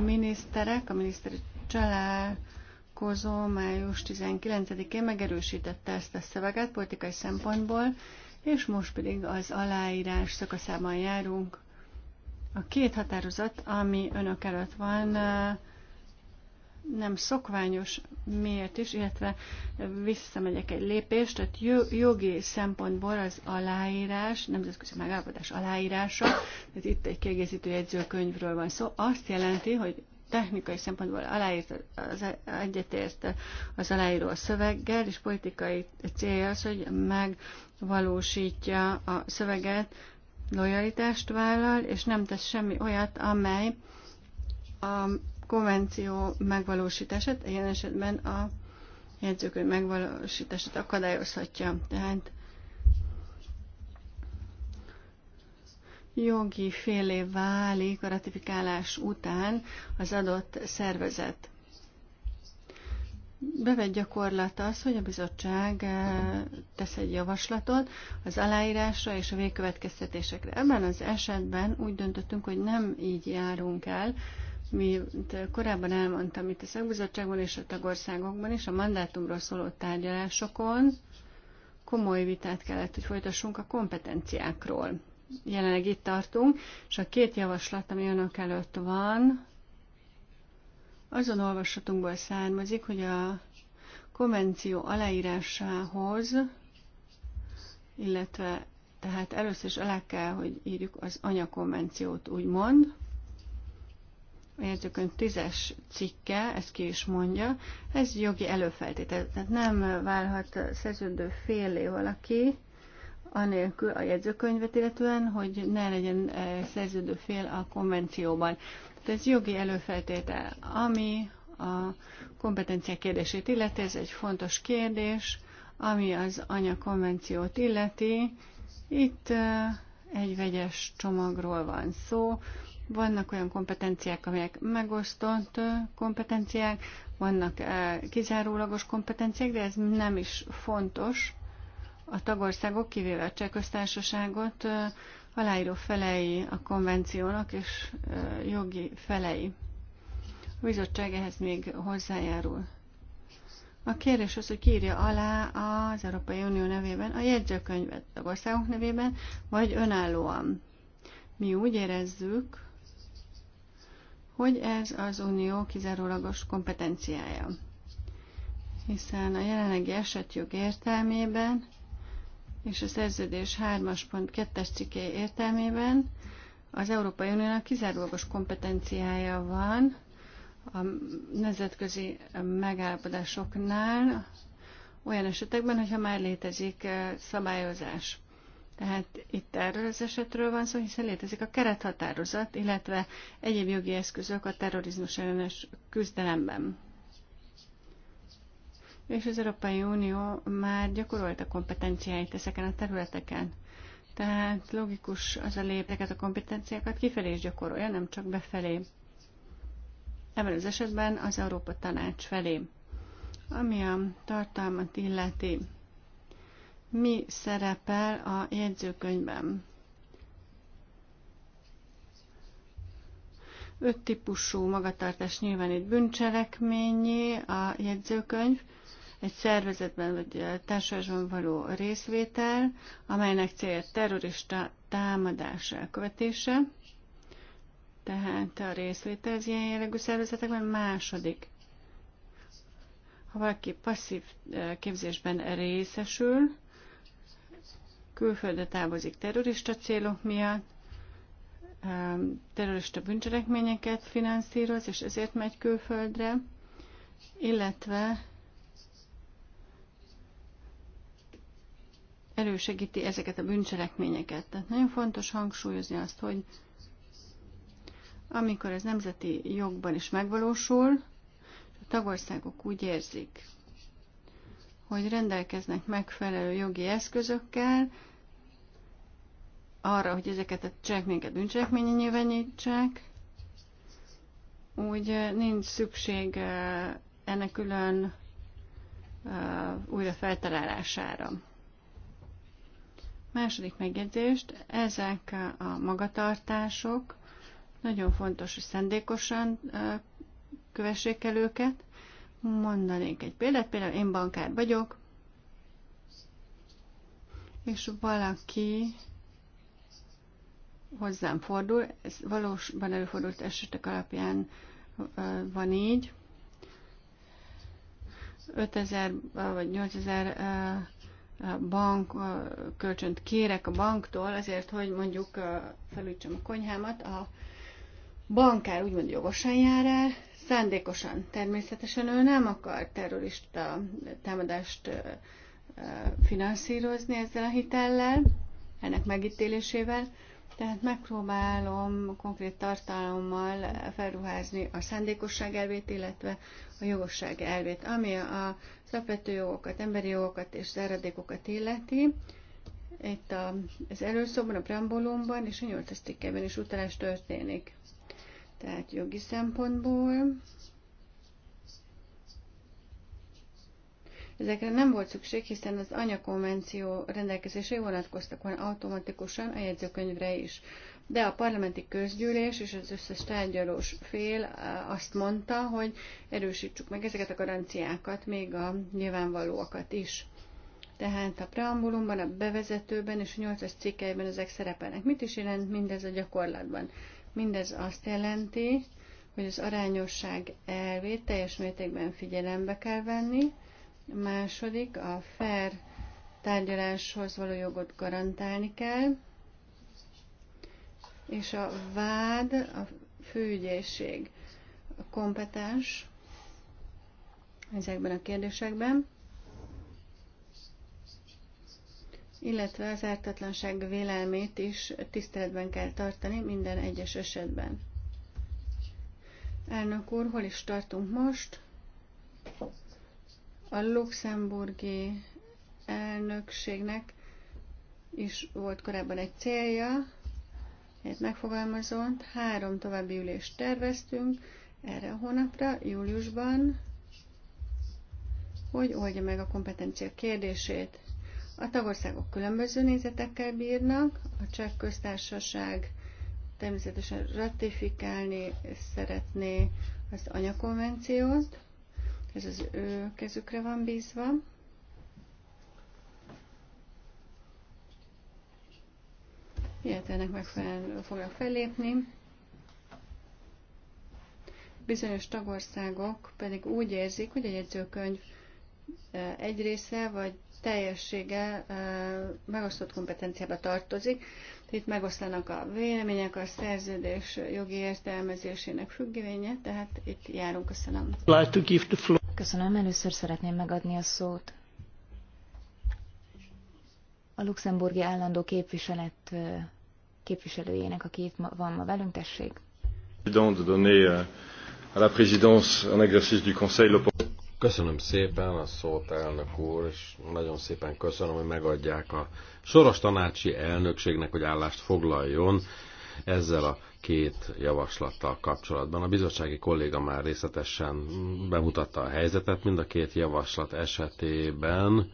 miniszterek, a miniszteri csalálkozó május 19-én megerősítette ezt a szöveget politikai szempontból, és most pedig az aláírás szakaszában járunk. A két határozat, ami önök előtt van, nem szokványos miért is, illetve visszamegyek egy lépést, tehát jogi szempontból az aláírás, nemzetközi megállapodás aláírása, tehát itt egy kiegészítő jegyzőkönyvről van szó, azt jelenti, hogy technikai szempontból aláírt az egyetért az aláíró a szöveggel, és politikai célja az, hogy megvalósítja a szöveget, lojalitást vállal, és nem tesz semmi olyat, amely a konvenció megvalósítását, ilyen esetben a jegyzőkönyv megvalósítását akadályozhatja. Tehát jogi félé válik a ratifikálás után az adott szervezet. Bevett gyakorlat az, hogy a bizottság eh, tesz egy javaslatot az aláírásra és a végkövetkeztetésekre. Ebben az esetben úgy döntöttünk, hogy nem így járunk el, mint korábban elmondtam itt a szakbizottságban és a tagországokban is, a mandátumról szóló tárgyalásokon komoly vitát kellett, hogy folytassunk a kompetenciákról. Jelenleg itt tartunk, és a két javaslat, ami önök előtt van, azon olvasatunkból származik, hogy a konvenció aláírásához, illetve tehát először is alá kell, hogy írjuk az anyakonvenciót, úgymond, jegyzőkönyv tízes cikke, ezt ki is mondja, ez jogi előfeltétel. Tehát nem válhat szerződő félé valaki, anélkül a jegyzőkönyvet illetően, hogy ne legyen eh, szerződő fél a konvencióban. Tehát ez jogi előfeltétel, ami a kompetencia kérdését illeti, ez egy fontos kérdés, ami az anyakonvenciót illeti. Itt eh, egy vegyes csomagról van szó, vannak olyan kompetenciák, amelyek megosztott kompetenciák, vannak kizárólagos kompetenciák, de ez nem is fontos. A tagországok, kivéve a Csehköztársaságot, aláíró felei a konvenciónak és jogi felei. A bizottság ehhez még hozzájárul. A kérdés az, hogy kiírja alá az Európai Unió nevében a jegyzőkönyvet tagországok nevében, vagy önállóan. Mi úgy érezzük, hogy ez az unió kizárólagos kompetenciája. Hiszen a jelenlegi esetjog értelmében és a szerződés 2 es cikké értelmében az Európai Uniónak kizárólagos kompetenciája van a nemzetközi megállapodásoknál olyan esetekben, hogyha már létezik eh, szabályozás. Tehát itt erről az esetről van szó, hiszen létezik a kerethatározat, illetve egyéb jogi eszközök a terrorizmus ellenes küzdelemben. És az Európai Unió már gyakorolta kompetenciáit ezeken a területeken. Tehát logikus az a lép, a kompetenciákat kifelé is gyakorolja, nem csak befelé. Ebben az esetben az Európa Tanács felé, ami a tartalmat illeti mi szerepel a jegyzőkönyvben. Öt típusú magatartás nyilván itt bűncselekményé a jegyzőkönyv, egy szervezetben vagy társadalomban való részvétel, amelynek célja terrorista támadás elkövetése, tehát a részvétel az ilyen jellegű szervezetekben második. Ha valaki passzív eh, képzésben részesül, külföldre távozik terrorista célok miatt, um, terrorista bűncselekményeket finanszíroz, és ezért megy külföldre, illetve elősegíti ezeket a bűncselekményeket. Tehát nagyon fontos hangsúlyozni azt, hogy amikor ez nemzeti jogban is megvalósul, a tagországok úgy érzik, hogy rendelkeznek megfelelő jogi eszközökkel, arra, hogy ezeket a cselekményeket bűncselekménye nyilvánítsák, úgy eh, nincs szükség eh, ennek külön eh, újra feltalálására. Második megjegyzést, ezek a magatartások, nagyon fontos, hogy szendékosan kövessék el őket. Mondanék egy példát, például én bankár vagyok, és valaki hozzám fordul, ez valósban előfordult esetek alapján van így. 5000 vagy 8000 bank kölcsönt kérek a banktól azért, hogy mondjuk felújtsam a konyhámat, a bankár úgymond jogosan jár el, szándékosan. Természetesen ő nem akar terrorista támadást finanszírozni ezzel a hitellel, ennek megítélésével, tehát megpróbálom konkrét tartalommal felruházni a szándékosság elvét, illetve a jogosság elvét, ami a szapvető jogokat, emberi jogokat és záradékokat illeti. Itt az előszóban, a preambulumban és a 8. is utalás történik. Tehát jogi szempontból Ezekre nem volt szükség, hiszen az anyakonvenció rendelkezései vonatkoztak volna automatikusan a jegyzőkönyvre is. De a parlamenti közgyűlés és az összes tárgyalós fél eh, azt mondta, hogy erősítsük meg ezeket a garanciákat, még a nyilvánvalóakat is. Tehát a preambulumban, a bevezetőben és a 8-as cikkeiben ezek szerepelnek. Mit is jelent mindez a gyakorlatban? Mindez azt jelenti, hogy az arányosság elvét teljes mértékben figyelembe kell venni, Második, a fair tárgyaláshoz való jogot garantálni kell, és a vád, a főügyészség a kompetens ezekben a kérdésekben, illetve az ártatlanság vélelmét is tiszteletben kell tartani minden egyes esetben. Elnök úr, hol is tartunk most? A luxemburgi elnökségnek is volt korábban egy célja, egy megfogalmazott három további ülést terveztünk erre a hónapra, júliusban, hogy oldja meg a kompetencia kérdését. A tagországok különböző nézetekkel bírnak, a cseh köztársaság természetesen ratifikálni szeretné az anyakonvenciót, ez az ő kezükre van bízva. Ilyet ennek meg fogja fellépni. Bizonyos tagországok pedig úgy érzik, hogy a jegyzőkönyv e, egy része vagy teljessége e, megosztott kompetenciába tartozik. Itt megoszlanak a vélemények a szerződés jogi értelmezésének függvénye, tehát itt járunk. Köszönöm. Köszönöm, először szeretném megadni a szót a luxemburgi állandó képviselet képviselőjének, aki itt van ma velünk, tessék. Euh, köszönöm szépen a szót, elnök úr, és nagyon szépen köszönöm, hogy megadják a soros tanácsi elnökségnek, hogy állást foglaljon ezzel a két javaslattal kapcsolatban. A bizottsági kolléga már részletesen bemutatta a helyzetet mind a két javaslat esetében,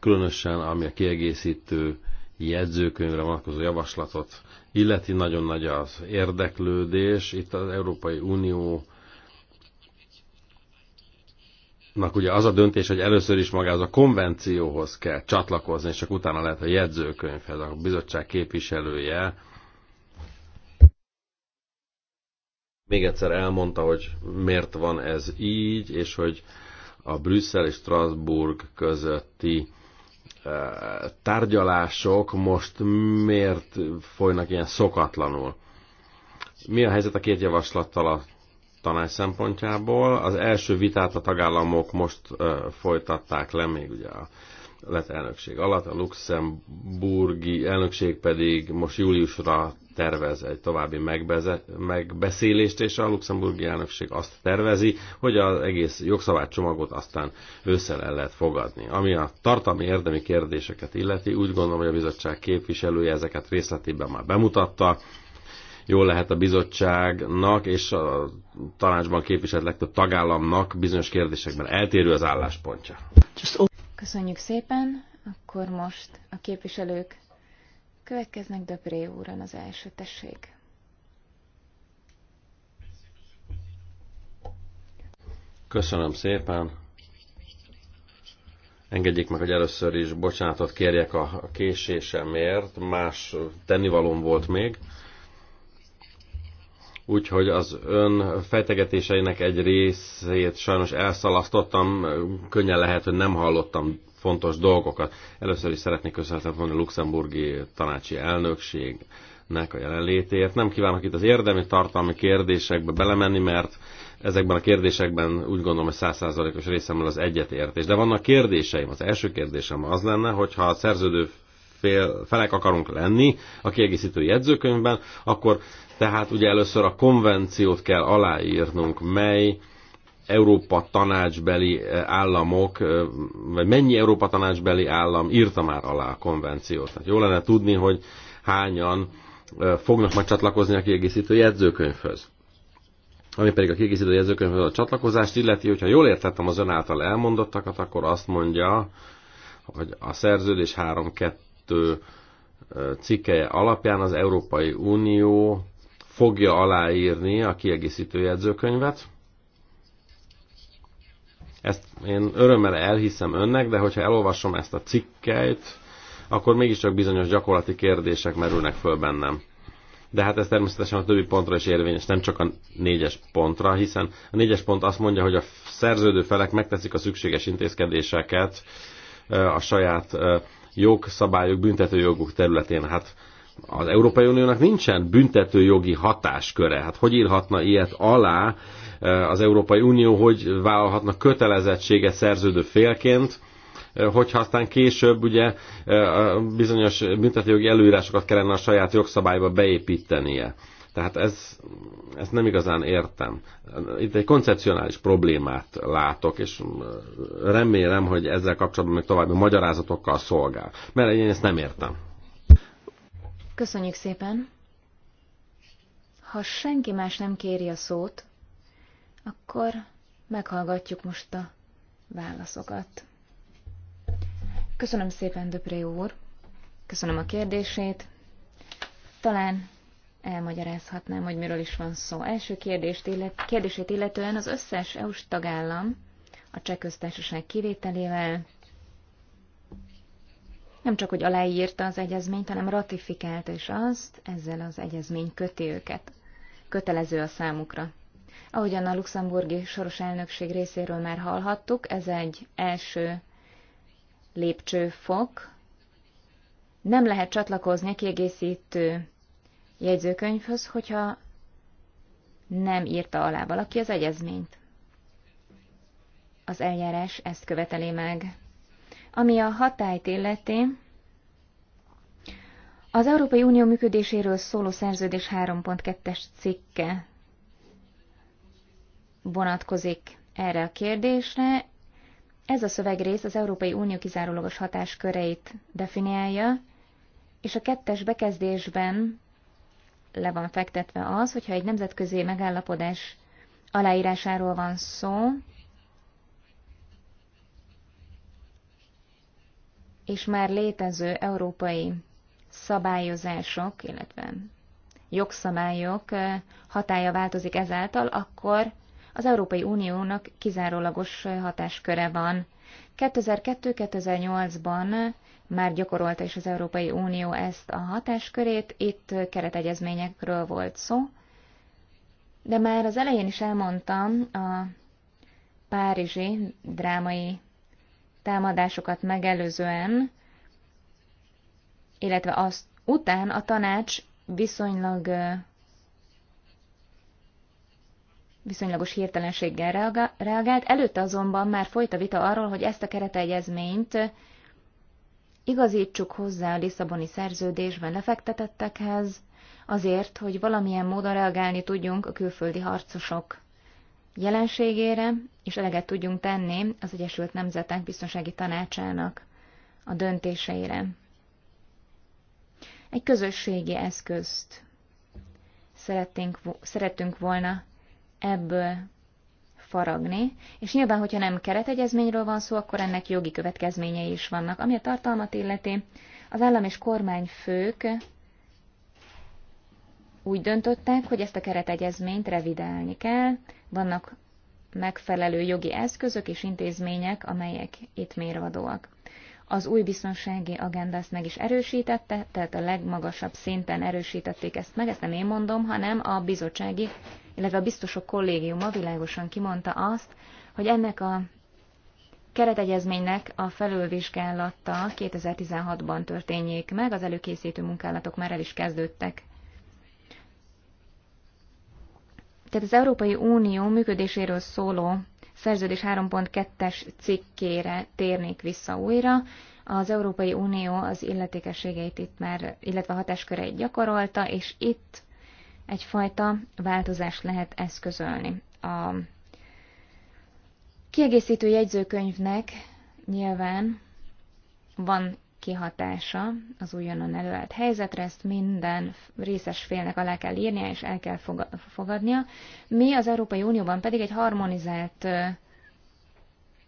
különösen ami a kiegészítő jegyzőkönyvre vonatkozó javaslatot illeti, nagyon nagy az érdeklődés. Itt az Európai Unió ugye az a döntés, hogy először is magához a konvencióhoz kell csatlakozni, és csak utána lehet a jegyzőkönyvhez. A bizottság képviselője még egyszer elmondta, hogy miért van ez így, és hogy a Brüsszel és Strasbourg közötti eh, tárgyalások most miért folynak ilyen szokatlanul. Mi a helyzet a két javaslattal a tanács szempontjából? Az első vitát a tagállamok most eh, folytatták le, még ugye a lett elnökség alatt, a luxemburgi elnökség pedig most júliusra tervez egy további megbeszélést, és a luxemburgi elnökség azt tervezi, hogy az egész jogszabálycsomagot aztán ősszel el lehet fogadni. Ami a tartalmi érdemi kérdéseket illeti, úgy gondolom, hogy a bizottság képviselője ezeket részletében már bemutatta, jól lehet a bizottságnak és a tanácsban képviselt legtöbb tagállamnak bizonyos kérdésekben eltérő az álláspontja. Köszönjük szépen, akkor most a képviselők következnek Döpré úrán az első tessék. Köszönöm szépen. Engedjék meg, hogy először is bocsánatot kérjek a késésemért, más tennivalom volt még úgyhogy az ön fejtegetéseinek egy részét sajnos elszalasztottam, könnyen lehet, hogy nem hallottam fontos dolgokat. Először is szeretnék köszönetet a luxemburgi tanácsi elnökségnek a jelenlétért. Nem kívánok itt az érdemi tartalmi kérdésekbe belemenni, mert ezekben a kérdésekben úgy gondolom, hogy százszázalékos részemről az egyetértés. De vannak kérdéseim. Az első kérdésem az lenne, hogyha a szerződő fél, felek akarunk lenni a kiegészítő jegyzőkönyvben, akkor tehát ugye először a konvenciót kell aláírnunk, mely Európa tanácsbeli eh, államok, eh, vagy mennyi Európa tanácsbeli állam írta már alá a konvenciót. Tehát jó lenne tudni, hogy hányan eh, fognak majd csatlakozni a kiegészítő jegyzőkönyvhöz. Ami pedig a kiegészítő jegyzőkönyvhöz a csatlakozást illeti, hogyha jól értettem az ön által elmondottakat, akkor azt mondja, hogy a szerződés 2 cikkeje alapján az Európai Unió fogja aláírni a kiegészítő jegyzőkönyvet. Ezt én örömmel elhiszem önnek, de hogyha elolvasom ezt a cikkeit, akkor mégiscsak bizonyos gyakorlati kérdések merülnek föl bennem. De hát ez természetesen a többi pontra is érvényes, nem csak a négyes pontra, hiszen a négyes pont azt mondja, hogy a szerződő felek megteszik a szükséges intézkedéseket a saját jogszabályok, büntetőjogok területén. Hát az Európai Uniónak nincsen büntetőjogi hatásköre. Hát hogy írhatna ilyet alá e, az Európai Unió, hogy vállalhatna kötelezettséget szerződő félként, e, hogyha aztán később ugye e, bizonyos büntetőjogi előírásokat kellene a saját jogszabályba beépítenie. Tehát ez, ez nem igazán értem. Itt egy koncepcionális problémát látok, és remélem, hogy ezzel kapcsolatban még további magyarázatokkal szolgál. Mert én ezt nem értem. Köszönjük szépen. Ha senki más nem kéri a szót, akkor meghallgatjuk most a válaszokat. Köszönöm szépen, Döpré úr. Köszönöm a kérdését. Talán elmagyarázhatnám, hogy miről is van szó. Első kérdést illet, kérdését illetően az összes EU-s tagállam a cseh köztársaság kivételével nem csak, hogy aláírta az egyezményt, hanem ratifikálta is azt, ezzel az egyezmény köti őket. Kötelező a számukra. Ahogyan a luxemburgi soros elnökség részéről már hallhattuk, ez egy első lépcsőfok. Nem lehet csatlakozni a kiegészítő jegyzőkönyvhöz, hogyha nem írta alá valaki az egyezményt. Az eljárás ezt követeli meg. Ami a hatályt illeti, az Európai Unió működéséről szóló szerződés 3.2-es cikke vonatkozik erre a kérdésre. Ez a szövegrész az Európai Unió kizárólagos hatásköreit definiálja, és a kettes bekezdésben le van fektetve az, hogyha egy nemzetközi megállapodás aláírásáról van szó, és már létező európai szabályozások, illetve jogszabályok hatája változik ezáltal, akkor az Európai Uniónak kizárólagos hatásköre van. 2002-2008-ban már gyakorolta is az Európai Unió ezt a hatáskörét, itt keretegyezményekről volt szó, de már az elején is elmondtam a párizsi drámai támadásokat megelőzően, illetve azt után a tanács viszonylag viszonylagos hirtelenséggel reagált, előtte azonban már folyt a vita arról, hogy ezt a kereteegyezményt igazítsuk hozzá a Lisszaboni szerződésben lefektetettekhez, azért, hogy valamilyen módon reagálni tudjunk a külföldi harcosok jelenségére, és eleget tudjunk tenni az Egyesült Nemzetek Biztonsági Tanácsának a döntéseire. Egy közösségi eszközt szerettünk, szerettünk volna ebből faragni, és nyilván, hogyha nem keretegyezményről van szó, akkor ennek jogi következményei is vannak. Ami a tartalmat illeti, az állam és kormányfők úgy döntöttek, hogy ezt a keretegyezményt revidálni kell, vannak megfelelő jogi eszközök és intézmények, amelyek itt mérvadóak. Az új biztonsági agenda ezt meg is erősítette, tehát a legmagasabb szinten erősítették ezt meg, ezt nem én mondom, hanem a bizottsági illetve a biztosok kollégiuma világosan kimondta azt, hogy ennek a keretegyezménynek a felülvizsgálata 2016-ban történjék meg, az előkészítő munkálatok már el is kezdődtek. Tehát az Európai Unió működéséről szóló szerződés 3.2-es cikkére térnék vissza újra. Az Európai Unió az illetékességeit itt már, illetve hatásköreit gyakorolta, és itt egyfajta változást lehet eszközölni. A kiegészítő jegyzőkönyvnek nyilván van kihatása az újonnan előállt helyzetre, ezt minden részes félnek alá kell írnia és el kell fogadnia. Mi az Európai Unióban pedig egy harmonizált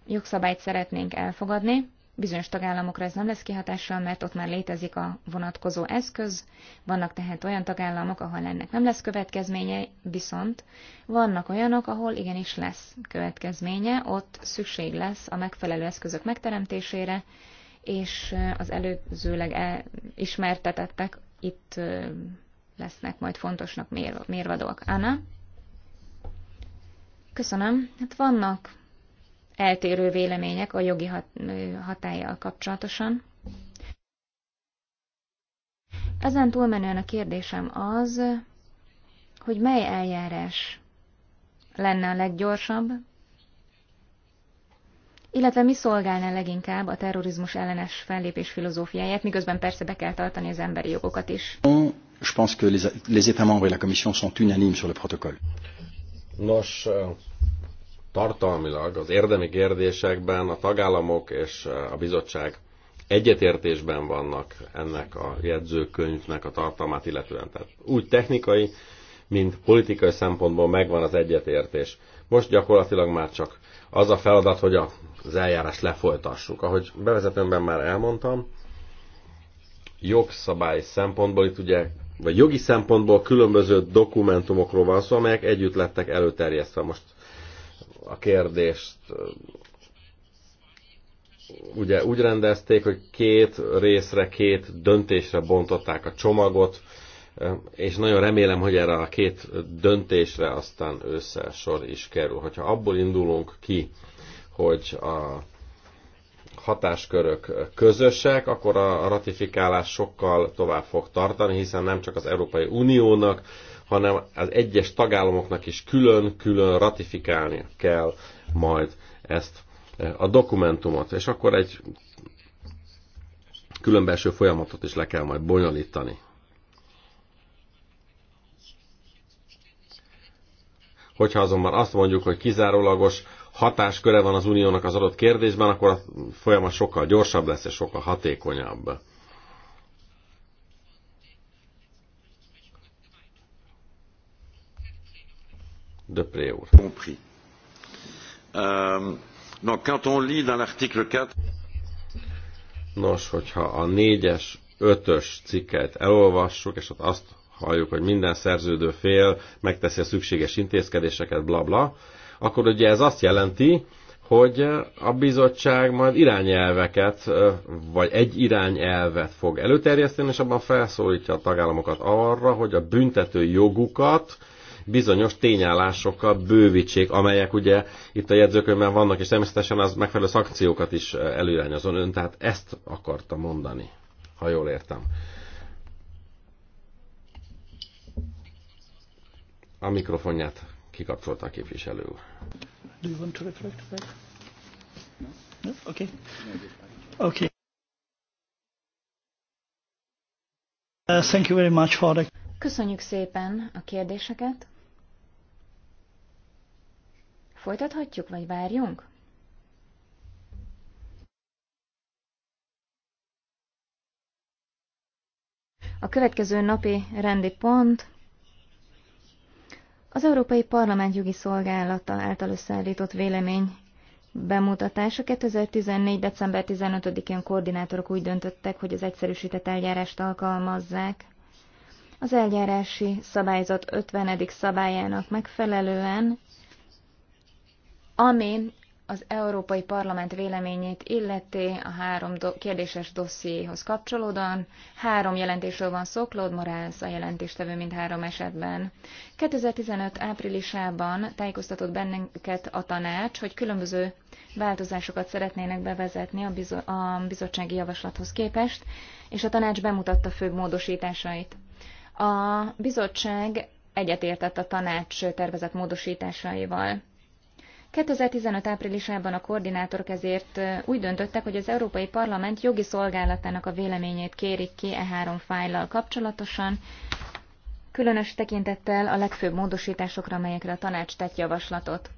jogszabályt szeretnénk elfogadni, Bizonyos tagállamokra ez nem lesz kihatással, mert ott már létezik a vonatkozó eszköz. Vannak tehát olyan tagállamok, ahol ennek nem lesz következménye, viszont vannak olyanok, ahol igenis lesz következménye, ott szükség lesz a megfelelő eszközök megteremtésére, és az előzőleg ismertetettek itt lesznek majd fontosnak mérvadóak. Anna? Köszönöm. Hát vannak eltérő vélemények a jogi hat, hatályjal kapcsolatosan. Ezen túlmenően a kérdésem az, hogy mely eljárás lenne a leggyorsabb, illetve mi szolgálna leginkább a terrorizmus ellenes fellépés filozófiáját, miközben persze be kell tartani az emberi jogokat is. Je pense que les, les États membres et la Commission sont unanimes sur le protocole. Nos, tartalmilag az érdemi kérdésekben a tagállamok és eh, a bizottság egyetértésben vannak ennek a jegyzőkönyvnek a tartalmát illetően. Tehát úgy technikai, mint politikai szempontból megvan az egyetértés. Most gyakorlatilag már csak az a feladat, hogy az eljárás lefolytassuk. Ahogy bevezetőmben már elmondtam, jogszabály szempontból itt ugye, vagy jogi szempontból különböző dokumentumokról van szó, amelyek együtt lettek előterjesztve. Most a kérdést ugye úgy rendezték, hogy két részre, két döntésre bontották a csomagot, és nagyon remélem, hogy erre a két döntésre aztán össze sor is kerül. Hogyha abból indulunk ki, hogy a hatáskörök közösek, akkor a ratifikálás sokkal tovább fog tartani, hiszen nem csak az Európai Uniónak, hanem az egyes tagállamoknak is külön-külön ratifikálni kell majd ezt eh, a dokumentumot, és akkor egy különbelső folyamatot is le kell majd bonyolítani. Hogyha azonban azt mondjuk, hogy kizárólagos hatásköre van az uniónak az adott kérdésben, akkor a folyamat sokkal gyorsabb lesz és sokkal hatékonyabb. Döpré úr. Compris. Um, quand on lit dans l'article 4... Nos, hogyha a négyes, ötös cikket elolvassuk, és ott azt halljuk, hogy minden szerződő fél megteszi a szükséges intézkedéseket, bla bla, akkor ugye ez azt jelenti, hogy a bizottság majd irányelveket, vagy egy irányelvet fog előterjeszteni, és abban felszólítja a tagállamokat arra, hogy a büntető jogukat bizonyos tényállásokkal bővítsék, amelyek ugye itt a jegyzőkönyvben vannak, és természetesen az megfelelő szakciókat is előirányozon ön, tehát ezt akarta mondani, ha jól értem. A mikrofonját kikapcsolta a képviselő. Do you want to reflect back? No? Okay. Okay. Uh, Köszönjük szépen a kérdéseket. Folytathatjuk, vagy várjunk? A következő napi rendi pont az Európai Parlament jogi szolgálata által összeállított vélemény bemutatása 2014. december 15-én koordinátorok úgy döntöttek, hogy az egyszerűsített eljárást alkalmazzák. Az eljárási szabályzat 50. szabályának megfelelően ami az Európai Parlament véleményét illeti a három do- kérdéses dossziéhoz kapcsolódóan. Három jelentésről van szó, Claude Morales a jelentéstevő mind három esetben. 2015 áprilisában tájékoztatott bennünket a tanács, hogy különböző változásokat szeretnének bevezetni a, bizo- a bizottsági javaslathoz képest, és a tanács bemutatta főbb módosításait. A bizottság egyetértett a tanács tervezett módosításaival. 2015 áprilisában a koordinátorok ezért úgy döntöttek, hogy az Európai Parlament jogi szolgálatának a véleményét kérik ki e három fájlal kapcsolatosan, különös tekintettel a legfőbb módosításokra, amelyekre a tanács tett javaslatot.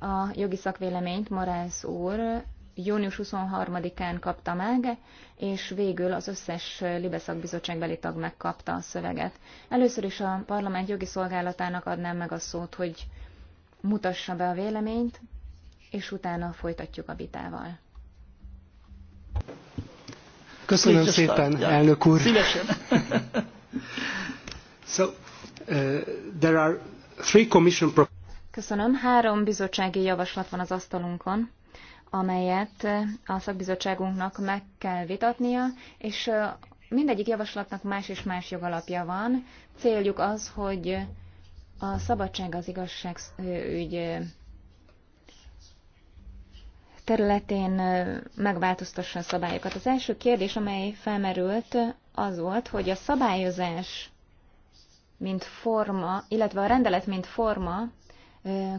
A jogi szakvéleményt Morales úr június 23-án kapta meg, és végül az összes Libeszak bizottságbeli tag megkapta a szöveget. Először is a parlament jogi szolgálatának adnám meg a szót, hogy mutassa be a véleményt, és utána folytatjuk a vitával. Köszönöm szépen, yeah. elnök úr. [laughs] so, uh, there are three commission Köszönöm. Három bizottsági javaslat van az asztalunkon, amelyet uh, a szakbizottságunknak meg kell vitatnia, és uh, mindegyik javaslatnak más és más jogalapja van. Céljuk az, hogy a szabadság az igazság ügy területén megváltoztassa a szabályokat. Az első kérdés, amely felmerült, az volt, hogy a szabályozás mint forma, illetve a rendelet mint forma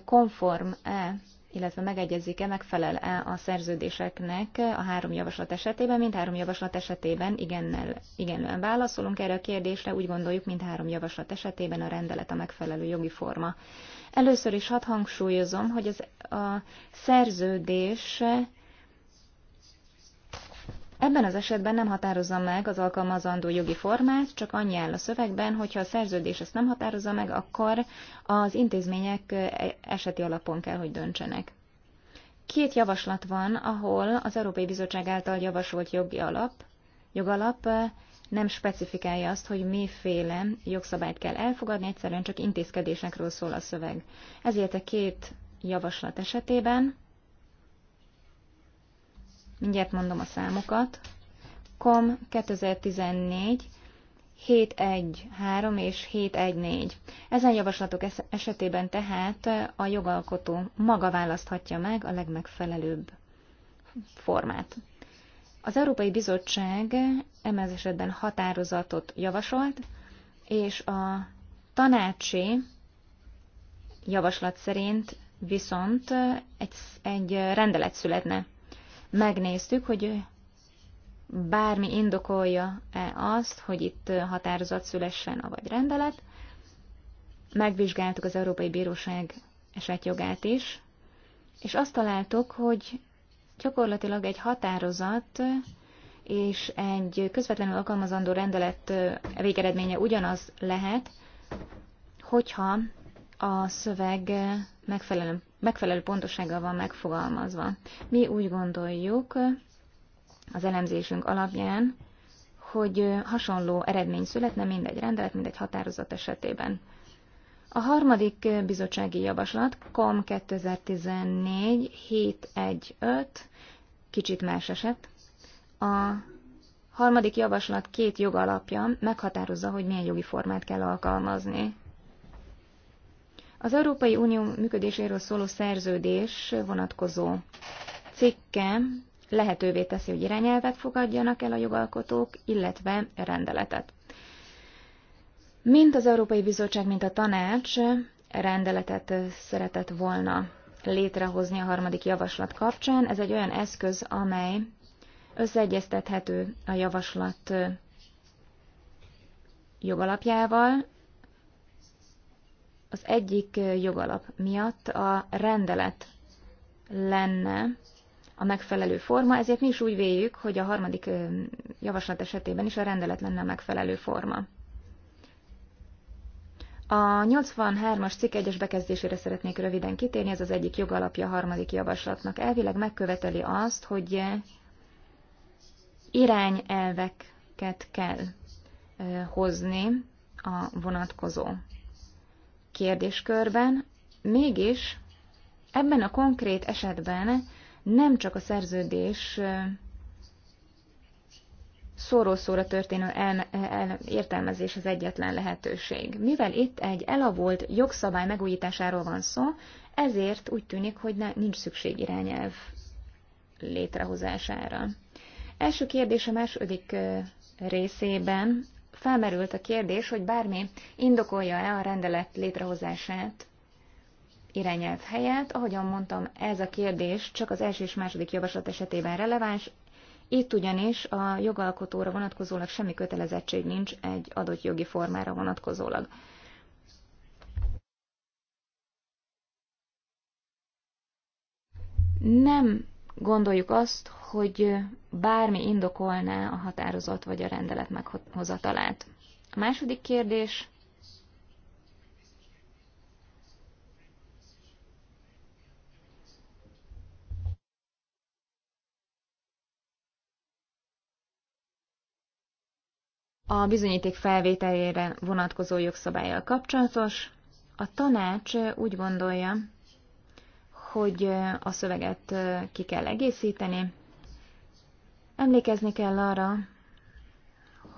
konform-e illetve megegyezik-e, megfelel-e a szerződéseknek a három javaslat esetében, mint három javaslat esetében igennel, igenlően válaszolunk erre a kérdésre, úgy gondoljuk, mint három javaslat esetében a rendelet a megfelelő jogi forma. Először is hadd hangsúlyozom, hogy az, a szerződés Ebben az esetben nem határozza meg az alkalmazandó jogi formát, csak annyi áll a szövegben, hogyha a szerződés ezt nem határozza meg, akkor az intézmények eseti alapon kell, hogy döntsenek. Két javaslat van, ahol az Európai Bizottság által javasolt jogi alap, jogalap eh, nem specifikálja azt, hogy miféle jogszabályt kell elfogadni, egyszerűen csak intézkedésekről szól a szöveg. Ezért a két javaslat esetében mindjárt mondom a számokat, kom 2014, 7.1.3 és 7.1.4. Ezen javaslatok esetében tehát a jogalkotó maga választhatja meg a legmegfelelőbb formát. Az Európai Bizottság emez esetben határozatot javasolt, és a tanácsi javaslat szerint viszont egy, egy rendelet születne megnéztük, hogy bármi indokolja-e azt, hogy itt határozat szülessen, vagy rendelet. Megvizsgáltuk az Európai Bíróság esetjogát is, és azt találtuk, hogy gyakorlatilag egy határozat és egy közvetlenül alkalmazandó rendelet végeredménye ugyanaz lehet, hogyha a szöveg megfelelő, megfelelő pontosággal van megfogalmazva. Mi úgy gondoljuk az elemzésünk alapján, hogy hasonló eredmény születne mindegy rendelet, mindegy határozat esetében. A harmadik bizottsági javaslat, KOM 2014 715, kicsit más eset. A harmadik javaslat két jogalapja meghatározza, hogy milyen jogi formát kell alkalmazni. Az Európai Unió működéséről szóló szerződés vonatkozó cikke lehetővé teszi, hogy irányelvet fogadjanak el a jogalkotók, illetve rendeletet. Mint az Európai Bizottság, mint a tanács rendeletet szeretett volna létrehozni a harmadik javaslat kapcsán. Ez egy olyan eszköz, amely összeegyeztethető a javaslat jogalapjával, az egyik jogalap miatt a rendelet lenne a megfelelő forma, ezért mi is úgy véljük, hogy a harmadik javaslat esetében is a rendelet lenne a megfelelő forma. A 83-as cikk egyes bekezdésére szeretnék röviden kitérni, ez az egyik jogalapja a harmadik javaslatnak. Elvileg megköveteli azt, hogy irányelveket kell hozni a vonatkozó kérdéskörben, mégis ebben a konkrét esetben nem csak a szerződés szóról-szóra történő értelmezés az egyetlen lehetőség. Mivel itt egy elavult jogszabály megújításáról van szó, ezért úgy tűnik, hogy ne, nincs szükség irányelv létrehozására. Első a második részében felmerült a kérdés, hogy bármi indokolja-e a rendelet létrehozását irányelv helyett. Ahogyan mondtam, ez a kérdés csak az első és második javaslat esetében releváns, itt ugyanis a jogalkotóra vonatkozólag semmi kötelezettség nincs egy adott jogi formára vonatkozólag. Nem gondoljuk azt, hogy bármi indokolná a határozat vagy a rendelet meghozatalát. A második kérdés. A bizonyíték felvételére vonatkozó jogszabályjal kapcsolatos. A tanács úgy gondolja, hogy a szöveget ki kell egészíteni, Emlékezni kell arra,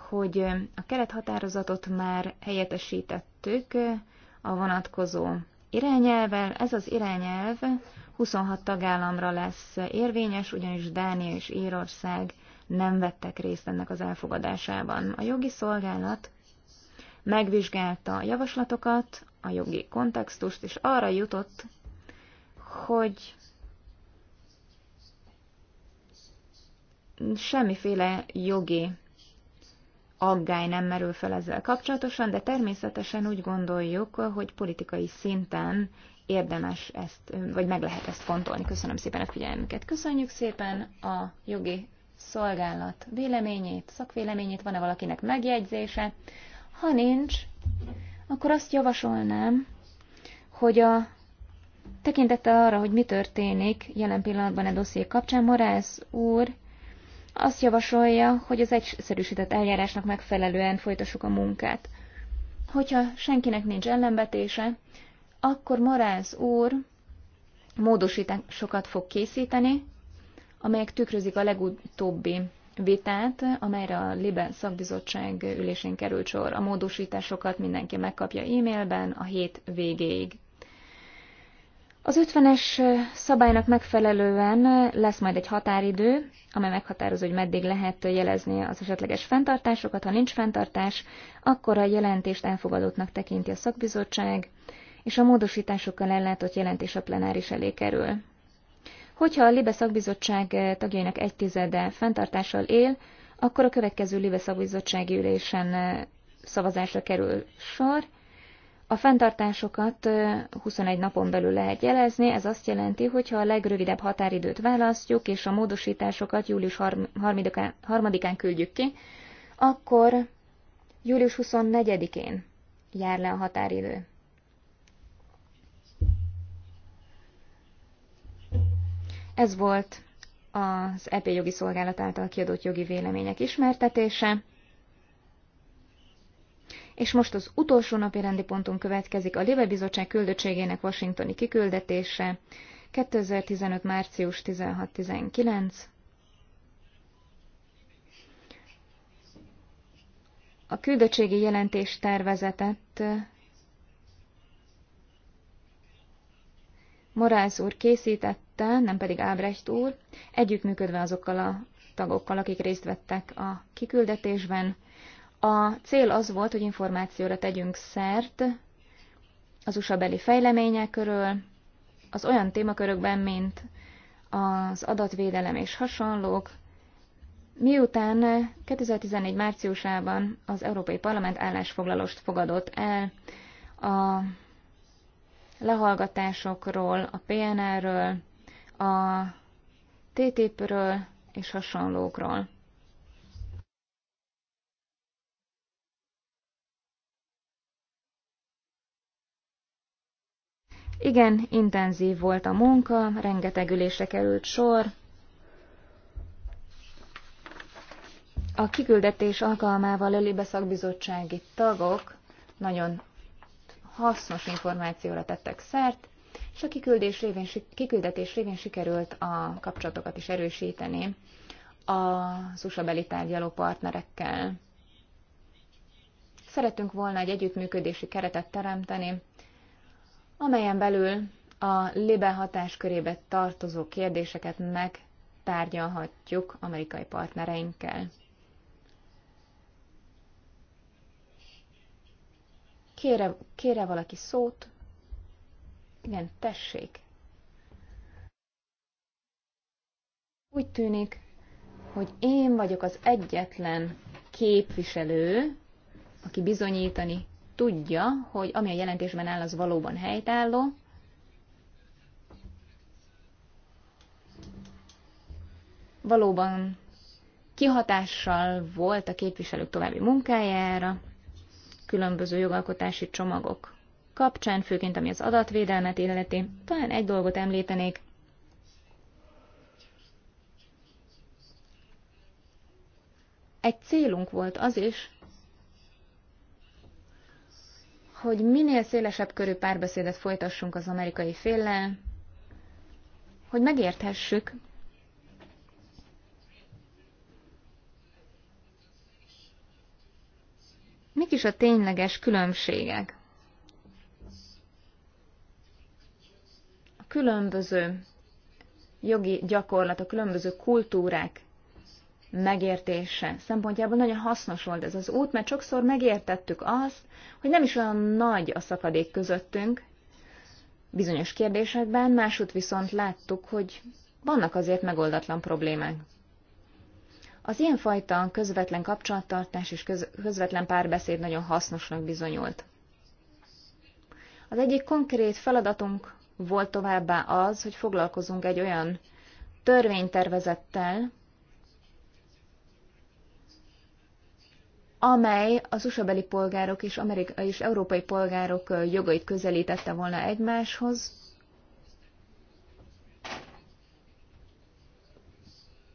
hogy a kerethatározatot már helyettesítettük a vonatkozó irányelvel. Ez az irányelv 26 tagállamra lesz érvényes, ugyanis Dánia és Írország nem vettek részt ennek az elfogadásában. A jogi szolgálat megvizsgálta a javaslatokat, a jogi kontextust, és arra jutott, hogy semmiféle jogi aggály nem merül fel ezzel kapcsolatosan, de természetesen úgy gondoljuk, hogy politikai szinten érdemes ezt, vagy meg lehet ezt fontolni. Köszönöm szépen a figyelmüket. Köszönjük szépen a jogi szolgálat véleményét, szakvéleményét, van-e valakinek megjegyzése? Ha nincs, akkor azt javasolnám, hogy a tekintettel arra, hogy mi történik jelen pillanatban a e dosszié kapcsán, Morász úr azt javasolja, hogy az egyszerűsített eljárásnak megfelelően folytassuk a munkát. Hogyha senkinek nincs ellenbetése, akkor Morász úr módosításokat fog készíteni, amelyek tükrözik a legutóbbi vitát, amelyre a Libe szakbizottság ülésén került sor. A módosításokat mindenki megkapja e-mailben a hét végéig. Az 50-es szabálynak megfelelően lesz majd egy határidő, amely meghatározza, hogy meddig lehet jelezni az esetleges fenntartásokat. Ha nincs fenntartás, akkor a jelentést elfogadottnak tekinti a szakbizottság, és a módosításokkal ellátott jelentés a plenáris elé kerül. Hogyha a Libe szakbizottság tagjainak egy tizede fenntartással él, akkor a következő Libe szakbizottsági ülésen szavazásra kerül sor, a fenntartásokat 21 napon belül lehet jelezni, ez azt jelenti, hogy ha a legrövidebb határidőt választjuk, és a módosításokat július 3-án küldjük ki, akkor július 24-én jár le a határidő. Ez volt az EP jogi szolgálat által kiadott jogi vélemények ismertetése. És most az utolsó napi rendi pontunk következik a Libe Bizottság küldöttségének washingtoni kiküldetése 2015. március 16-19. A küldöttségi jelentés tervezetet Morász úr készítette, nem pedig Ábrecht úr, együttműködve azokkal a tagokkal, akik részt vettek a kiküldetésben. A cél az volt, hogy információra tegyünk szert az USA beli fejleményekről, az olyan témakörökben, mint az adatvédelem és hasonlók, Miután 2014 márciusában az Európai Parlament állásfoglalost fogadott el a lehallgatásokról, a PNR-ről, a TTIP-ről és hasonlókról. Igen, intenzív volt a munka, rengeteg ülésre került sor. A kiküldetés alkalmával a szakbizottsági tagok nagyon hasznos információra tettek szert, és a kiküldés révén, kiküldetés révén sikerült a kapcsolatokat is erősíteni a USA beli tárgyaló partnerekkel. Szeretünk volna egy együttműködési keretet teremteni amelyen belül a libe hatáskörébe tartozó kérdéseket megtárgyalhatjuk amerikai partnereinkkel. Kére, kére valaki szót? Igen, tessék. Úgy tűnik, hogy én vagyok az egyetlen képviselő, aki bizonyítani tudja, hogy ami a jelentésben áll, az valóban helytálló, valóban kihatással volt a képviselők további munkájára, különböző jogalkotási csomagok kapcsán, főként ami az adatvédelmet illeti. Talán egy dolgot említenék. Egy célunk volt az is, hogy minél szélesebb körű párbeszédet folytassunk az amerikai féllel, hogy megérthessük, mik is a tényleges különbségek. A különböző jogi gyakorlat, a különböző kultúrák megértése szempontjából nagyon hasznos volt ez az út, mert sokszor megértettük azt, hogy nem is olyan nagy a szakadék közöttünk bizonyos kérdésekben, másút viszont láttuk, hogy vannak azért megoldatlan problémák. Az ilyenfajta közvetlen kapcsolattartás és közvetlen párbeszéd nagyon hasznosnak bizonyult. Az egyik konkrét feladatunk volt továbbá az, hogy foglalkozunk egy olyan törvénytervezettel, amely az usa polgárok és, amerikai és európai polgárok jogait közelítette volna egymáshoz.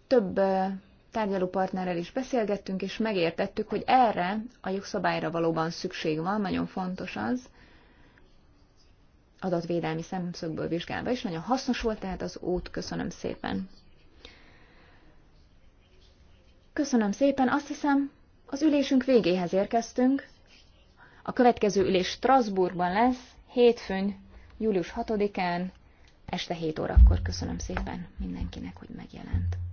Több tárgyalópartnerrel is beszélgettünk, és megértettük, hogy erre a jogszabályra valóban szükség van, nagyon fontos az, adatvédelmi szemszögből vizsgálva, és nagyon hasznos volt tehát az út, köszönöm szépen. Köszönöm szépen, azt hiszem, az ülésünk végéhez érkeztünk. A következő ülés Strasbourgban lesz, hétfőn, július 6-án, este 7 órakor. Köszönöm szépen mindenkinek, hogy megjelent.